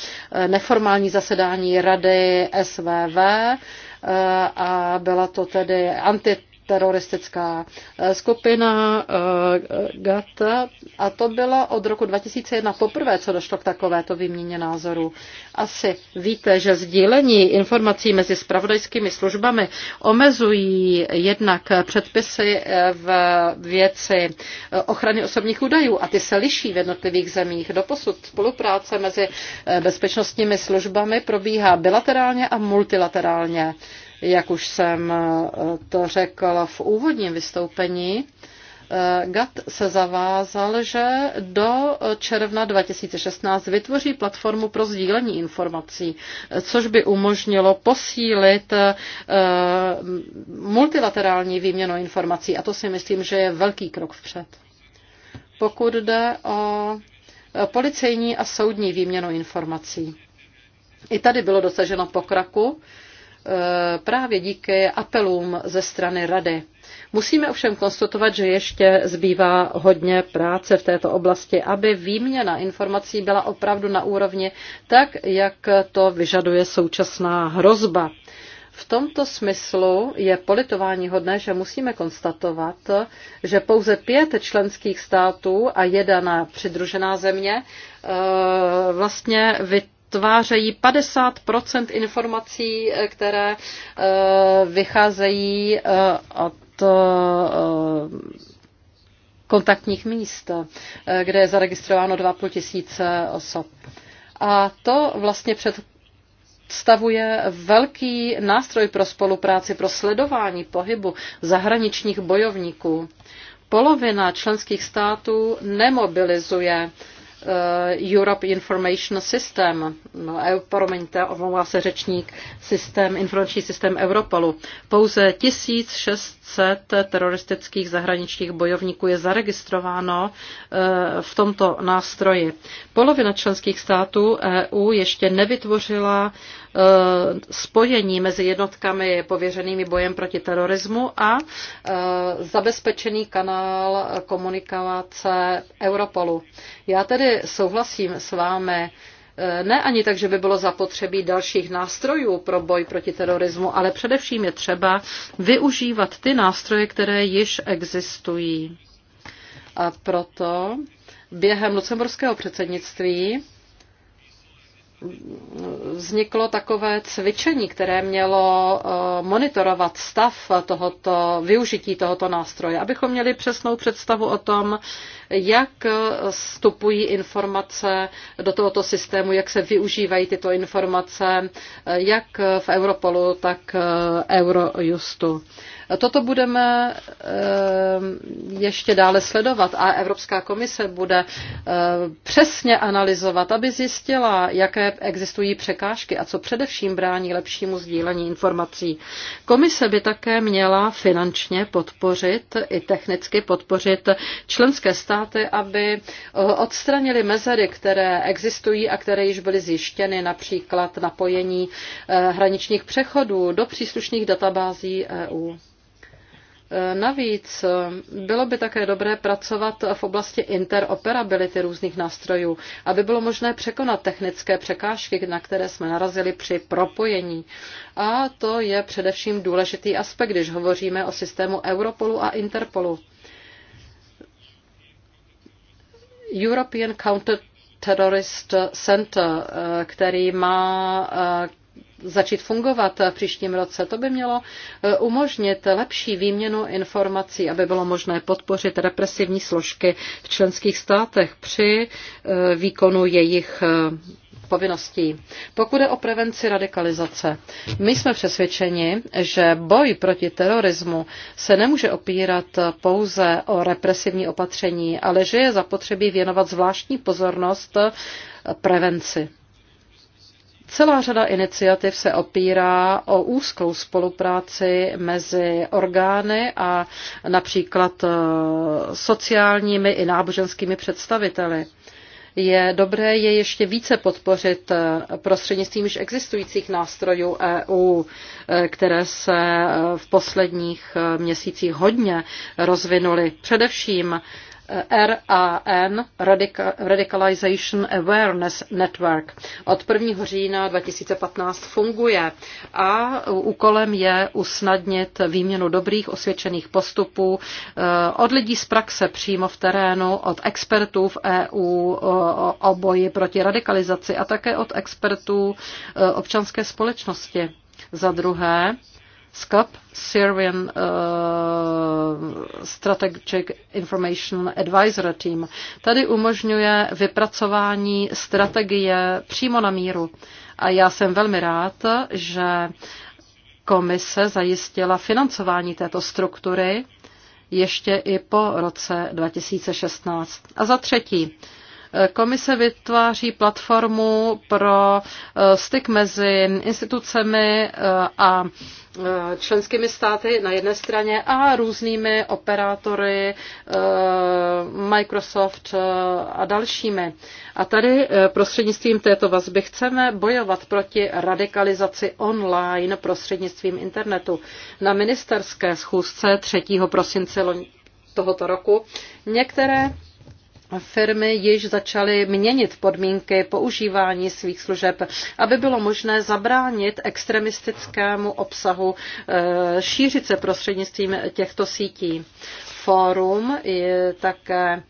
neformální zasedání rady SVV Eh, a byla to tedy anti teroristická eh, skupina eh, GATA a to bylo od roku 2001 poprvé, co došlo k takovéto výměně názorů. Asi víte, že sdílení informací mezi spravodajskými službami omezují jednak předpisy eh, v věci ochrany osobních údajů a ty se liší v jednotlivých zemích. Doposud spolupráce mezi bezpečnostními službami probíhá bilaterálně a multilaterálně. Jak už jsem eh, to řekla v úvodním vystoupení, eh, GATT se zavázal, že do června 2016 vytvoří platformu pro sdílení informací, což by umožnilo posílit eh, multilaterální výměnu informací. A to si myslím, že je velký krok vpřed. Pokud jde o policejní a soudní výměnu informací. I tady bylo dosaženo pokraku Eh, právě díky apelům ze strany Rady. Musíme ovšem konstatovat, že ještě zbývá hodně práce v této oblasti, aby výměna informací byla opravdu na úrovni tak, jak to vyžaduje současná hrozba. V tomto smyslu je politování hodné, že musíme konstatovat, že pouze pět členských států a jedna přidružená země eh, vlastně vytvořila tvářejí 50 informací, eh, které eh, vycházejí eh, od kontaktních míst, kde je zaregistrováno 2,5 tisíce osob. A to vlastně před představuje velký nástroj pro spolupráci, pro sledování pohybu zahraničních bojovníků. Polovina členských států nemobilizuje Eh, Europe Information System, no, promiňte, omlouvá se řečník, systém, informační systém Europolu. Pouze 1600 teroristických zahraničních bojovníků je zaregistrováno eh, v tomto nástroji. Polovina členských států EU ještě nevytvořila Eh, spojení mezi jednotkami pověřenými bojem proti terorismu a eh, zabezpečený kanál komunikace Europolu. Já tedy souhlasím s vámi, eh, ne ani tak, že by bylo zapotřebí dalších nástrojů pro boj proti terorismu, ale především je třeba využívat ty nástroje, které již existují. A proto během lucemburského předsednictví vzniklo takové cvičení, které mělo eh, monitorovat stav tohoto, využití tohoto nástroje, abychom měli přesnou představu o tom, jak eh, vstupují informace do tohoto systému, jak se využívají tyto informace, eh, jak v Europolu, tak Eurojustu. Toto budeme eh, ještě dále sledovat a Evropská komise bude eh, přesně analyzovat, aby zjistila, jaké existují překážky a co především brání lepšímu sdílení informací. Komise by také měla finančně podpořit i technicky podpořit členské státy, aby eh, odstranili mezery, které existují a které již byly zjištěny, například napojení hraničních přechodů do příslušných databází EU. Navíc bylo by také dobré pracovat v oblasti interoperability různých nástrojů, aby bylo možné překonat technické překážky, na které jsme narazili při propojení. A to je především důležitý aspekt, když hovoříme o systému Europolu a Interpolu. European Counter Terrorist Center, eh, který má eh, začít fungovat v příštím roce. To by mělo eh, umožnit lepší výměnu informací, aby bylo možné podpořit represivní složky v členských státech při eh, výkonu jejich eh, povinností. Pokud je o prevenci radikalizace, my jsme přesvědčeni, že boj proti terorismu se nemůže opírat pouze o represivní opatření, ale že je zapotřebí věnovat zvláštní pozornost prevenci. Celá řada iniciativ se opírá o úzkou spolupráci mezi orgány a například eh, sociálními i náboženskými představiteli. Je dobré je ještě více podpořit eh, prostřednictvím již existujících nástrojů EU, eh, které se v posledních měsících hodně rozvinuly. Především RAN, Radicalization Awareness Network, od 1. října 2015 funguje a úkolem je usnadnit výměnu dobrých osvědčených postupů eh, od lidí z praxe přímo v terénu, od expertů v EU o boji proti radikalizaci a také od expertů eh, občanské společnosti. Za druhé, SCAP, Syrian uh, Strategic Information Advisory Team. Tady umožňuje vypracování strategie přímo na míru. A já jsem velmi rád, že komise zajistila financování této struktury ještě i po roce 2016. A za třetí, Komise vytváří platformu pro eh, styk mezi institucemi eh, a eh, členskými státy na jedné straně a různými operátory Microsoft a dalšími. A tady prostřednictvím této vazby chceme bojovat proti radikalizaci online prostřednictvím internetu. Na ministerské schůzce 3. prosince tohoto roku některé firmy již začaly měnit podmínky používání svých služeb, aby bylo možné zabránit extremistickému obsahu eh, šířit se prostřednictvím těchto sítí. Fórum je také eh,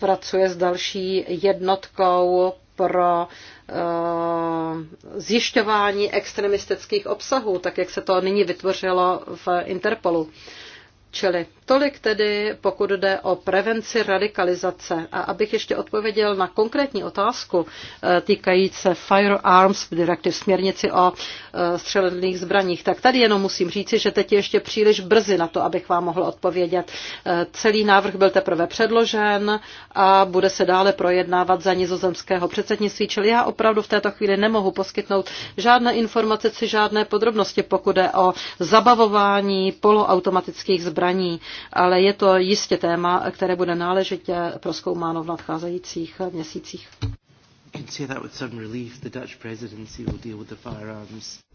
pracuje s další jednotkou pro eh, zjišťování extremistických obsahů, tak jak se to nyní vytvořilo v Interpolu. Čili Tolik tedy, pokud jde o prevenci radikalizace. A abych ještě odpověděl na konkrétní otázku eh, týkající se Firearms Directive směrnici o eh, střelených zbraních, tak tady jenom musím říci, že teď je ještě příliš brzy na to, abych vám mohl odpovědět. Eh, celý návrh byl teprve předložen a bude se dále projednávat za nizozemského předsednictví, čili já opravdu v této chvíli nemohu poskytnout žádné informace či žádné podrobnosti, pokud jde o zabavování poloautomatických zbraní ale je to jistě téma, které bude náležitě proskoumáno v nadcházejících měsících.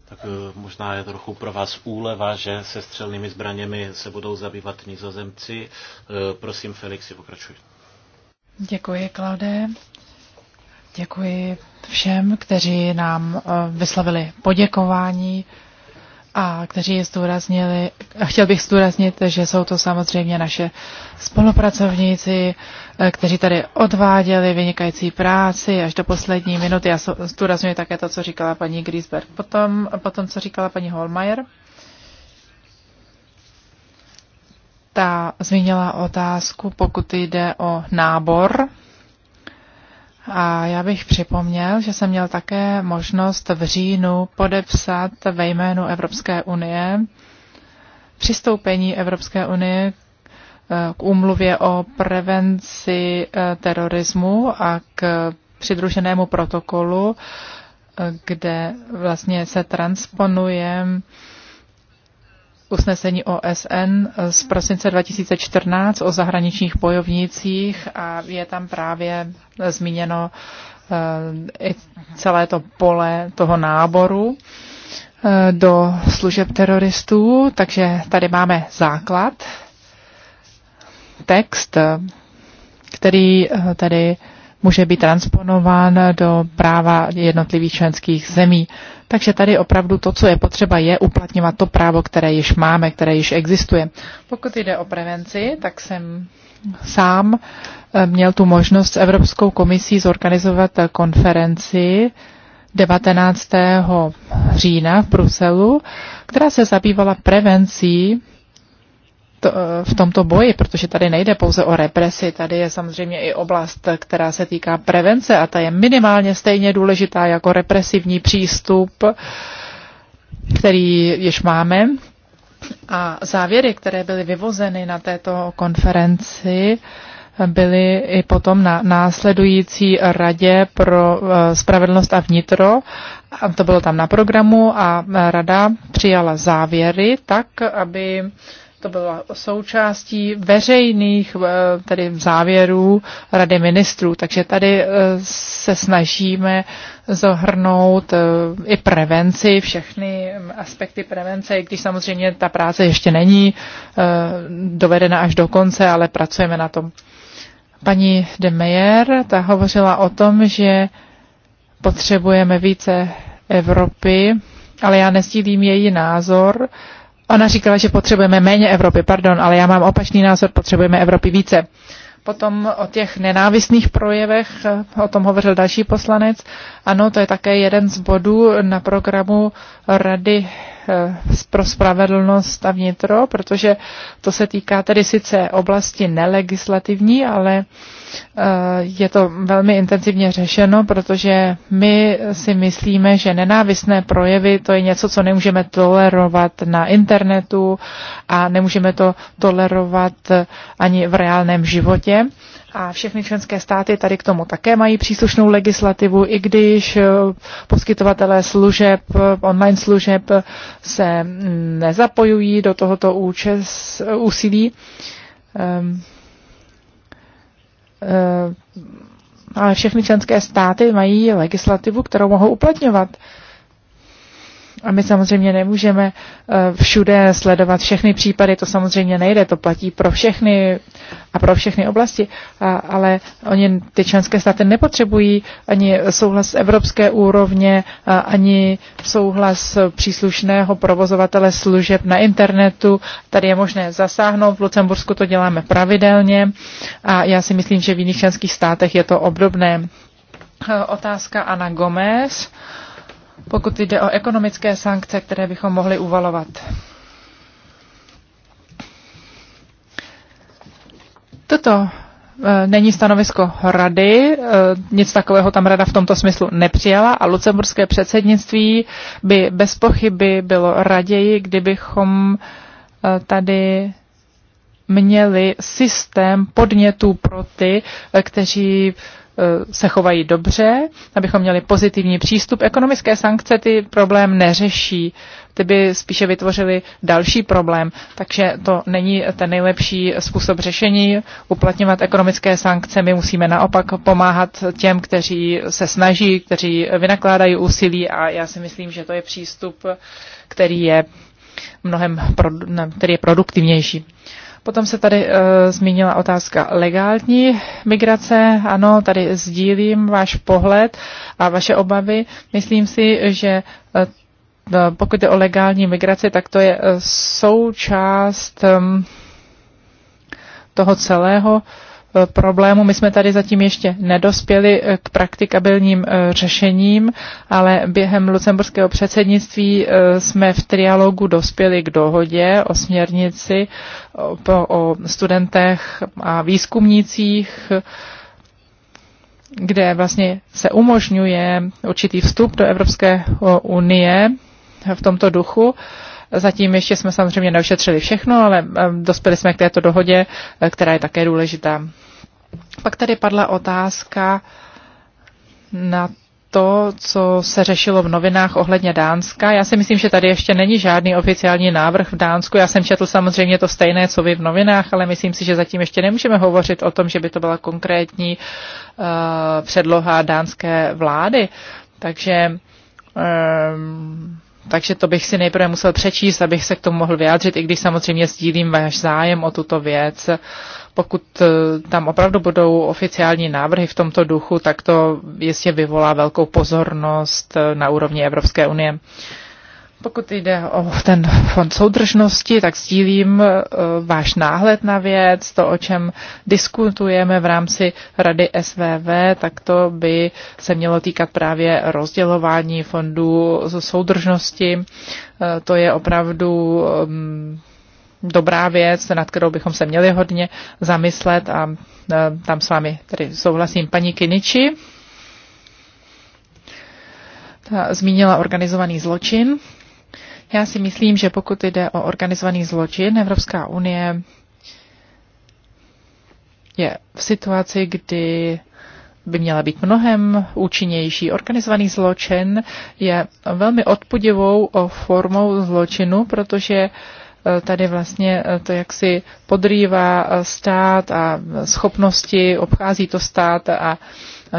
Tak eh, možná je trochu pro vás úleva, že se střelnými zbraněmi se budou zabývat nizozemci. Eh, prosím, Felixi, pokračuj. Děkuji, Klaude. Děkuji všem, kteří nám eh, vyslavili poděkování a kteří je zdůraznili. Chtěl bych zdůraznit, že jsou to samozřejmě naše spolupracovníci, eh, kteří tady odváděli vynikající práci až do poslední minuty. Já zdůraznuju také to, co říkala paní Griesberg. Potom, potom co říkala paní Holmeier, ta zmínila otázku, pokud jde o nábor a já bych připomněl, že jsem měl také možnost v říjnu podepsat ve jménu Evropské unie přistoupení Evropské unie eh, k úmluvě o prevenci eh, terorismu a k přidruženému protokolu, eh, kde vlastně se transponuje usnesení OSN z prosince 2014 o zahraničních bojovnících a je tam právě eh, zmíněno eh, i celé to pole toho náboru eh, do služeb teroristů, takže tady máme základ, text, který tady může být transponován do práva jednotlivých členských zemí. Takže tady opravdu to, co je potřeba, je uplatňovat to právo, které již máme, které již existuje. Pokud jde o prevenci, tak jsem sám eh, měl tu možnost s Evropskou komisí zorganizovat eh, konferenci 19. října v Bruselu, která se zabývala prevencí to, v tomto boji, protože tady nejde pouze o represi, tady je samozřejmě i oblast, která se týká prevence a ta je minimálně stejně důležitá jako represivní přístup, který již máme. A závěry, které byly vyvozeny na této konferenci, byly i potom na následující radě pro eh, spravedlnost a vnitro. A to bylo tam na programu a rada přijala závěry tak, aby to bylo součástí veřejných eh, tedy závěrů Rady ministrů. Takže tady eh, se snažíme zohrnout eh, i prevenci, všechny mm, aspekty prevence, i když samozřejmě ta práce ještě není dovedena až do konce, ale pracujeme na tom. Paní de Meyer, ta hovořila o tom, že potřebujeme více Evropy, ale já nestílím její názor, Ona říkala, že potřebujeme méně Evropy, pardon, ale já mám opačný názor, potřebujeme Evropy více. Potom o těch nenávistných projevech, o tom hovořil další poslanec. Ano, to je také jeden z bodů na programu Rady Eh, pro spravedlnost a vnitro, protože to se týká tedy sice oblasti nelegislativní, ale eh, je to velmi intenzivně řešeno, protože my si myslíme, že nenávistné projevy to je něco, co nemůžeme tolerovat na internetu a nemůžeme to tolerovat ani v reálném životě a všechny členské státy tady k tomu také mají příslušnou legislativu, i když eh, poskytovatelé služeb, eh, online služeb se mm, nezapojují do tohoto účes, eh, úsilí. Ehm, ale všechny členské státy mají legislativu, kterou mohou uplatňovat. A my samozřejmě nemůžeme eh, všude sledovat všechny případy, to samozřejmě nejde, to platí pro všechny a pro všechny oblasti, a, ale oni, ty členské státy nepotřebují ani souhlas evropské úrovně, a, ani souhlas příslušného provozovatele služeb na internetu. Tady je možné zasáhnout, v Lucembursku to děláme pravidelně a já si myslím, že v jiných členských státech je to obdobné. Eh, otázka Ana Gomez. Uh, pokud jde o ekonomické sankce, které bychom mohli uvalovat. Toto eh, není stanovisko rady, eh, nic takového tam rada v tomto smyslu nepřijala a lucemburské předsednictví by bez pochyby bylo raději, kdybychom eh, tady měli systém podnětů pro ty, kteří Eh, se chovají dobře, abychom měli pozitivní přístup. Ekonomické sankce ty problém neřeší, ty by spíše vytvořily další problém, takže to není ten nejlepší způsob řešení. Uplatňovat ekonomické sankce my musíme naopak pomáhat těm, kteří se snaží, kteří vynakládají úsilí a já si myslím, že to je přístup, který je mnohem, který je produktivnější. Potom se tady uh, zmínila otázka legální migrace. Ano, tady sdílím váš pohled a vaše obavy. Myslím si, že uh, pokud je o legální migraci, tak to je eh, součást um, toho celého Eh, problému. My jsme tady zatím ještě nedospěli eh, k praktikabilním eh, řešením, ale během lucemburského předsednictví jsme v trialogu dospěli k dohodě o směrnici o studentech a výzkumnících kde vlastně se umožňuje určitý vstup do Evropské unie v tomto duchu. Zatím ještě jsme samozřejmě neošetřili všechno, ale dospěli jsme k této dohodě, která je také důležitá. Pak tady padla otázka na to, co se řešilo v novinách ohledně Dánska. Já si myslím, že tady ještě není žádný oficiální návrh v Dánsku. Já jsem četl samozřejmě to stejné, co vy v novinách, ale myslím si, že zatím ještě nemůžeme hovořit o tom, že by to byla konkrétní uh, předloha dánské vlády. Takže. Um, takže to bych si nejprve musel přečíst, abych se k tomu mohl vyjádřit, i když samozřejmě sdílím váš zájem o tuto věc pokud e, tam opravdu budou oficiální návrhy v tomto duchu, tak to jistě vyvolá velkou pozornost e, na úrovni Evropské unie. Pokud jde o ten fond soudržnosti, tak sdílím e, váš náhled na věc, to, o čem diskutujeme v rámci Rady SVV, tak to by se mělo týkat právě rozdělování fondů soudržnosti. To je opravdu dobrá věc, nad kterou bychom se měli hodně zamyslet a e, tam s vámi tedy souhlasím. Paní Kiniči ta zmínila organizovaný zločin. Já si myslím, že pokud jde o organizovaný zločin, Evropská unie je v situaci, kdy by měla být mnohem účinnější. Organizovaný zločin je velmi odpudivou formou zločinu, protože uh, Eh, tady vlastně eh, to jak si podrývá eh, stát a schopnosti, obchází to stát a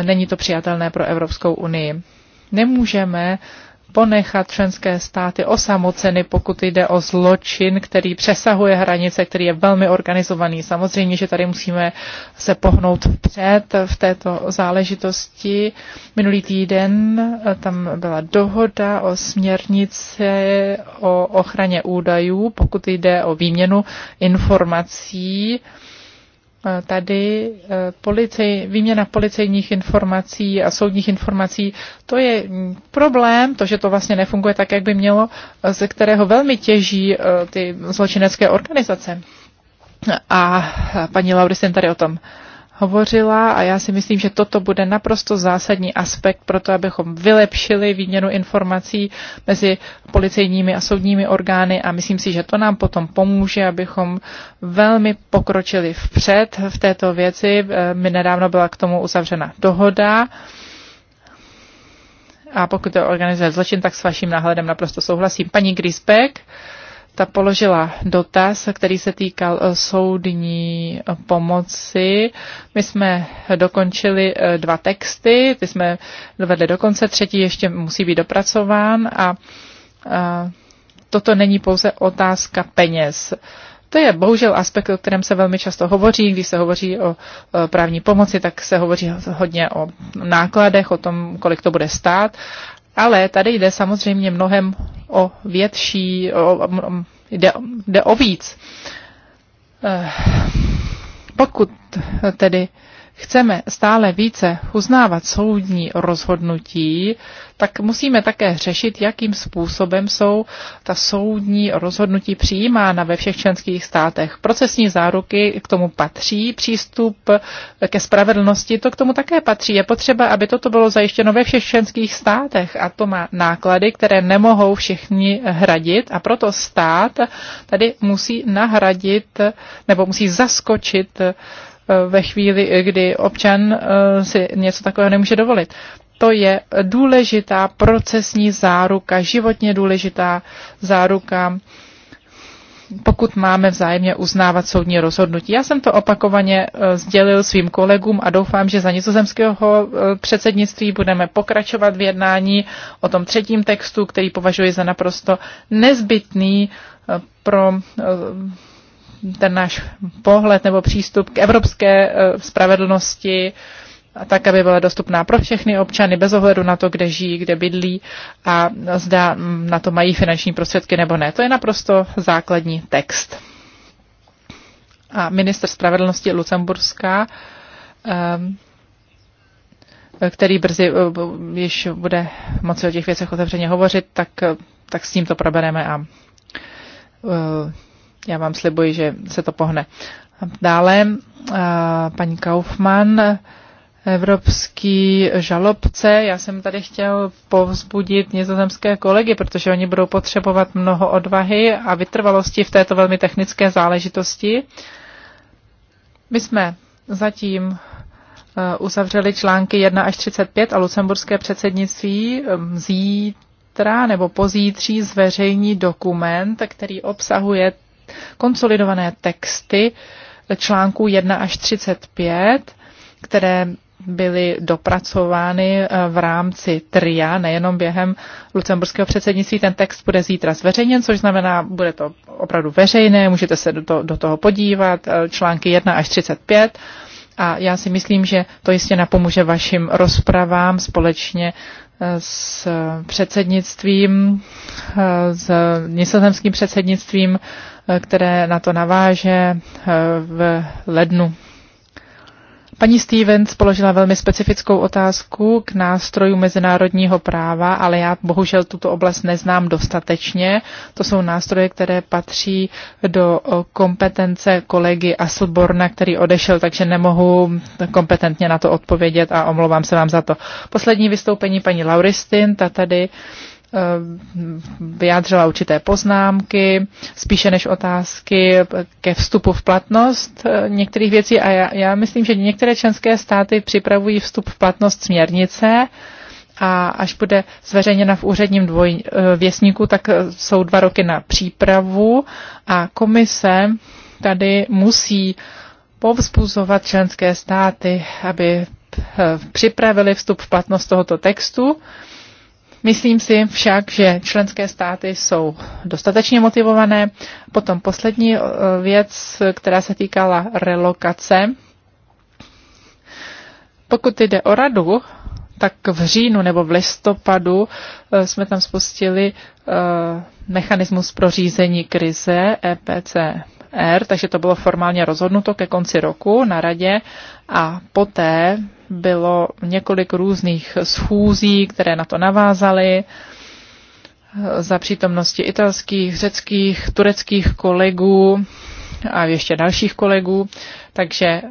není to přijatelné pro Evropskou unii. Nemůžeme ponechat členské státy osamoceny, pokud jde o zločin, který přesahuje hranice, který je velmi organizovaný. Samozřejmě, že tady musíme se pohnout vpřed v této záležitosti. Minulý týden eh, tam byla dohoda o směrnici o ochraně údajů, pokud jde o výměnu informací tady e, policej, výměna policejních informací a soudních informací, to je problém, to, že to vlastně nefunguje tak, jak by mělo, ze kterého velmi těží e, ty zločinecké organizace. A paní Lauristin tady o tom hovořila a já si myslím, že toto bude naprosto zásadní aspekt pro to, abychom vylepšili výměnu informací mezi policejními a soudními orgány a myslím si, že to nám potom pomůže, abychom velmi pokročili vpřed v této věci. Eh, mi nedávno byla k tomu uzavřena dohoda. A pokud to organizuje zločin, tak s vaším náhledem naprosto souhlasím. Paní Grisbeck, ta položila dotaz, který se týkal eh, soudní eh, pomoci. My jsme dokončili eh, dva texty, ty jsme dovedli do konce, třetí ještě musí být dopracován a, a toto není pouze otázka peněz. To je bohužel aspekt, o kterém se velmi často hovoří. Když se hovoří o právní pomoci, tak se hovoří hodně o nákladech, o tom, kolik to bude stát. Ale tady jde samozřejmě mnohem o větší, o, jde, jde o víc. Eh, pokud tedy chceme stále více uznávat soudní rozhodnutí, tak musíme také řešit, jakým způsobem jsou ta soudní rozhodnutí přijímána ve všech členských státech. Procesní záruky k tomu patří, přístup ke spravedlnosti to k tomu také patří. Je potřeba, aby toto bylo zajištěno ve všech členských státech a to má náklady, které nemohou všichni hradit a proto stát tady musí nahradit nebo musí zaskočit Eh, ve chvíli, kdy občan eh, si něco takového nemůže dovolit. To je důležitá procesní záruka, životně důležitá záruka, pokud máme vzájemně uznávat soudní rozhodnutí. Já jsem to opakovaně eh, sdělil svým kolegům a doufám, že za nizozemského předsednictví budeme pokračovat v jednání o tom třetím textu, který považuji za naprosto nezbytný pro ten náš pohled nebo přístup k evropské eh, spravedlnosti, a tak, aby byla dostupná pro všechny občany, bez ohledu na to, kde žijí, kde bydlí a zda mm, na to mají finanční prostředky nebo ne. To je naprosto základní text. A minister spravedlnosti Lucemburská, ehm, který brzy eh, již bude moci o těch věcech otevřeně hovořit, tak, eh, tak s tím to probereme a já vám slibuji, že se to pohne. Dále eh, paní Kaufmann, evropský žalobce. Já jsem tady chtěl povzbudit nizozemské kolegy, protože oni budou potřebovat mnoho odvahy a vytrvalosti v této velmi technické záležitosti. My jsme zatím eh, uzavřeli články 1 až 35 a lucemburské předsednictví eh, zítra nebo pozítří zveřejní dokument, který obsahuje konsolidované texty článků 1 až 35, které byly dopracovány eh, v rámci TRIA, nejenom během lucemburského předsednictví. Ten text bude zítra zveřejněn, což znamená, bude to opravdu veřejné, můžete se do, to, do toho podívat, eh, články 1 až 35. A já si myslím, že to jistě napomůže vašim rozpravám společně eh, s předsednictvím, s nizozemským předsednictvím které na to naváže eh, v lednu. Paní Stevens položila velmi specifickou otázku k nástrojů mezinárodního práva, ale já bohužel tuto oblast neznám dostatečně. To jsou nástroje, které patří do kompetence kolegy Aslborna, který odešel, takže nemohu kompetentně na to odpovědět a omlouvám se vám za to. Poslední vystoupení paní Lauristin, ta tady uh, Eh, vyjádřila určité poznámky, spíše než otázky ke vstupu v platnost eh, některých věcí. A já, já myslím, že některé členské státy připravují vstup v platnost směrnice a až bude zveřejněna v úředním dvoj, eh, věsníku, tak jsou dva roky na přípravu a komise tady musí povzbuzovat členské státy, aby připravili vstup v platnost tohoto textu Myslím si však, že členské státy jsou dostatečně motivované. Potom poslední eh, věc, která se týkala relokace. Pokud jde o radu, tak v říjnu nebo v listopadu eh, jsme tam spustili eh, mechanismus pro řízení krize EPCR, takže to bylo formálně rozhodnuto ke konci roku na radě a poté bylo několik různých schůzí, které na to navázaly za přítomnosti italských, řeckých, tureckých kolegů a ještě dalších kolegů. Takže eh,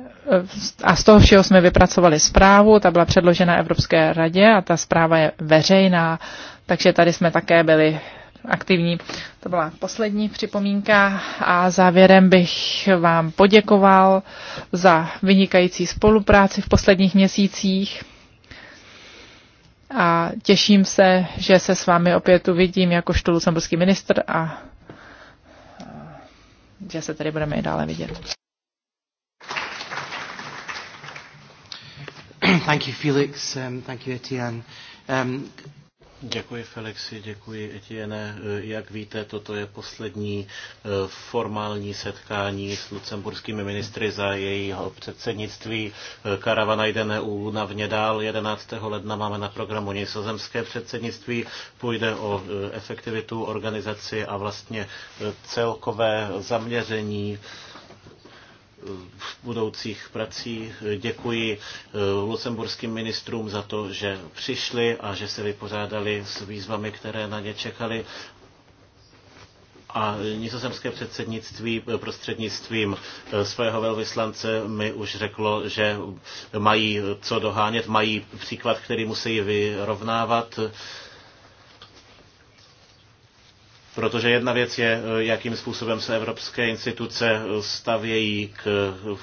a z toho všeho jsme vypracovali zprávu, ta byla předložena Evropské radě a ta zpráva je veřejná, takže tady jsme také byli aktivní. To byla poslední připomínka a závěrem bych vám poděkoval za vynikající spolupráci v posledních měsících a těším se, že se s vámi opět uvidím jakožto lucemburský ministr a že se tady budeme i dále vidět. Thank you, Felix. Um, thank you, Etienne. Um, Děkuji Felixi, děkuji Etienne. Jak víte, toto je poslední eh, formální setkání s lucemburskými ministry za jejího předsednictví. Eh, karavana jde neúnavně dál. 11. ledna máme na programu nizozemské předsednictví. Půjde o eh, efektivitu organizaci a vlastně celkové zaměření v budoucích pracích Děkuji eh, lucemburským ministrům za to, že přišli a že se vypořádali s výzvami, které na ně čekali a nizozemské předsednictví eh, prostřednictvím eh, svého velvyslance mi už řeklo, že mají co dohánět, mají příklad, který musí vyrovnávat. Protože jedna věc je, eh, jakým způsobem se evropské instituce eh, stavějí k eh,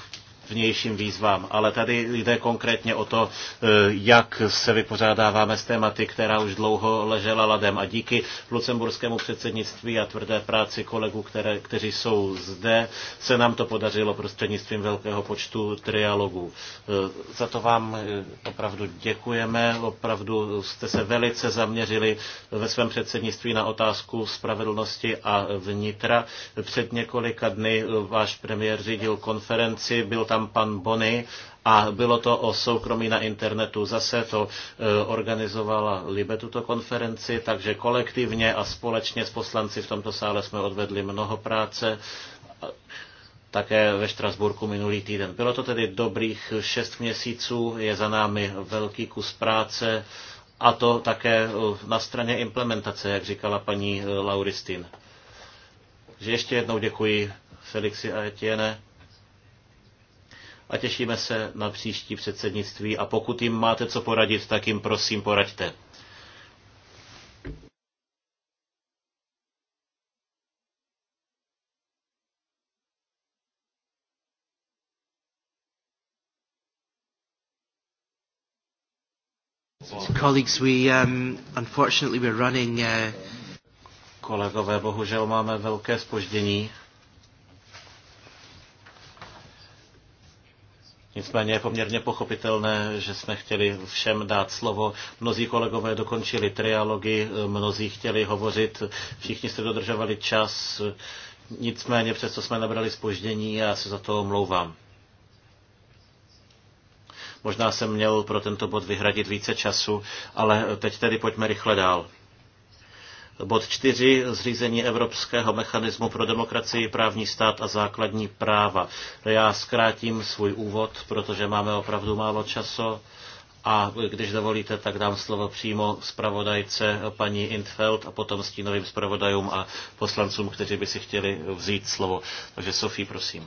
vnějším výzvám, ale tady jde konkrétně o to, eh, jak se vypořádáváme s tématy, která už dlouho ležela ladem. A díky lucemburskému předsednictví a tvrdé práci kolegů, které, kteří jsou zde, se nám to podařilo prostřednictvím velkého počtu trialogů. Eh, za to vám eh, opravdu děkujeme, opravdu jste se velice zaměřili ve svém předsednictví na otázku spravedlnosti a vnitra. Před několika dny váš premiér řídil konferenci, byl tam tam pan Bony a bylo to o soukromí na internetu. Zase to e, organizovala Libe tuto konferenci, takže kolektivně a společně s poslanci v tomto sále jsme odvedli mnoho práce také ve Štrasburku minulý týden. Bylo to tedy dobrých šest měsíců, je za námi velký kus práce a to také e, na straně implementace, jak říkala paní e, Lauristin. Že ještě jednou děkuji Felixi a Etienne a těšíme se na příští předsednictví a pokud jim máte co poradit, tak jim prosím poraďte. Colleagues, we um, unfortunately we're running. Uh... Kolegové, bohužel máme velké spoždění. Nicméně je poměrně pochopitelné, že jsme chtěli všem dát slovo. Mnozí kolegové dokončili trialogy, mnozí chtěli hovořit, všichni se dodržovali čas. Nicméně přesto jsme nabrali spoždění a já se za to omlouvám. Možná jsem měl pro tento bod vyhradit více času, ale teď tedy pojďme rychle dál. Bod čtyři Zřízení Evropského mechanismu pro demokracii, právní stát a základní práva. Já zkrátím svůj úvod, protože máme opravdu málo času. A když dovolíte, tak dám slovo přímo zpravodajce paní Intfeld a potom stínovým zpravodajům a poslancům, kteří by si chtěli vzít slovo. Takže Sofí, prosím.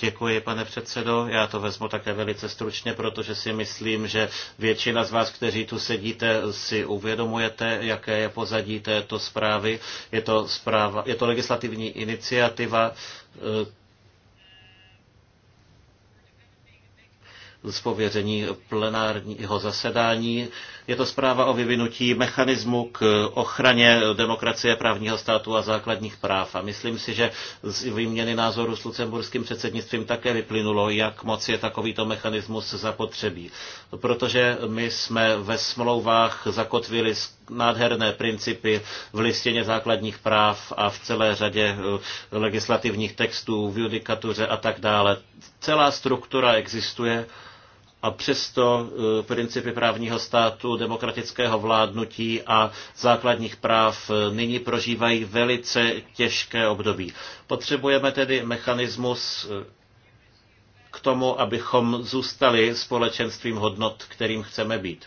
Děkuji, pane předsedo. Já to vezmu také velice stručně, protože si myslím, že většina z vás, kteří tu sedíte, si uvědomujete, jaké je pozadí této zprávy. Je to, zpráva, je to legislativní iniciativa, eh, z pověření plenárního zasedání je to zpráva o vyvinutí mechanismu k ochraně demokracie, právního státu a základních práv. A myslím si, že z výměny názoru s lucemburským předsednictvím také vyplynulo, jak moc je takovýto mechanismus zapotřebí. Protože my jsme ve smlouvách zakotvili nádherné principy v listině základních práv a v celé řadě eh, legislativních textů, v judikatuře a tak dále. Celá struktura existuje a přesto eh, principy právního státu, demokratického vládnutí a základních práv eh, nyní prožívají velice těžké období. Potřebujeme tedy mechanismus eh, k tomu, abychom zůstali společenstvím hodnot, kterým chceme být.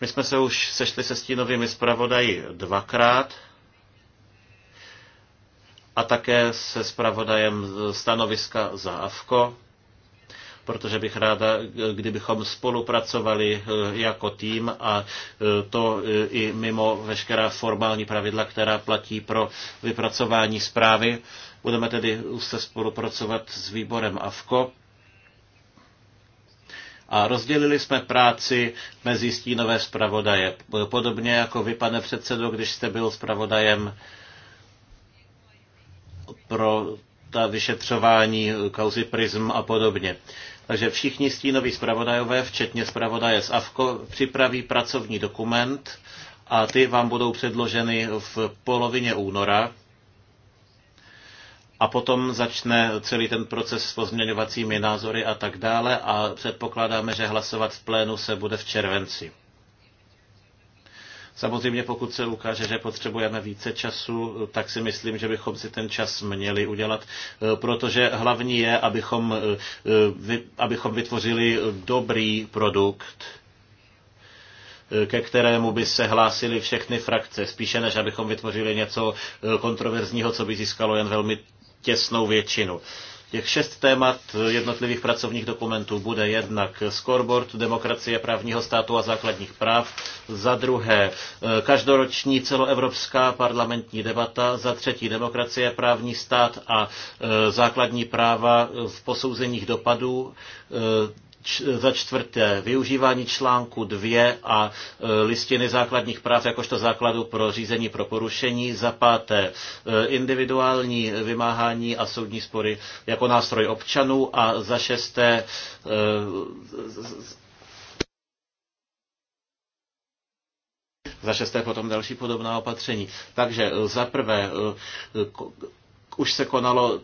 My jsme se už sešli se stínovými zpravodaji dvakrát a také se zpravodajem stanoviska za AFKO, protože bych ráda, kdybychom spolupracovali eh, jako tým a eh, to eh, i mimo veškerá formální pravidla, která platí pro vypracování zprávy. Budeme tedy se spolupracovat s výborem AFKO. A rozdělili jsme práci mezi stínové zpravodaje. Podobně jako vy, pane předsedo, když jste byl zpravodajem pro ta vyšetřování kauzy prism a podobně. Takže všichni stínoví zpravodajové, včetně zpravodaje z AFKO, připraví pracovní dokument a ty vám budou předloženy v polovině února. A potom začne celý ten proces s pozměňovacími názory a tak dále a předpokládáme, že hlasovat v plénu se bude v červenci. Samozřejmě pokud se ukáže, že potřebujeme více času, tak si myslím, že bychom si ten čas měli udělat, protože hlavní je, abychom, eh, abychom vytvořili dobrý produkt, eh, ke kterému by se hlásili všechny frakce, spíše než abychom vytvořili něco eh, kontroverzního, co by získalo jen velmi těsnou většinu. Těch šest témat jednotlivých pracovních dokumentů bude jednak scoreboard demokracie právního státu a základních práv, za druhé e, každoroční celoevropská parlamentní debata, za třetí demokracie, právní stát a e, základní práva v posouzeních dopadů, e, za čtvrté, využívání článku 2 a e, listiny základních práv jakožto základu pro řízení pro porušení. Za páté, e, individuální vymáhání a soudní spory jako nástroj občanů. A za šesté, e, za šesté potom další podobná opatření. Takže za prvé už se konalo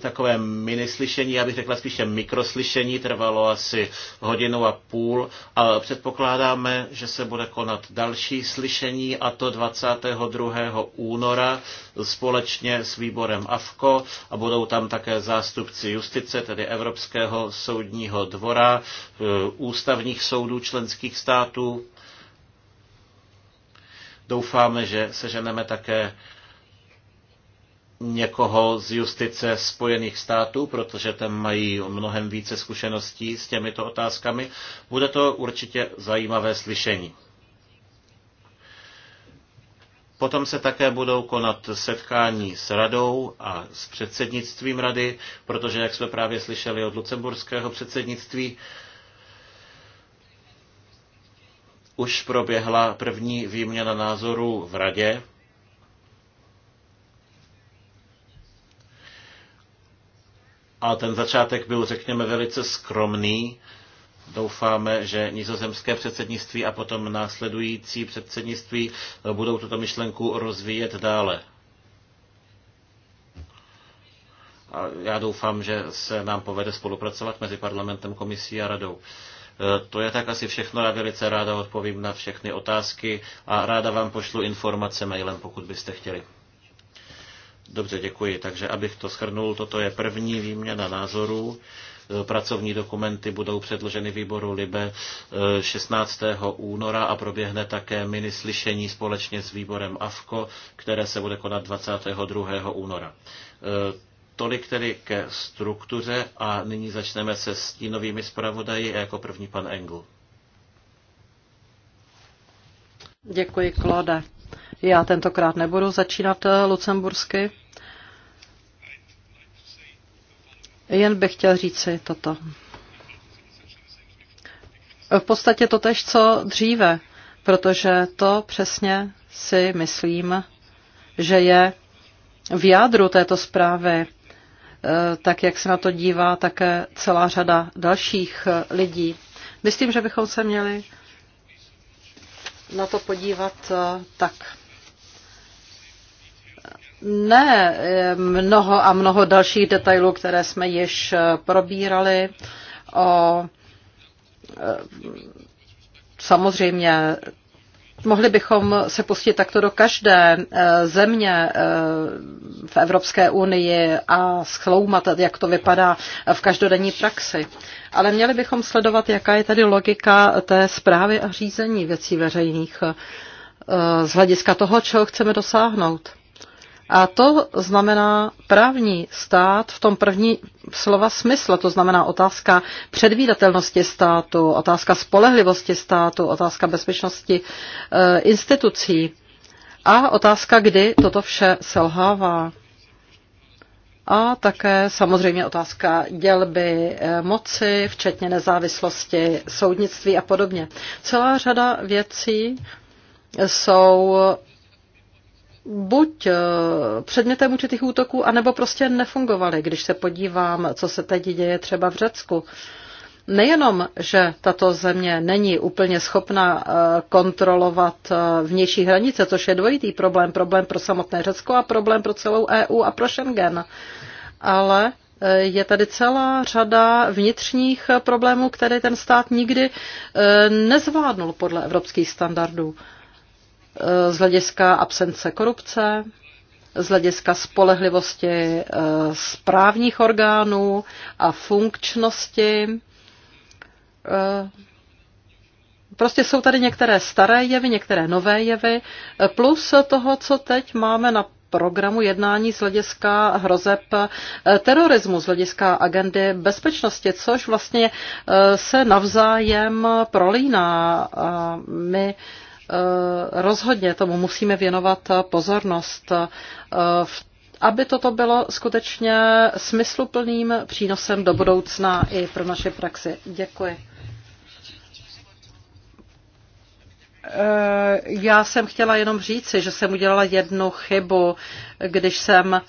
takové minislyšení, já bych řekla spíše mikroslyšení, trvalo asi hodinu a půl a předpokládáme, že se bude konat další slyšení a to 22. února společně s výborem AFKO a budou tam také zástupci justice, tedy Evropského soudního dvora, eh, ústavních soudů členských států. Doufáme, že seženeme také někoho z justice Spojených států, protože tam mají mnohem více zkušeností s těmito otázkami. Bude to určitě zajímavé slyšení. Potom se také budou konat setkání s radou a s předsednictvím rady, protože, jak jsme právě slyšeli od lucemburského předsednictví, už proběhla první výměna názorů v radě a ten začátek byl, řekněme, velice skromný. Doufáme, že nizozemské předsednictví a potom následující předsednictví budou tuto myšlenku rozvíjet dále. A já doufám, že se nám povede spolupracovat mezi parlamentem, komisí a radou. E, to je tak asi všechno. Já velice ráda odpovím na všechny otázky a ráda vám pošlu informace mailem, pokud byste chtěli. Dobře, děkuji. Takže abych to shrnul, toto je první výměna názorů. E, pracovní dokumenty budou předloženy výboru Libe 16. E, února a proběhne také slyšení společně s výborem AFKO, které se bude konat 22. února. E, tolik tedy ke struktuře a nyní začneme se stínovými zpravodaji a jako první pan Engel. Děkuji, Klode. Já tentokrát nebudu začínat eh, lucembursky. Jen bych chtěl říci toto. V podstatě to tež, co dříve, protože to přesně si myslím, že je v jádru této zprávy, eh, tak jak se na to dívá také celá řada dalších eh, lidí. Myslím, že bychom se měli na to podívat tak ne mnoho a mnoho dalších detailů, které jsme již eh, probírali, o eh, samozřejmě Mohli bychom se pustit takto do každé eh, země v Evropské unii a schloumat, jak to vypadá v každodenní praxi. Ale měli bychom sledovat, jaká je tady logika té zprávy a řízení věcí veřejných z hlediska toho, čeho chceme dosáhnout. A to znamená právní stát v tom první slova smysl, to znamená otázka předvídatelnosti státu, otázka spolehlivosti státu, otázka bezpečnosti e, institucí a otázka, kdy toto vše selhává. A také samozřejmě otázka dělby eh, moci, včetně nezávislosti soudnictví a podobně. Celá řada věcí jsou buď eh, předmětem určitých útoků, anebo prostě nefungovaly. Když se podívám, co se teď děje třeba v Řecku, nejenom, že tato země není úplně schopna eh, kontrolovat eh, vnější hranice, což je dvojitý problém, problém pro samotné Řecko a problém pro celou EU a pro Schengen, ale je tady celá řada vnitřních problémů, které ten stát nikdy nezvládnul podle evropských standardů z hlediska absence korupce, z hlediska spolehlivosti eh, správních orgánů a funkčnosti. Eh, prostě jsou tady některé staré jevy, některé nové jevy, eh, plus toho, co teď máme na programu jednání z hlediska hrozeb terorismu, z hlediska agendy bezpečnosti, což vlastně se navzájem prolíná. My Eh, rozhodně tomu musíme věnovat pozornost, eh, aby toto bylo skutečně smysluplným přínosem do budoucna i pro naše praxi. Děkuji. Eh, já jsem chtěla jenom říci, že jsem udělala jednu chybu, když jsem.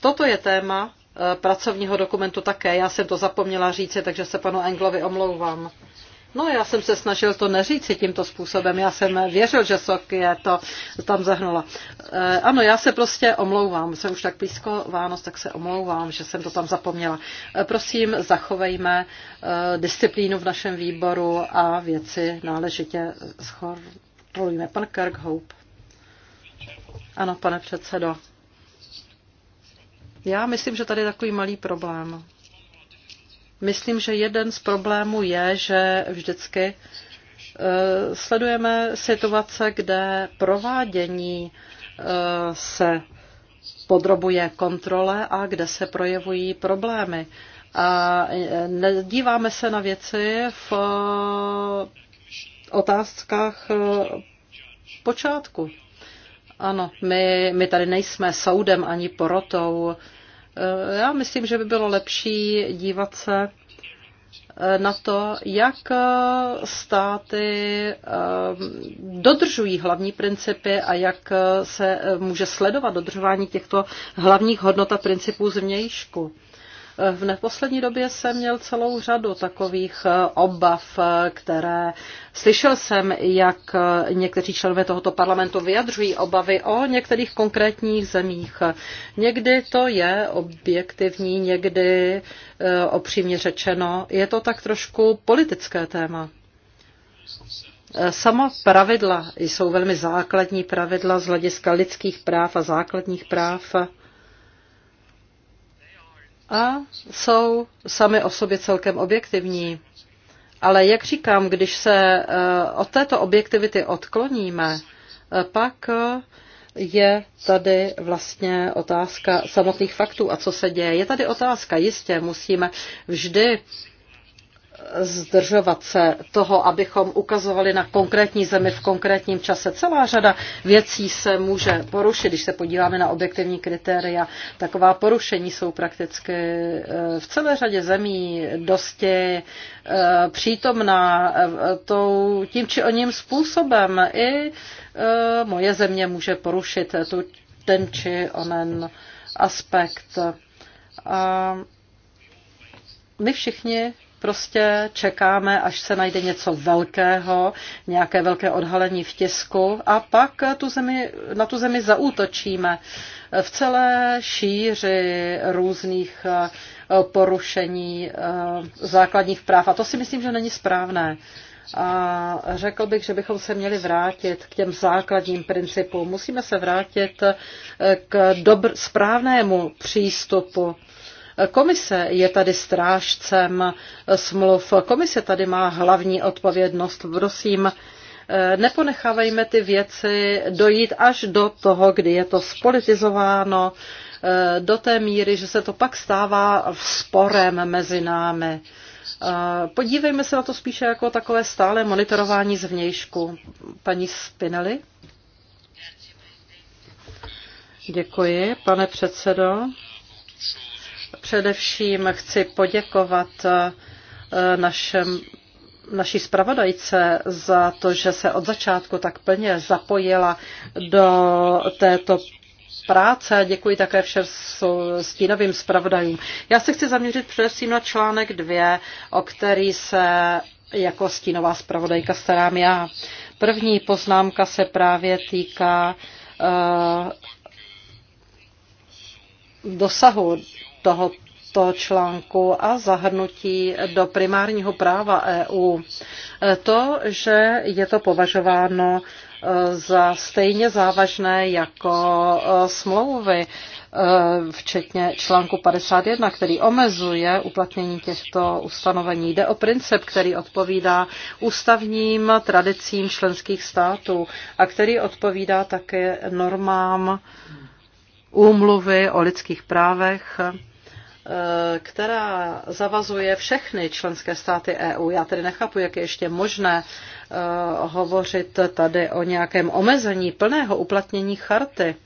Toto je téma pracovního dokumentu také. Já jsem to zapomněla říci, takže se panu Englovi omlouvám. No já jsem se snažil to neříci tímto způsobem, já jsem věřil, že Sok je to tam zahnula. E, ano, já se prostě omlouvám, jsem už tak blízko Vánoc, tak se omlouvám, že jsem to tam zapomněla. E, prosím, zachovejme e, disciplínu v našem výboru a věci náležitě schorujme. Pan Hope. Ano, pane předsedo. Já myslím, že tady je takový malý problém. Myslím, že jeden z problémů je, že vždycky e, sledujeme situace, kde provádění e, se podrobuje kontrole a kde se projevují problémy. A e, nedíváme se na věci v otázkách počátku. Ano, my, my tady nejsme soudem ani porotou, já myslím, že by bylo lepší dívat se eh, na to, jak eh, státy eh, dodržují hlavní principy a jak se může sledovat dodržování těchto hlavních hodnot a principů zvnějšku. V neposlední době jsem měl celou řadu takových eh, obav, eh, které slyšel jsem, jak eh, někteří členové tohoto parlamentu vyjadřují obavy o některých konkrétních zemích. Někdy to je objektivní, někdy opřímně řečeno, je to tak trošku politické téma. Sama pravidla jsou velmi základní pravidla z hlediska lidských práv a základních práv a jsou sami o sobě celkem objektivní. Ale jak říkám, když se eh, od této objektivity odkloníme, eh, pak eh, je tady vlastně otázka samotných faktů a co se děje. Je tady otázka, jistě musíme vždy zdržovat se toho, abychom ukazovali na konkrétní zemi v konkrétním čase. Celá řada věcí se může porušit, když se podíváme na objektivní kritéria. Taková porušení jsou prakticky eh, v celé řadě zemí dosti eh, přítomná eh, tou, tím či oním způsobem. I moje země může porušit tu, ten či onen aspekt. A my všichni Prostě čekáme, až se najde něco velkého, nějaké velké odhalení v tisku a pak tu zemi, na tu zemi zaútočíme v celé šíři různých eh, porušení eh, základních práv. A to si myslím, že není správné. A řekl bych, že bychom se měli vrátit k těm základním principům. Musíme se vrátit eh, k dobr- správnému přístupu Komise je tady strážcem smluv. Komise tady má hlavní odpovědnost. Prosím, eh, neponechávejme ty věci dojít až do toho, kdy je to spolitizováno eh, do té míry, že se to pak stává sporem mezi námi. Eh, podívejme se na to spíše jako takové stále monitorování zvnějšku. Paní Spinelli? Děkuji, pane předsedo. Především chci poděkovat eh, našem, naší zpravodajce za to, že se od začátku tak plně zapojila do této práce a děkuji také všem stínovým zpravodajům. Já se chci zaměřit především na článek 2, o který se jako stínová zpravodajka starám já. První poznámka se právě týká uh, dosahu tohoto článku a zahrnutí do primárního práva EU. To, že je to považováno e, za stejně závažné jako e, smlouvy, e, včetně článku 51, který omezuje uplatnění těchto ustanovení. Jde o princip, který odpovídá ústavním tradicím členských států a který odpovídá také normám úmluvy o lidských právech Eh, která zavazuje všechny členské státy EU. Já tedy nechápu, jak je ještě možné eh, hovořit tady o nějakém omezení plného uplatnění charty.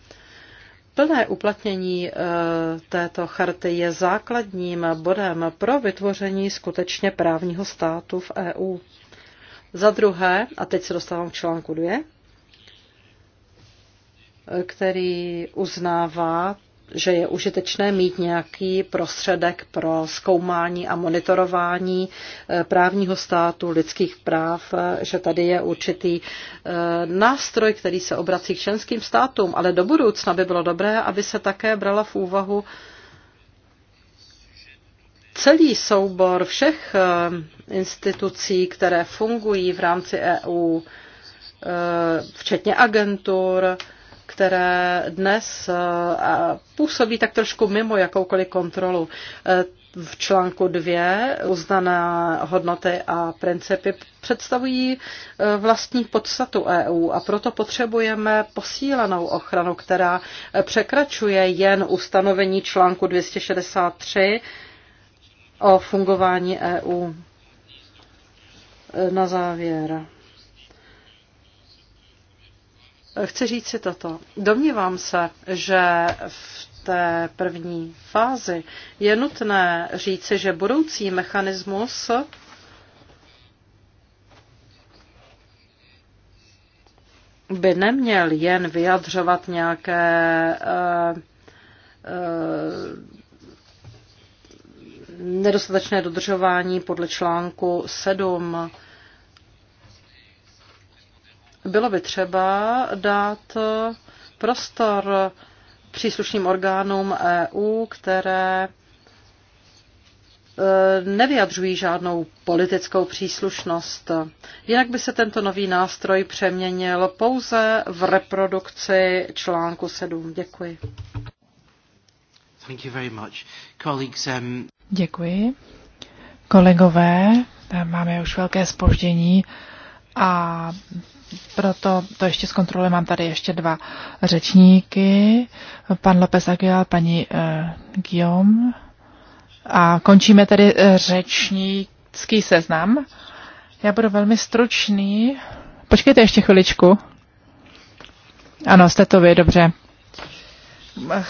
Plné uplatnění eh, této charty je základním bodem pro vytvoření skutečně právního státu v EU. Za druhé, a teď se dostávám k článku 2, který uznává že je užitečné mít nějaký prostředek pro zkoumání a monitorování eh, právního státu, lidských práv, eh, že tady je určitý eh, nástroj, který se obrací k členským státům, ale do budoucna by bylo dobré, aby se také brala v úvahu celý soubor všech institucí, které fungují v rámci EU, včetně agentur, které dnes eh, působí tak trošku mimo jakoukoliv kontrolu. Eh, v článku 2 uznané hodnoty a principy představují eh, vlastní podstatu EU a proto potřebujeme posílenou ochranu, která překračuje jen ustanovení článku 263 o fungování EU. Na závěr chci říct si toto. Domnívám se, že v té první fázi je nutné říci, že budoucí mechanismus by neměl jen vyjadřovat nějaké eh, eh, nedostatečné dodržování podle článku 7 bylo by třeba dát prostor příslušným orgánům EU, které eh, nevyjadřují žádnou politickou příslušnost. Jinak by se tento nový nástroj přeměnil pouze v reprodukci článku 7. Děkuji. Thank you very much. Colleagues, um... Děkuji. Kolegové, máme už velké spoždění a proto to ještě zkontroluji. Mám tady ještě dva řečníky, pan López Aguilar, paní uh, Guillaume. A končíme tedy eh, řečnícký seznam. Já budu velmi stručný. Počkejte ještě chviličku. Ano, jste to vy, dobře.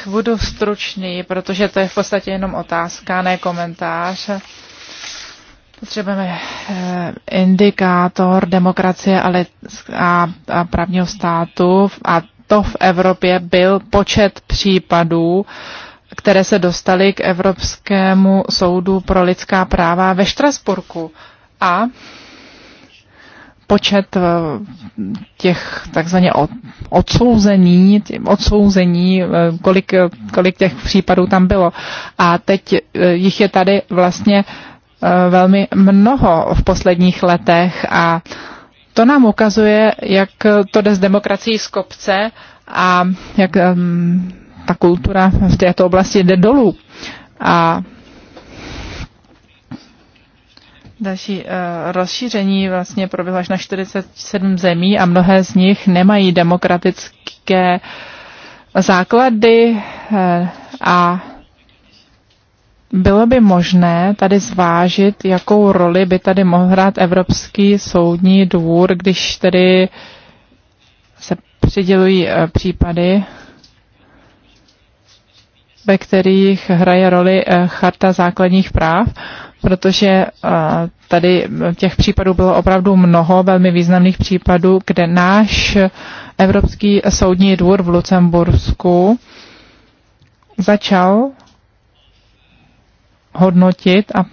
Budu stručný, protože to je v podstatě jenom otázka, ne komentář. Potřebujeme eh, indikátor demokracie a, a právního státu a to v Evropě byl počet případů, které se dostaly k Evropskému soudu pro lidská práva ve Štrasburku. A počet eh, těch takzvaně odsouzení, odsouzení eh, kolik, kolik těch případů tam bylo. A teď jich je tady vlastně Eh, velmi mnoho v posledních letech a to nám ukazuje, jak to jde s demokracií z kopce a jak um, ta kultura v této oblasti jde dolů. A Další uh, rozšíření vlastně proběhlo až na 47 zemí a mnohé z nich nemají demokratické základy uh, a bylo by možné tady zvážit, jakou roli by tady mohl hrát Evropský soudní dvůr, když tedy se přidělují eh, případy, ve kterých hraje roli eh, Charta základních práv, protože eh, tady těch případů bylo opravdu mnoho velmi významných případů, kde náš Evropský soudní dvůr v Lucembursku začal hodnotit a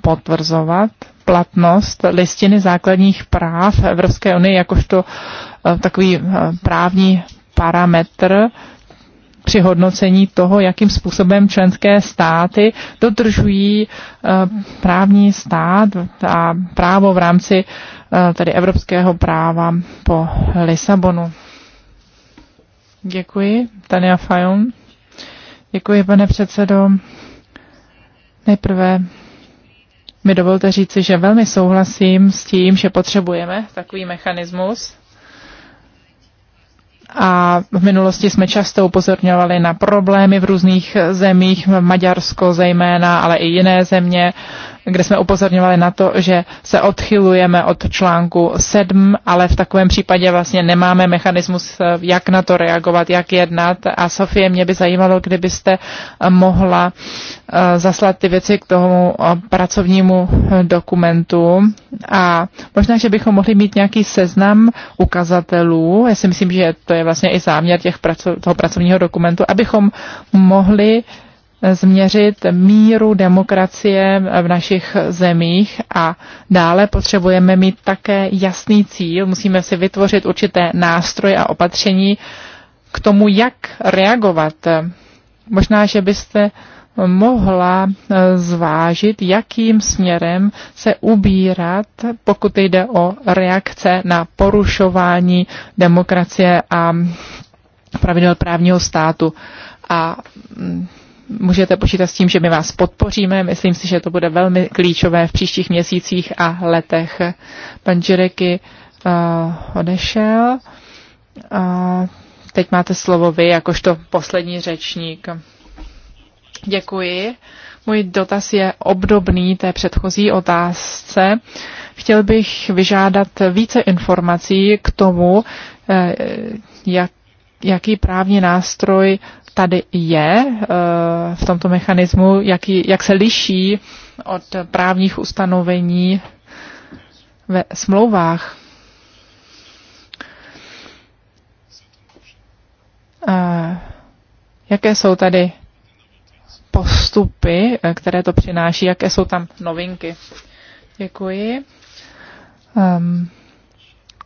potvrzovat platnost listiny základních práv Evropské unie jakožto eh, takový eh, právní parametr při hodnocení toho, jakým způsobem členské státy dodržují eh, právní stát a právo v rámci tedy evropského práva po Lisabonu. Děkuji, Tania Fajon. Děkuji, pane předsedo. Nejprve mi dovolte říci, že velmi souhlasím s tím, že potřebujeme takový mechanismus. A v minulosti jsme často upozorňovali na problémy v různých zemích, Maďarsko zejména, ale i jiné země, kde jsme upozorňovali na to, že se odchylujeme od článku 7, ale v takovém případě vlastně nemáme mechanismus, eh, jak na to reagovat, jak jednat. A Sofie, mě by zajímalo, kdybyste eh, mohla eh, zaslat ty věci k tomu pracovnímu dokumentu. A možná, že bychom mohli mít nějaký seznam ukazatelů. Já si myslím, že to je vlastně i záměr těch praco- toho pracovního dokumentu, abychom mohli uh, změřit míru demokracie v našich zemích a dále potřebujeme mít také jasný cíl. Musíme si vytvořit určité nástroje a opatření k tomu, jak reagovat. Možná, že byste mohla eh, zvážit, jakým směrem se ubírat, pokud jde o reakce na porušování demokracie a pravidel právního státu. A mm, můžete počítat s tím, že my vás podpoříme. Myslím si, že to bude velmi klíčové v příštích měsících a letech. Pan Džereky uh, eh, odešel. Uh, teď máte slovo vy, jakožto poslední řečník. Děkuji. Můj dotaz je obdobný té předchozí otázce. Chtěl bych vyžádat více informací k tomu, eh, jak, jaký právní nástroj tady je eh, v tomto mechanismu, jak, jak se liší od právních ustanovení ve smlouvách. Eh, jaké jsou tady postupy, eh, které to přináší, jaké jsou tam novinky? Děkuji. Um,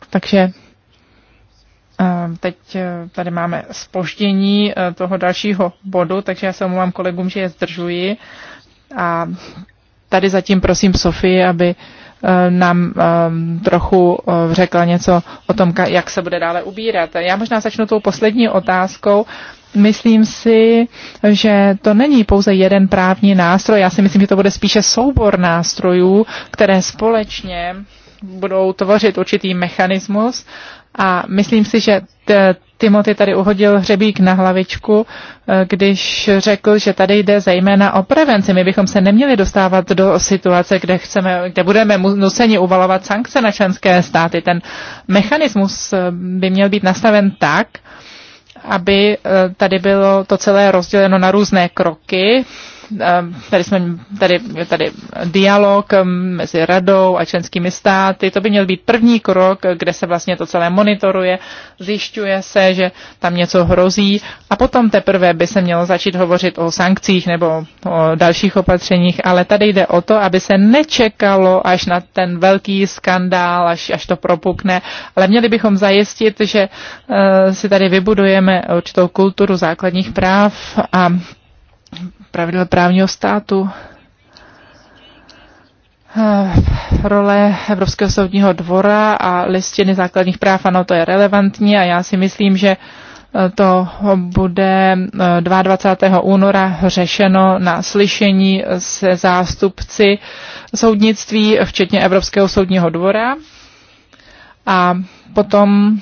takže Ehm, teď eh, tady máme spoždění eh, toho dalšího bodu, takže já se omlouvám kolegům, že je zdržuji. A tady zatím prosím Sofii, aby eh, nám ehm, trochu řekla něco o tom, jak se bude dále ubírat. Já možná začnu tou poslední otázkou. Myslím si, že to není pouze jeden právní nástroj. Já si myslím, že to bude spíše soubor nástrojů, které společně budou tvořit určitý mechanismus a myslím si, že Timothy tady uhodil hřebík na hlavičku, e, když řekl, že tady jde zejména o prevenci. My bychom se neměli dostávat do situace, kde, chceme, kde budeme nuceni uvalovat sankce na členské státy. Ten mechanismus e, by měl být nastaven tak, aby e, tady bylo to celé rozděleno na různé kroky, Ehm, tady, jsme, tady, tady dialog ehm, mezi radou a členskými státy. To by měl být první krok, kde se vlastně to celé monitoruje, zjišťuje se, že tam něco hrozí a potom teprve by se mělo začít hovořit o sankcích nebo o dalších opatřeních, ale tady jde o to, aby se nečekalo až na ten velký skandál, až, až to propukne, ale měli bychom zajistit, že eh, si tady vybudujeme určitou kulturu základních práv a pravidel právního státu, eh, role Evropského soudního dvora a listiny základních práv, ano, to je relevantní a já si myslím, že eh, to bude 22. Eh, února řešeno na slyšení se zástupci soudnictví, včetně Evropského soudního dvora. A potom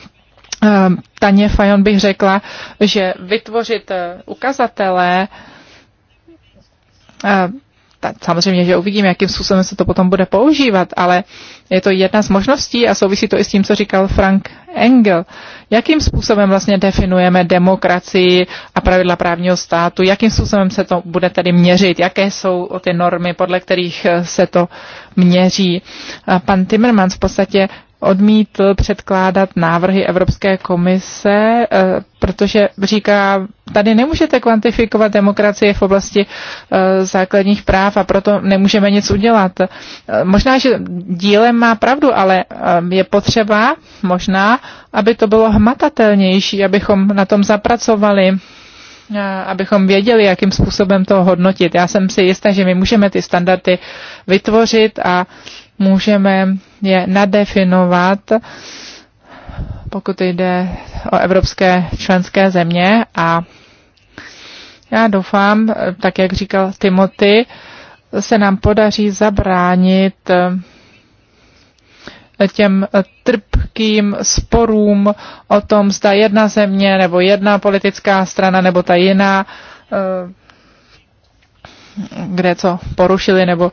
Taně Fajon bych řekla, že vytvořit ukazatele, samozřejmě, že uvidím, jakým způsobem se to potom bude používat, ale je to jedna z možností a souvisí to i s tím, co říkal Frank Engel. Jakým způsobem vlastně definujeme demokracii a pravidla právního státu, jakým způsobem se to bude tedy měřit, jaké jsou ty normy, podle kterých se to měří. Pan Timmermans v podstatě odmítl předkládat návrhy Evropské komise, eh, protože říká, tady nemůžete kvantifikovat demokracie v oblasti eh, základních práv a proto nemůžeme nic udělat. Eh, možná, že dílem má pravdu, ale je potřeba možná, aby to bylo hmatatelnější, abychom na tom zapracovali abychom věděli, jakým způsobem to hodnotit. Já jsem si jistá, že my můžeme ty standardy vytvořit a můžeme je nadefinovat, pokud jde o evropské členské země a já doufám, tak jak říkal Timothy, se nám podaří zabránit eh, těm trpkým sporům o tom, zda jedna země nebo jedna politická strana nebo ta jiná, eh, kde co porušili nebo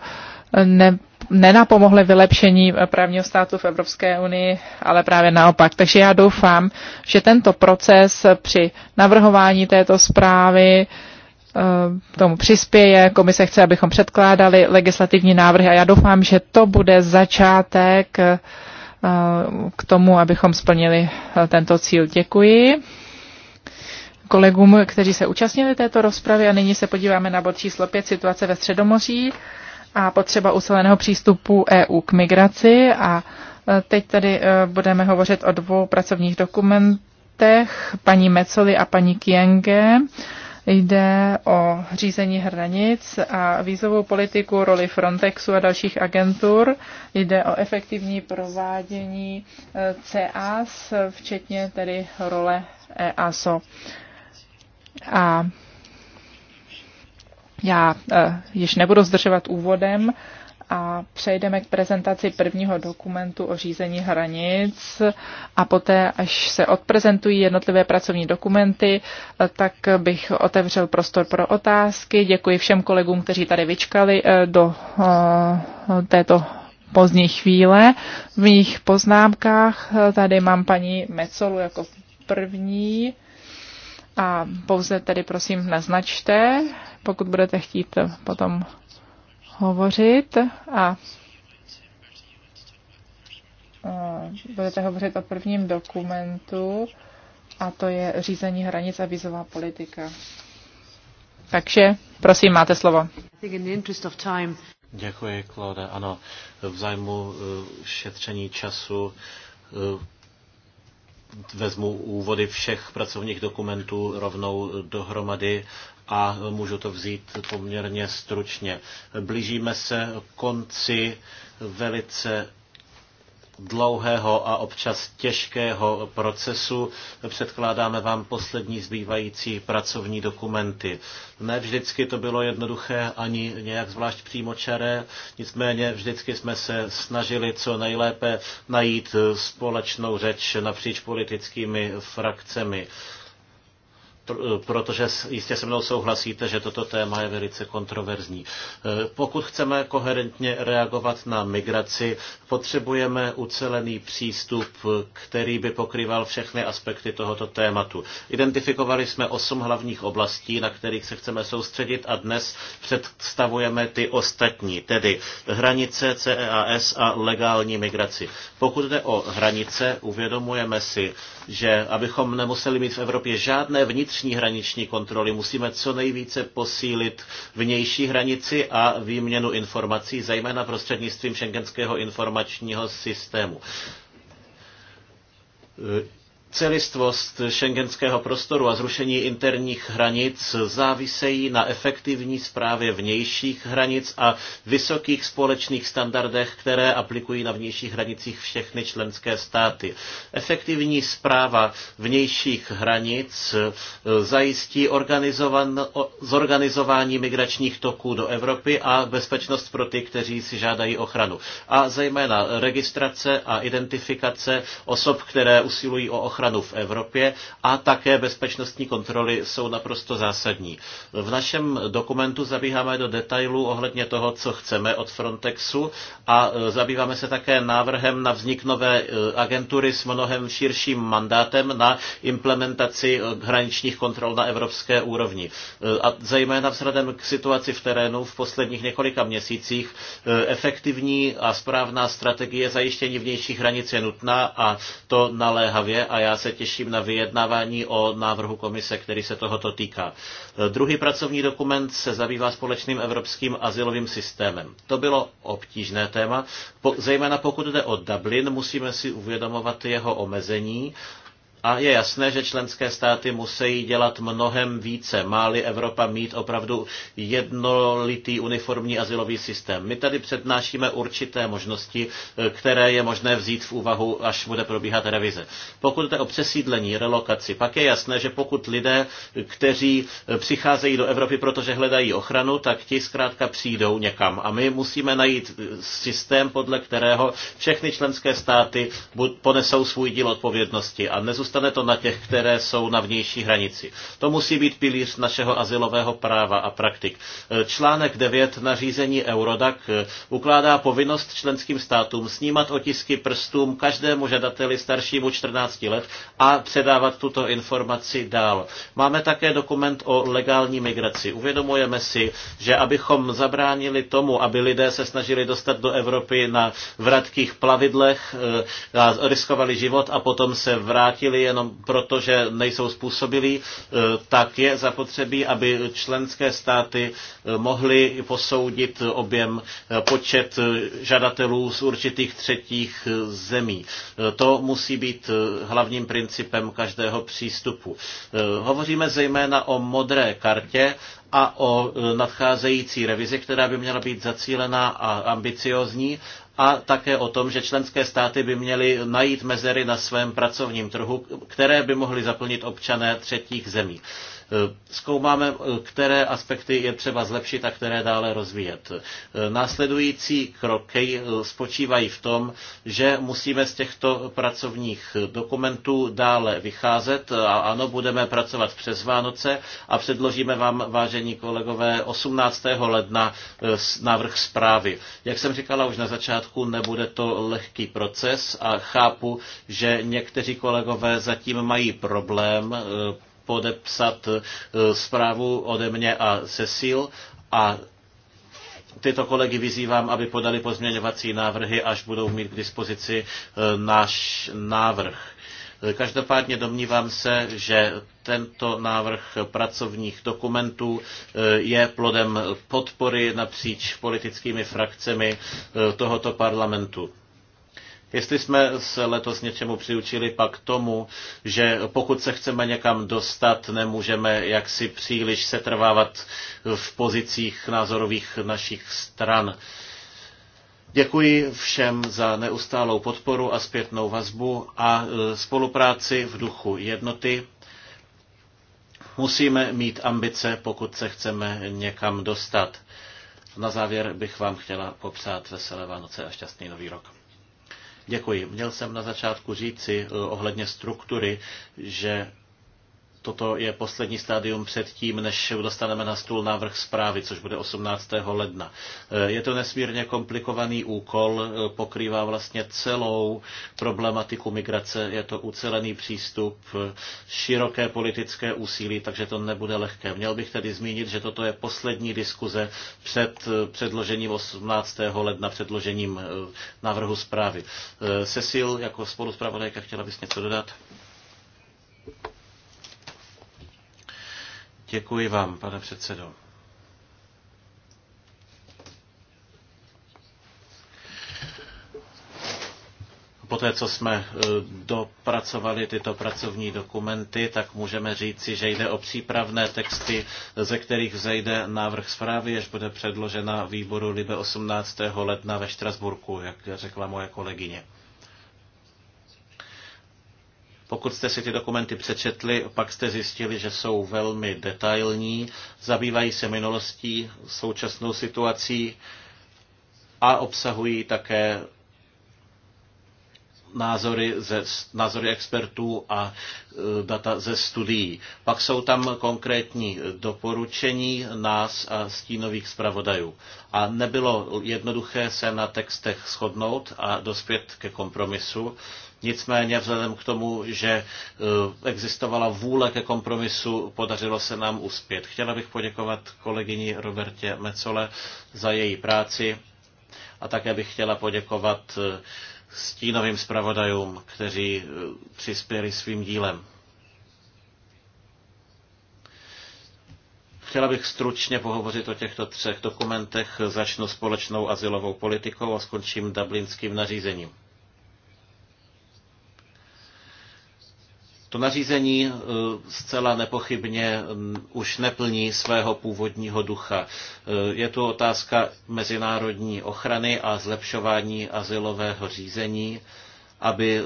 ne, nenapomohly vylepšení právního státu v Evropské unii, ale právě naopak. Takže já doufám, že tento proces při navrhování této zprávy eh, tomu přispěje. Komise chce, abychom předkládali legislativní návrhy a já doufám, že to bude začátek eh, k tomu, abychom splnili eh, tento cíl. Děkuji kolegům, kteří se účastnili této rozpravy a nyní se podíváme na bod číslo 5, situace ve Středomoří a potřeba usileného přístupu EU k migraci a e, teď tady e, budeme hovořit o dvou pracovních dokumentech paní Mecoli a paní Kienge. Jde o řízení hranic a vízovou politiku, roli Frontexu a dalších agentur. Jde o efektivní provádění e, CAS, včetně tedy role EASO. A já eh, již nebudu zdržovat úvodem a přejdeme k prezentaci prvního dokumentu o řízení hranic a poté, až se odprezentují jednotlivé pracovní dokumenty, eh, tak bych otevřel prostor pro otázky. Děkuji všem kolegům, kteří tady vyčkali eh, do této pozdní chvíle. V mých poznámkách tady mám paní Mecolu jako první a pouze tedy prosím naznačte, pokud budete chtít potom hovořit a budete hovořit o prvním dokumentu a to je řízení hranic a vizová politika. Takže prosím, máte slovo. Děkuji, Klode. Ano, v zájmu eh, šetření času eh, vezmu úvody všech pracovních dokumentů rovnou dohromady a můžu to vzít poměrně stručně. Blížíme se konci velice dlouhého a občas těžkého procesu. Předkládáme vám poslední zbývající pracovní dokumenty. Ne vždycky to bylo jednoduché ani nějak zvlášť přímočaré, nicméně vždycky jsme se snažili co nejlépe najít společnou řeč napříč politickými frakcemi. Eh, protože jistě se mnou souhlasíte, že toto téma je velice kontroverzní. Eh, pokud chceme koherentně reagovat na migraci, potřebujeme ucelený přístup, který by pokryval všechny aspekty tohoto tématu. Identifikovali jsme osm hlavních oblastí, na kterých se chceme soustředit a dnes představujeme ty ostatní, tedy hranice CEAS a legální migraci. Pokud jde o hranice, uvědomujeme si, že abychom nemuseli mít v Evropě žádné vnitřní vnitřní hraniční kontroly. Musíme co nejvíce posílit vnější hranici a výměnu informací, zejména prostřednictvím šengenského informačního systému. Celistvost šengenského prostoru a zrušení interních hranic závisejí na efektivní správě vnějších hranic a vysokých společných standardech, které aplikují na vnějších hranicích všechny členské státy. Efektivní správa vnějších hranic eh, zajistí organizovan, zorganizování migračních toků do Evropy a bezpečnost pro ty, kteří si žádají ochranu. A zejména registrace a identifikace osob, které usilují o ochranu ochranu v Evropě a také bezpečnostní kontroly jsou naprosto zásadní. V našem dokumentu zabíháme do detailů ohledně toho, co chceme od Frontexu a e, zabýváme se také návrhem na vznik nové e, agentury s mnohem širším mandátem na implementaci e, hraničních kontrol na evropské úrovni. A zejména vzhledem k situaci v terénu v posledních několika měsících efektivní a správná strategie zajištění vnějších hranic je nutná a to naléhavě a já se těším na vyjednávání o návrhu komise, který se tohoto týká. Druhý pracovní dokument se zabývá společným evropským asilovým systémem. To bylo obtížné téma, po, zejména pokud jde o Dublin, musíme si uvědomovat jeho omezení a je jasné, že členské státy musí dělat mnohem více, Máli Evropa mít opravdu jednolitý uniformní asilový systém. My tady přednášíme určité možnosti, eh, které je možné vzít v úvahu, až bude probíhat revize. Pokud jde o přesídlení, relokaci, pak je jasné, že pokud lidé, kteří eh, přicházejí do Evropy, protože hledají ochranu, tak ti zkrátka přijdou někam. A my musíme najít eh, systém, podle kterého všechny členské státy ponesou svůj díl odpovědnosti a nezůstanou nezůstane to na těch, které jsou na vnější hranici. To musí být pilíř našeho asilového práva a praktik. E, článek 9 nařízení Eurodac e, ukládá povinnost členským státům snímat otisky prstům každému žadateli staršímu 14 let a předávat tuto informaci dál. Máme také dokument o legální migraci. Uvědomujeme si, že abychom zabránili tomu, aby lidé se snažili dostat do Evropy na vratkých plavidlech e, a riskovali život a potom se vrátili jenom proto, že nejsou způsobilí, e, tak je zapotřebí, aby členské státy e, mohly posoudit objem e, počet žadatelů z určitých třetích zemí. To musí být hlavním principem každého přístupu. Hovoříme zejména o modré kartě a o nadcházející revizi, která by měla být zacílená a ambiciozní a také o tom, že členské státy by měly najít mezery na svém pracovním trhu, které by mohly zaplnit občané třetích zemí. Eh, zkoumáme, eh, které aspekty je třeba zlepšit a které dále rozvíjet. Eh, následující kroky spočívají v tom, že musíme z těchto pracovních dokumentů dále vycházet a ano, budeme pracovat přes Vánoce a předložíme vám, vážení kolegové, 18. ledna návrh zprávy. Jak jsem říkala už na začátku, nebude to lehký proces a chápu, že někteří kolegové zatím mají problém podepsat eh, zprávu ode mě a Cecil a tyto kolegy vyzývám, aby podali pozměňovací návrhy, až budou mít k dispozici eh, náš návrh. Eh, každopádně domnívám se, že tento návrh pracovních dokumentů je plodem podpory napříč politickými frakcemi tohoto parlamentu. Jestli jsme se letos něčemu přiučili, pak tomu, že pokud se chceme někam dostat, nemůžeme jaksi příliš setrvávat v pozicích názorových našich stran. Děkuji všem za neustálou podporu a zpětnou vazbu a e, spolupráci v duchu jednoty. Musíme mít ambice, pokud se chceme někam dostat. Na závěr bych vám chtěla popřát veselé Vánoce a šťastný nový rok. Děkuji. Měl jsem na začátku říci eh, ohledně struktury, že toto je poslední stádium před tím, než dostaneme na stůl návrh zprávy, což bude 18. ledna. Eh, je to nesmírně komplikovaný úkol, eh, pokrývá vlastně celou problematiku migrace, je to ucelený přístup, eh, široké politické úsilí, takže to nebude lehké. Měl bych tedy zmínit, že toto je poslední diskuze před předložením 18. ledna, předložením návrhu zprávy. Cecil, jako spoluzpravodajka, chtěla bys něco dodat? Děkuji vám, pane předsedo. Poté, co jsme e, dopracovali tyto pracovní dokumenty, tak můžeme říci, že jde o přípravné texty, ze kterých vzejde návrh zprávy, jež bude předložena výboru Libe 18. ledna ve Štrasburku, jak řekla moje kolegyně. Pokud jste si ty dokumenty přečetli, pak jste zjistili, že jsou velmi detailní, zabývají se minulostí, současnou situací a obsahují také názory, ze, názory expertů a e, data ze studií. Pak jsou tam konkrétní doporučení nás a stínových zpravodajů. A nebylo jednoduché se na textech shodnout a dospět ke kompromisu. Nicméně vzhledem k tomu, že e, existovala vůle ke kompromisu, podařilo se nám uspět. Chtěla bych poděkovat kolegyni Robertě Mecole za její práci a také bych chtěla poděkovat e, stínovým zpravodajům, kteří e, přispěli svým dílem. Chtěla bych stručně pohovořit o těchto třech dokumentech. Začnu společnou asilovou politikou a skončím dublinským nařízením. To nařízení eh, zcela nepochybně mm, už neplní svého původního ducha. Eh, je tu otázka mezinárodní ochrany a zlepšování asilového řízení, aby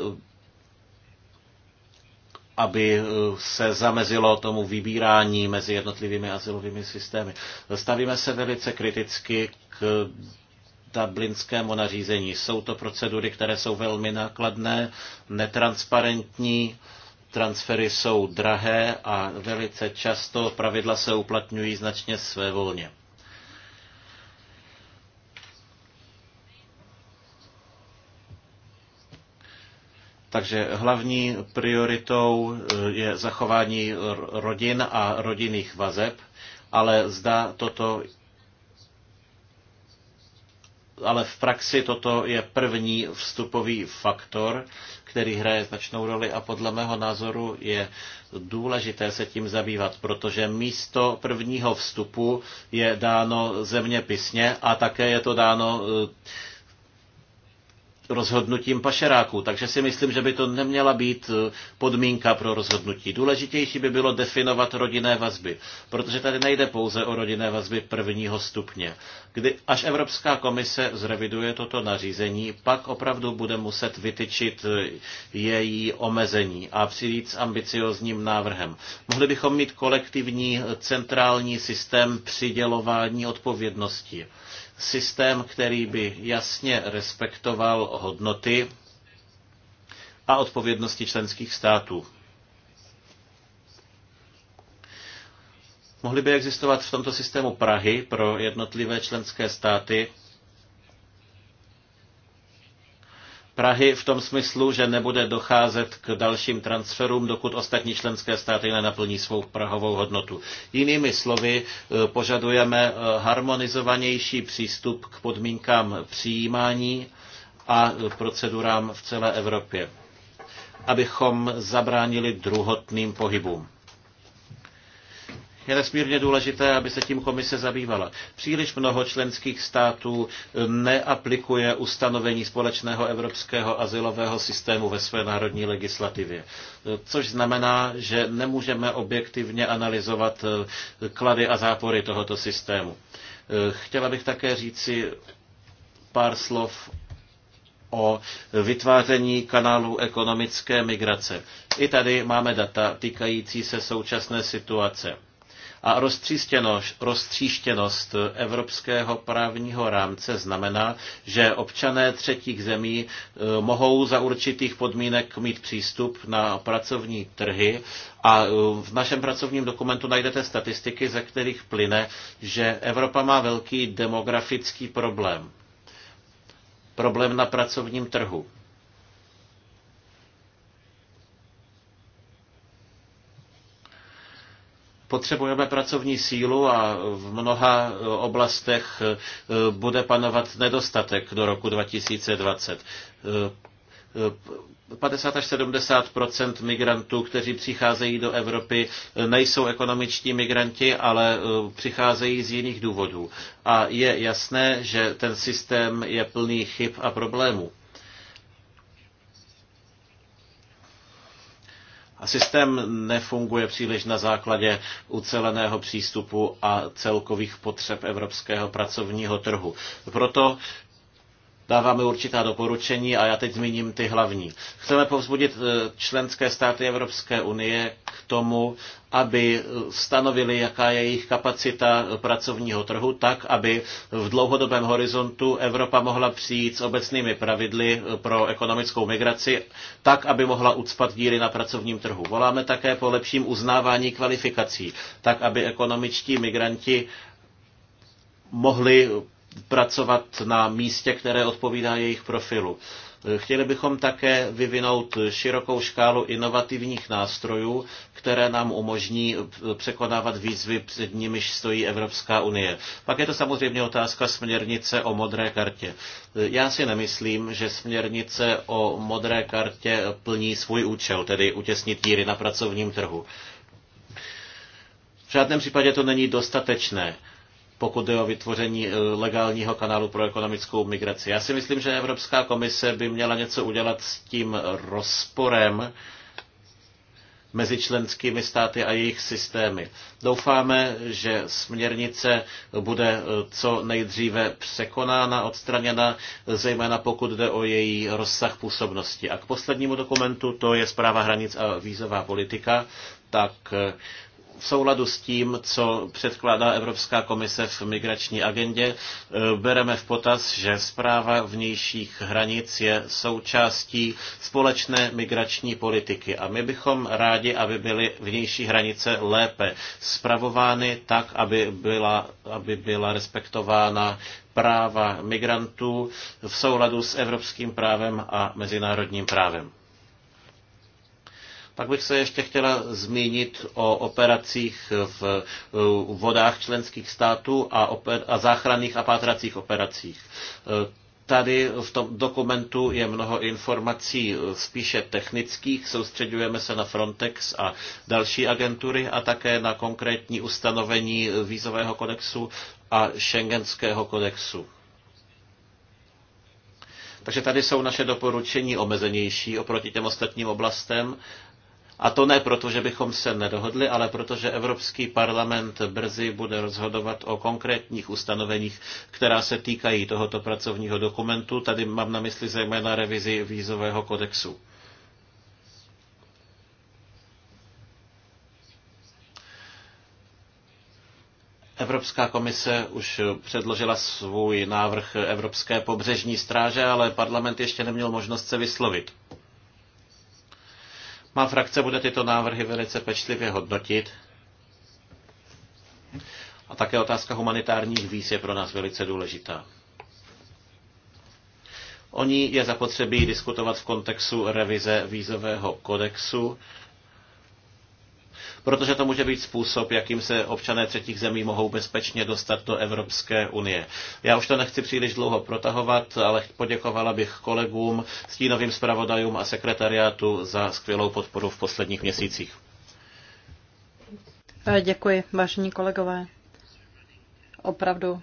aby eh, se zamezilo tomu vybírání mezi jednotlivými asilovými systémy. Stavíme se velice kriticky k dublinskému nařízení. Jsou to procedury, které jsou velmi nákladné, netransparentní, transfery jsou drahé a velice často pravidla se uplatňují značně svévolně. Takže hlavní prioritou eh, je zachování rodin a rodinných vazeb, ale zda toto ale v praxi toto je první vstupový faktor, který hraje značnou roli a podle mého názoru je důležité se tím zabývat, protože místo prvního vstupu je dáno zeměpisně a také je to dáno eh, rozhodnutím pašeráků. Takže si myslím, že by to neměla být e, podmínka pro rozhodnutí. Důležitější by bylo definovat rodinné vazby, protože tady nejde pouze o rodinné vazby prvního stupně. Kdy, až Evropská komise zreviduje toto nařízení, pak opravdu bude muset vytyčit e, její omezení a přijít s ambiciozním návrhem. Mohli bychom mít kolektivní e, centrální systém přidělování odpovědnosti systém, který by jasně respektoval hodnoty a odpovědnosti členských států. Mohly by existovat v tomto systému Prahy pro jednotlivé členské státy, Prahy v tom smyslu, že nebude docházet k dalším transferům, dokud ostatní členské státy nenaplní svou prahovou hodnotu. Jinými slovy, eh, požadujeme eh, harmonizovanější přístup k podmínkám přijímání a eh, procedurám v celé Evropě, abychom zabránili druhotným pohybům je nesmírně důležité, aby se tím komise zabývala. Příliš mnoho členských států um, neaplikuje ustanovení společného evropského asilového systému ve své národní legislativě. Uh, což znamená, že nemůžeme objektivně analyzovat uh, klady a zápory tohoto systému. Uh, chtěla bych také říci pár slov o vytváření kanálu ekonomické migrace. I tady máme data týkající se současné situace. A roztříštěnost, roztříštěnost evropského právního rámce znamená, že občané třetích zemí e, mohou za určitých podmínek mít přístup na pracovní trhy a e, v našem pracovním dokumentu najdete statistiky, ze kterých plyne, že Evropa má velký demografický problém. Problém na pracovním trhu. Potřebujeme pracovní sílu a v mnoha oblastech e, bude panovat nedostatek do roku 2020. 50 e, e, až 70 migrantů, kteří přicházejí do Evropy, nejsou ekonomičtí migranti, ale přicházejí z jiných důvodů. A je jasné, že ten systém je plný chyb a problémů. A systém nefunguje příliš na základě uceleného přístupu a celkových potřeb evropského pracovního trhu. Proto dáváme určitá doporučení a já teď zmíním ty hlavní. Chceme povzbudit eh, členské státy Evropské unie k tomu, aby eh, stanovili, jaká je jejich kapacita eh, pracovního trhu, tak, aby v dlouhodobém horizontu Evropa mohla přijít s obecnými pravidly pro ekonomickou migraci, tak, aby mohla ucpat díry na pracovním trhu. Voláme také po lepším uznávání kvalifikací, tak, aby ekonomičtí migranti mohli pracovat na místě, které odpovídá jejich profilu. Eh, Chtěli bychom také vyvinout širokou škálu inovativních nástrojů, které nám umožní eh, překonávat výzvy, před nimiž stojí Evropská unie. Pak je to samozřejmě otázka směrnice o modré kartě. Eh, Já si nemyslím, že směrnice o modré kartě plní svůj účel, tedy utěsnit díry na pracovním trhu. V žádném případě to není dostatečné pokud jde o vytvoření eh, legálního kanálu pro ekonomickou migraci. Já si myslím, že Evropská komise by měla něco udělat s tím rozporem mezi členskými státy a jejich systémy. Doufáme, že směrnice bude eh, co nejdříve překonána, odstraněna, zejména pokud jde o její rozsah působnosti. A k poslednímu dokumentu, to je zpráva hranic a vízová politika, tak eh, v souladu s tím, co předkládá Evropská komise v migrační agendě, eh, bereme v potaz, že zpráva vnějších hranic je součástí společné migrační politiky. A my bychom rádi, aby byly vnější hranice lépe spravovány tak, aby byla, aby byla respektována práva migrantů v souladu s evropským právem a mezinárodním právem. Pak bych se ještě chtěla zmínit o operacích v vodách členských států a, oper, a záchranných a pátracích operacích. E, tady v tom dokumentu je mnoho informací e, spíše technických, soustředujeme se na Frontex a další agentury a také na konkrétní ustanovení vízového kodexu a šengenského kodexu. Takže tady jsou naše doporučení omezenější oproti těm ostatním oblastem a to ne proto, že bychom se nedohodli, ale protože Evropský parlament brzy bude rozhodovat o konkrétních ustanoveních, která se týkají tohoto pracovního dokumentu. Tady mám na mysli zejména revizi vízového kodexu. Evropská komise už předložila svůj návrh Evropské pobřežní stráže, ale parlament ještě neměl možnost se vyslovit. Má frakce bude tyto návrhy velice pečlivě hodnotit. A také otázka humanitárních víz je pro nás velice důležitá. O ní je zapotřebí diskutovat v kontextu revize vízového kodexu protože to může být způsob, jakým se občané třetích zemí mohou bezpečně dostat do Evropské unie. Já už to nechci příliš dlouho protahovat, ale poděkovala bych kolegům, stínovým zpravodajům a sekretariátu za skvělou podporu v posledních měsících. Děkuji, vážení kolegové. Opravdu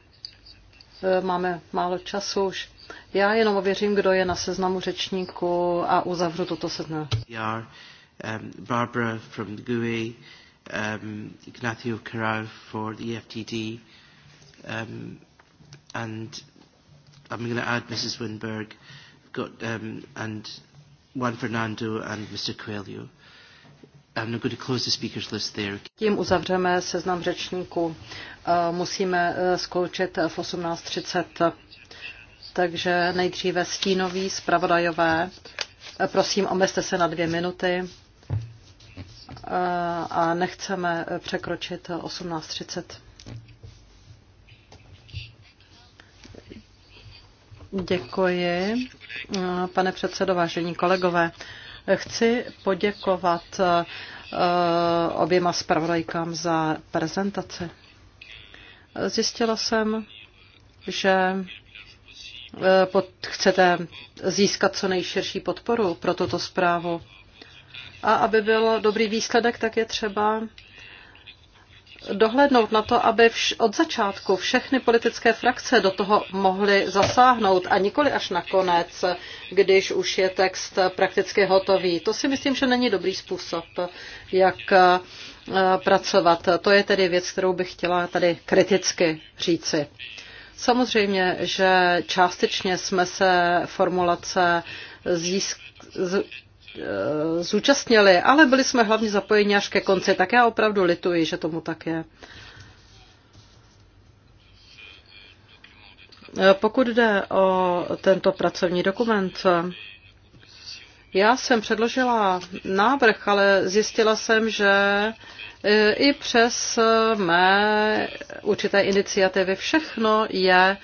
e, máme málo času už. Já jenom ověřím, kdo je na seznamu řečníků a uzavřu toto seznam um, Barbara from the GUE, um, Ignacio Carao for the EFTD, um, and I'm going to add Mrs. Winberg, got, um, and Juan Fernando and Mr. Coelho. Tím uzavřeme seznam řečníků. Uh, musíme uh, skončit v 18.30. Takže nejdříve stínoví zpravodajové. Prosím, omezte se na dvě minuty a nechceme překročit 18.30. Děkuji, pane předsedo, vážení kolegové. Chci poděkovat eh, oběma zpravodajkám za prezentaci. Zjistila jsem, že eh, pod, chcete získat co nejširší podporu pro tuto zprávu a aby byl dobrý výsledek, tak je třeba dohlednout na to, aby vš- od začátku všechny politické frakce do toho mohly zasáhnout a nikoli až nakonec, když už je text prakticky hotový. To si myslím, že není dobrý způsob, jak eh, pracovat. To je tedy věc, kterou bych chtěla tady kriticky říci. Samozřejmě, že částečně jsme se formulace získ- Eh, zúčastnili, ale byli jsme hlavně zapojeni až ke konci. Tak já opravdu lituji, že tomu tak je. Eh, pokud jde o tento pracovní dokument, já jsem předložila návrh, ale zjistila jsem, že eh, i přes mé určité iniciativy všechno je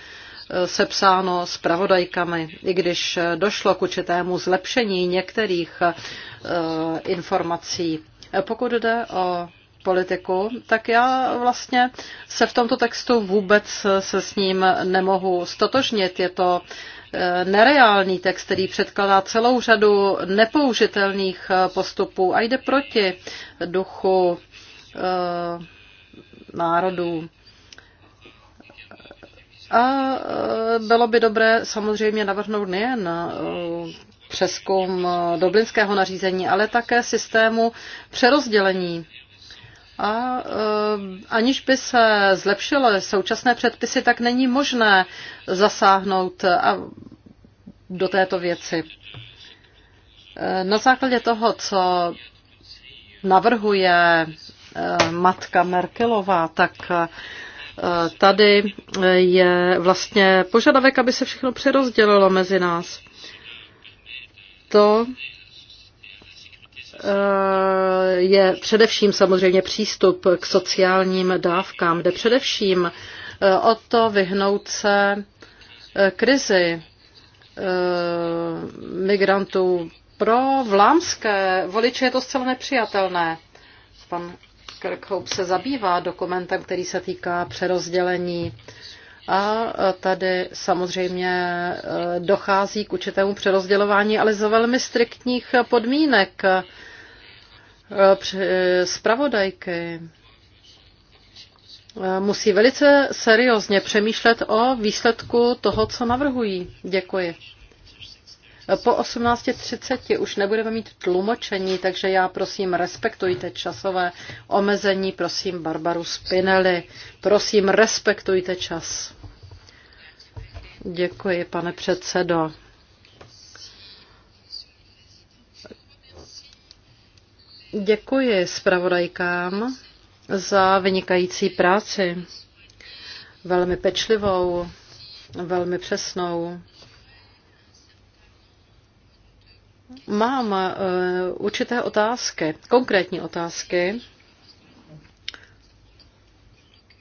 Eh, sepsáno s pravodajkami, i když eh, došlo k určitému zlepšení některých eh, informací. Pokud jde o politiku, tak já vlastně se v tomto textu vůbec se s ním nemohu stotožnit. Je to nereálný text, který předkládá celou řadu nepoužitelných postupů a jde proti duchu národů. A e, bylo by dobré samozřejmě navrhnout nejen e, přeskum e, doblinského nařízení, ale také systému přerozdělení. A aniž by se zlepšily současné předpisy, tak není možné zasáhnout do této věci. Na základě toho, co navrhuje matka Merkelová, tak Eh, tady eh, je vlastně požadavek, aby se všechno přerozdělilo mezi nás. To eh, je především samozřejmě přístup k sociálním dávkám, kde především o to vyhnout se krizi migrantů. Pro vlámské voliče je to zcela nepřijatelné. Pan Kirkhope se zabývá dokumentem, který se týká přerozdělení. A tady samozřejmě eh, dochází k určitému přerozdělování, ale za velmi striktních podmínek eh, eh, zpravodajky musí velice seriózně přemýšlet o výsledku toho, co navrhují. Děkuji. Po 18.30 už nebudeme mít tlumočení, takže já prosím respektujte časové omezení. Prosím Barbaru Spinelli, prosím respektujte čas. Děkuji, pane předsedo. Děkuji zpravodajkám za vynikající práci. Velmi pečlivou, velmi přesnou. Mám eh, určité otázky, konkrétní otázky.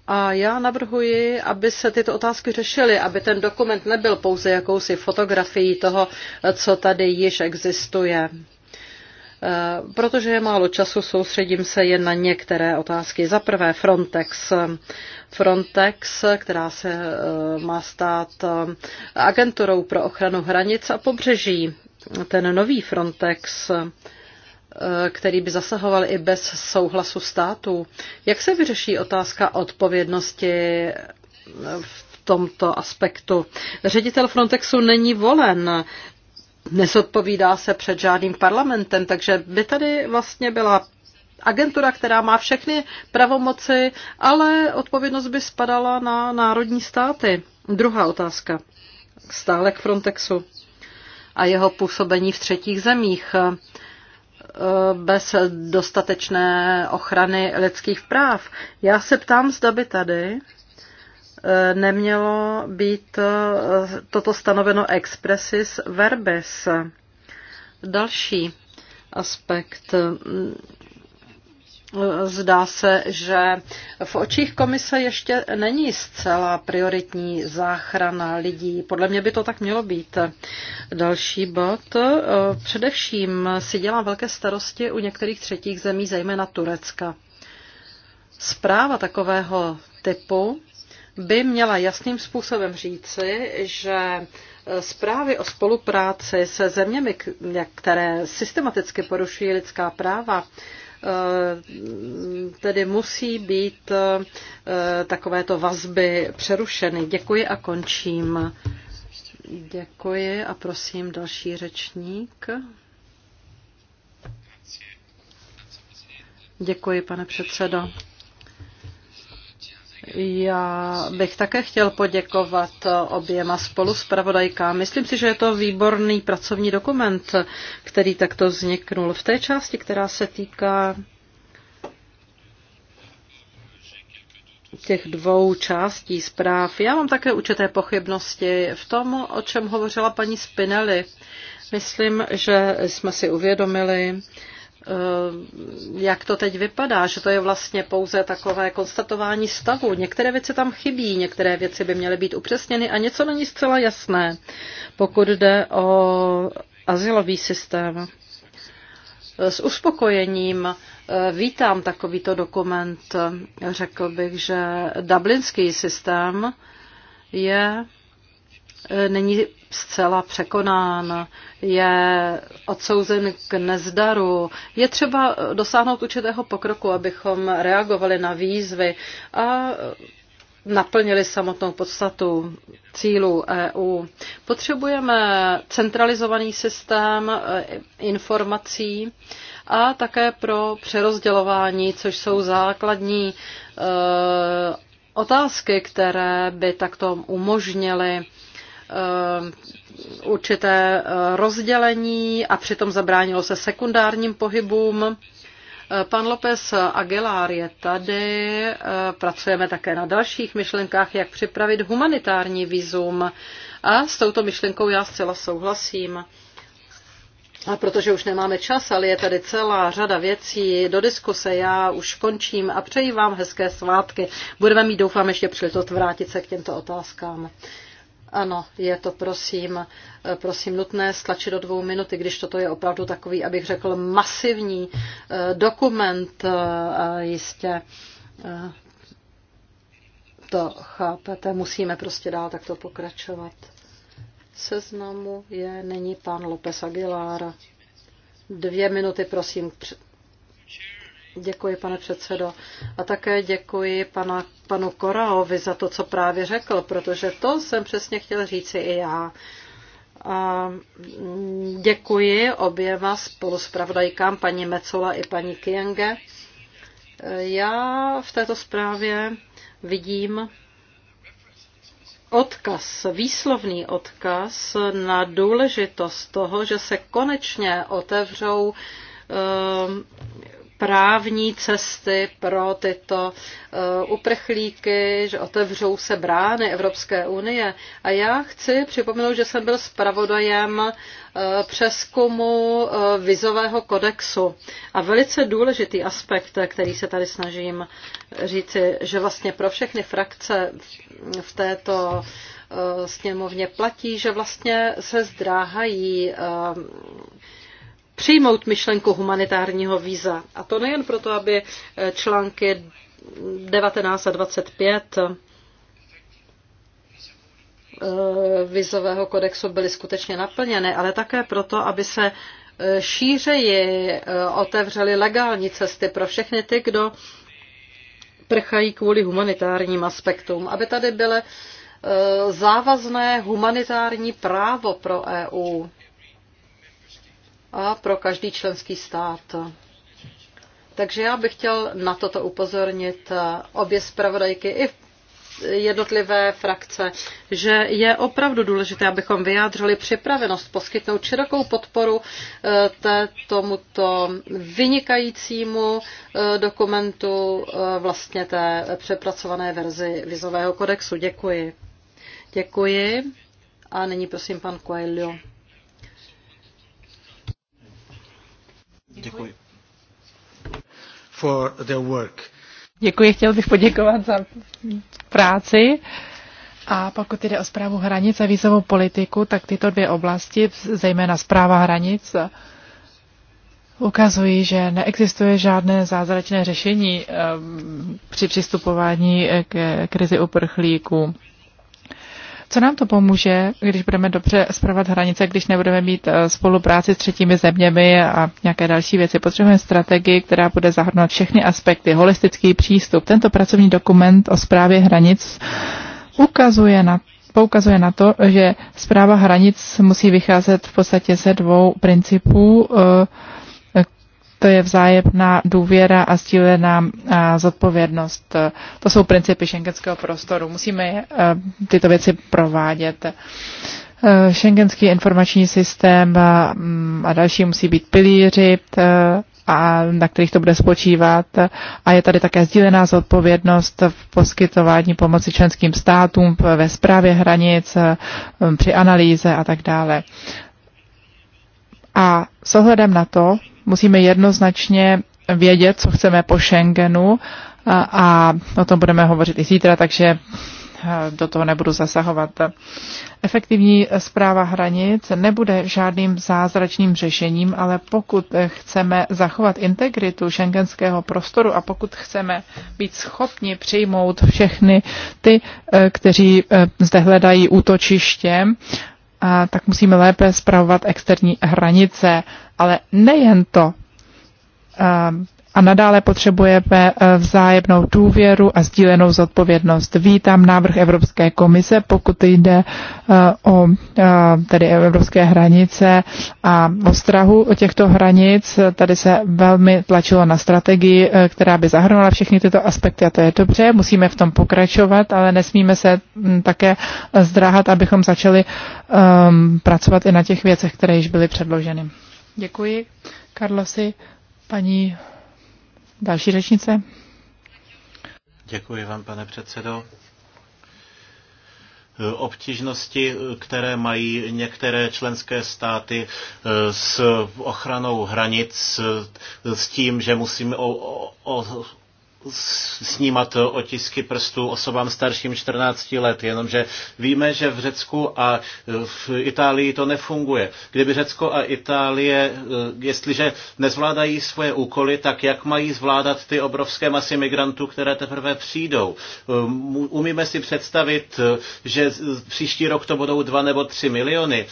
A já navrhuji, aby se tyto otázky řešily, aby ten dokument nebyl pouze jakousi fotografií toho, co tady již existuje. Eh, protože je málo času, soustředím se jen na některé otázky. Za prvé Frontex. Frontex, která se eh, má stát agenturou pro ochranu hranic a pobřeží ten nový Frontex, eh, který by zasahoval i bez souhlasu států. Jak se vyřeší otázka odpovědnosti eh, v tomto aspektu? Ředitel Frontexu není volen, nezodpovídá se před žádným parlamentem, takže by tady vlastně byla agentura, která má všechny pravomoci, ale odpovědnost by spadala na národní státy. Druhá otázka. Stále k Frontexu a jeho působení v třetích zemích eh, bez dostatečné ochrany lidských práv. Já se ptám, zda by tady eh, nemělo být eh, toto stanoveno expressis verbis. Další aspekt Zdá se, že v očích komise ještě není zcela prioritní záchrana lidí. Podle mě by to tak mělo být. Další bod. Především si dělá velké starosti u některých třetích zemí, zejména Turecka. Zpráva takového typu by měla jasným způsobem říci, že zprávy o spolupráci se zeměmi, které systematicky porušují lidská práva, Eh, tedy musí být eh, takovéto vazby přerušeny. Děkuji a končím. Děkuji a prosím další řečník. Děkuji, pane předsedo. Já bych také chtěl poděkovat oběma spolu zpravodajkám. Myslím si, že je to výborný pracovní dokument, který takto vzniknul v té části, která se týká těch dvou částí zpráv. Já mám také určité pochybnosti v tom, o čem hovořila paní Spinelli. Myslím, že jsme si uvědomili, Eh, jak to teď vypadá, že to je vlastně pouze takové konstatování stavu. Některé věci tam chybí, některé věci by měly být upřesněny a něco není zcela jasné, pokud jde o asilový systém. S uspokojením eh, vítám takovýto dokument. Řekl bych, že dublinský systém je eh, není zcela překonán, je odsouzen k nezdaru. Je třeba dosáhnout určitého pokroku, abychom reagovali na výzvy a naplnili samotnou podstatu cílů EU. Potřebujeme centralizovaný systém e, informací a také pro přerozdělování, což jsou základní e, otázky, které by takto umožnily Um, určité uh, rozdělení a přitom zabránilo se sekundárním pohybům. Uh, pan López Aguilar je tady. Uh, pracujeme také na dalších myšlenkách, jak připravit humanitární výzum. A s touto myšlenkou já zcela souhlasím. A protože už nemáme čas, ale je tady celá řada věcí do diskuse, já už končím a přeji vám hezké svátky. Budeme mít, doufám, ještě příležitost vrátit se k těmto otázkám. Ano, je to prosím, eh, prosím nutné stlačit do dvou minuty, když toto je opravdu takový, abych řekl, masivní eh, dokument. Eh, jistě to chápete, musíme prostě dál takto pokračovat. Seznamu je není pan López Aguilar. Dvě minuty, prosím, Děkuji, pane předsedo. A také děkuji pana, panu Koraovi za to, co právě řekl, protože to jsem přesně chtěl říci i já. A děkuji oběma spoluspravodajkám, paní Mecola i paní Kienge. Já v této zprávě vidím odkaz, výslovný odkaz na důležitost toho, že se konečně otevřou právní cesty pro tyto eh, uprchlíky, že otevřou se brány Evropské unie. A já chci připomenout, že jsem byl zpravodajem eh, přeskumu eh, vizového kodexu. A velice důležitý aspekt, který se tady snažím říci, že vlastně pro všechny frakce v této sněmovně platí, že vlastně se zdráhají přijmout myšlenku humanitárního víza. A to nejen proto, aby eh, články 19 a 25 eh, vizového kodexu byly skutečně naplněny, ale také proto, aby se eh, šířeji otevřely legální cesty pro všechny ty, kdo prchají kvůli humanitárním aspektům, aby tady byly závazné humanitární právo pro EU a pro každý členský stát. Takže já bych chtěl na toto upozornit obě zpravodajky i jednotlivé frakce, že je opravdu důležité, abychom vyjádřili připravenost poskytnout širokou podporu eh, té, tomuto vynikajícímu eh, dokumentu, eh, vlastně té přepracované verzi vizového kodexu. Děkuji. Děkuji. A nyní prosím pan Coelho. Děkuji. For their work. Děkuji, chtěl bych poděkovat za práci. A pokud jde o zprávu hranic a vízovou politiku, tak tyto dvě oblasti, zejména zpráva hranic, ukazují, že neexistuje žádné zázračné řešení eh, při přistupování k krizi uprchlíků. Co nám to pomůže, když budeme dobře zpravovat hranice, když nebudeme mít eh, spolupráci s třetími zeměmi a nějaké další věci? Potřebujeme strategii, která bude zahrnovat všechny aspekty, holistický přístup. Tento pracovní dokument o zprávě hranic ukazuje na poukazuje na to, že zpráva hranic musí vycházet v podstatě ze dvou principů. E, to je vzájemná důvěra a sdílená zodpovědnost. To jsou principy šengenského prostoru. Musíme eh, tyto věci provádět. Eh, šengenský informační systém mm, a další musí být pilíři, eh, a na kterých to bude spočívat. A je tady také sdílená zodpovědnost v poskytování pomoci členským státům ve zprávě hranic, při analýze a tak dále. A s ohledem na to musíme jednoznačně vědět, co chceme po Schengenu a, a o tom budeme hovořit i zítra, takže do toho nebudu zasahovat. Efektivní zpráva hranic nebude žádným zázračným řešením, ale pokud chceme zachovat integritu šengenského prostoru a pokud chceme být schopni přijmout všechny ty, e, kteří e, zde hledají útočiště, a tak musíme lépe zpravovat externí hranice. Ale nejen to a nadále potřebujeme eh, vzájemnou důvěru a sdílenou zodpovědnost. Vítám návrh Evropské komise, pokud jde eh, o eh, tedy evropské hranice a o strahu těchto hranic. Tady se velmi tlačilo na strategii, která by zahrnula všechny tyto aspekty a to je dobře. Musíme v tom pokračovat, ale nesmíme se hm, také zdráhat, abychom začali um, pracovat i na těch věcech, které již byly předloženy. Děkuji, Karlosi. Paní Další řečnice. Děkuji vám, pane předsedo obtížnosti, které mají některé členské státy eh, s ochranou hranic, eh, s tím, že musíme o, o, snímat otisky prstů osobám starším 14 let, jenomže víme, že v Řecku a e, v Itálii to nefunguje. Kdyby Řecko a Itálie, e, jestliže nezvládají svoje úkoly, tak jak mají zvládat ty obrovské masy migrantů, které teprve přijdou? E, umíme si představit, že příští rok to budou dva nebo tři miliony.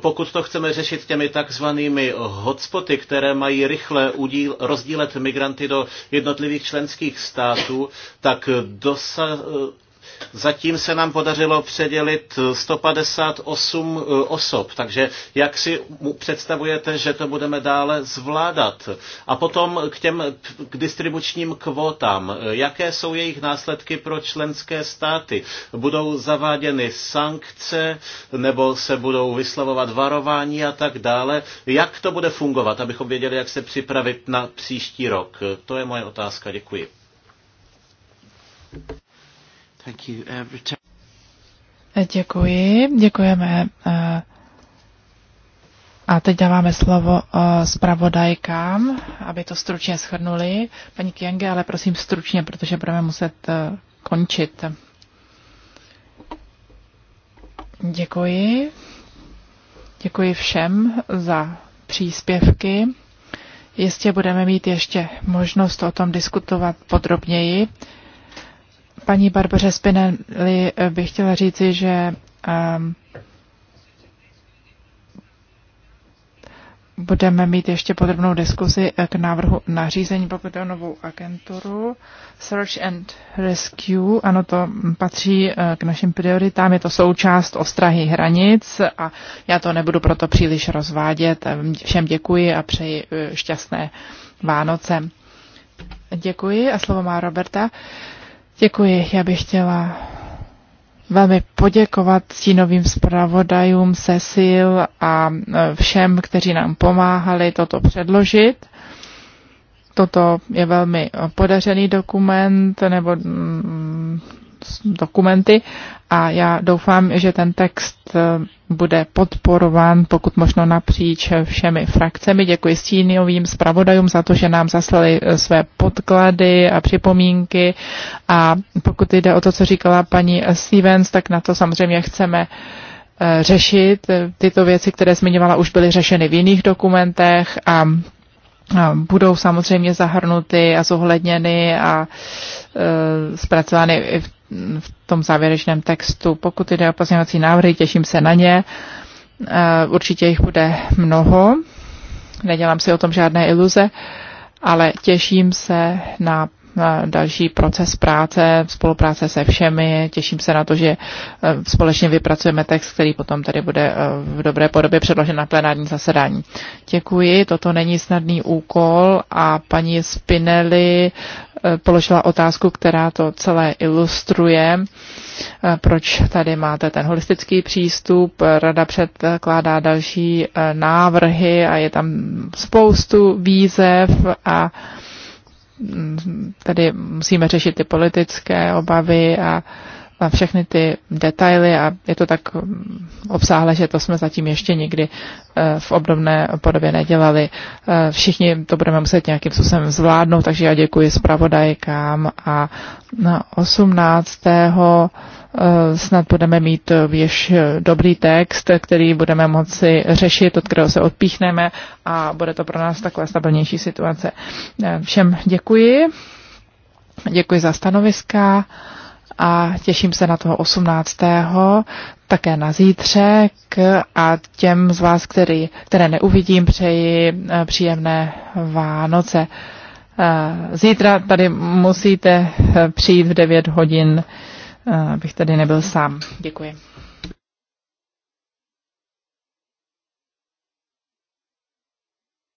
Pokud to chceme řešit těmi takzvanými hotspoty, které mají rychle udíl, rozdílet migranty do jednotlivých členských členských států, tak dosa, zatím se nám podařilo předělit 158 eh, osob. Takže jak si představujete, že to budeme dále zvládat? A potom k těm k distribučním kvótám. Jaké jsou jejich následky pro členské státy? Budou zaváděny sankce nebo se budou vyslavovat varování a tak dále? Jak to bude fungovat, abychom věděli, jak se připravit na příští rok? To je moje otázka. Děkuji. Thank you. Uh, Děkuji, děkujeme. Eh, a teď dáváme slovo eh, zpravodajkám, aby to stručně shrnuli. Paní Kienge, ale prosím stručně, protože budeme muset eh, končit. Děkuji. Děkuji všem za příspěvky. Jistě budeme mít ještě možnost o tom diskutovat podrobněji paní Barbaře Spinelli eh, bych chtěla říci, že um, budeme mít ještě podrobnou diskusi eh, k návrhu nařízení, pokud o novou agenturu. Search and Rescue, ano, to patří eh, k našim prioritám, je to součást ostrahy hranic a já to nebudu proto příliš rozvádět. Všem děkuji a přeji šťastné Vánoce. Děkuji a slovo má Roberta. Uh, Děkuji. Já bych chtěla velmi poděkovat stínovým zpravodajům Cecil a e, všem, kteří nám pomáhali toto předložit. Toto je velmi e, podařený dokument nebo mm, dokumenty a já doufám, že ten text eh, bude podporován pokud možno napříč všemi frakcemi. Děkuji stíniovým zpravodajům za to, že nám zaslali eh, své podklady a připomínky a pokud jde o to, co říkala paní Stevens, tak na to samozřejmě chceme eh, řešit. Tyto věci, které zmiňovala, už byly řešeny v jiných dokumentech a budou samozřejmě zahrnuty a zohledněny a e, zpracovány i v v tom závěrečném textu. Pokud jde o pozměňovací návrhy, těším se na ně. E, určitě jich bude mnoho. Nedělám si o tom žádné iluze, ale těším se na další proces práce, spolupráce se všemi. Těším se na to, že e, společně vypracujeme text, který potom tady bude e, v dobré podobě předložen na plenární zasedání. Děkuji, toto není snadný úkol a paní Spinelli Eh, položila otázku, která to celé ilustruje, eh, proč tady máte ten holistický přístup. Rada předkládá další eh, návrhy a je tam spoustu výzev a mm, tady musíme řešit ty politické obavy a všechny ty detaily a je to tak mm, obsáhle, že to jsme zatím ještě nikdy eh, v obdobné podobě nedělali. Eh, všichni to budeme muset nějakým způsobem zvládnout, takže já děkuji zpravodajkám a na 18. Eh, snad budeme mít věž dobrý text, který budeme moci řešit, od kterého se odpíchneme a bude to pro nás taková stabilnější situace. Všem děkuji. Děkuji za stanoviska a těším se na toho 18. také na zítřek a těm z vás, který, které neuvidím, přeji eh, příjemné Vánoce. Eh, zítra tady musíte eh, přijít v 9 hodin, abych tady nebyl sám. Děkuji.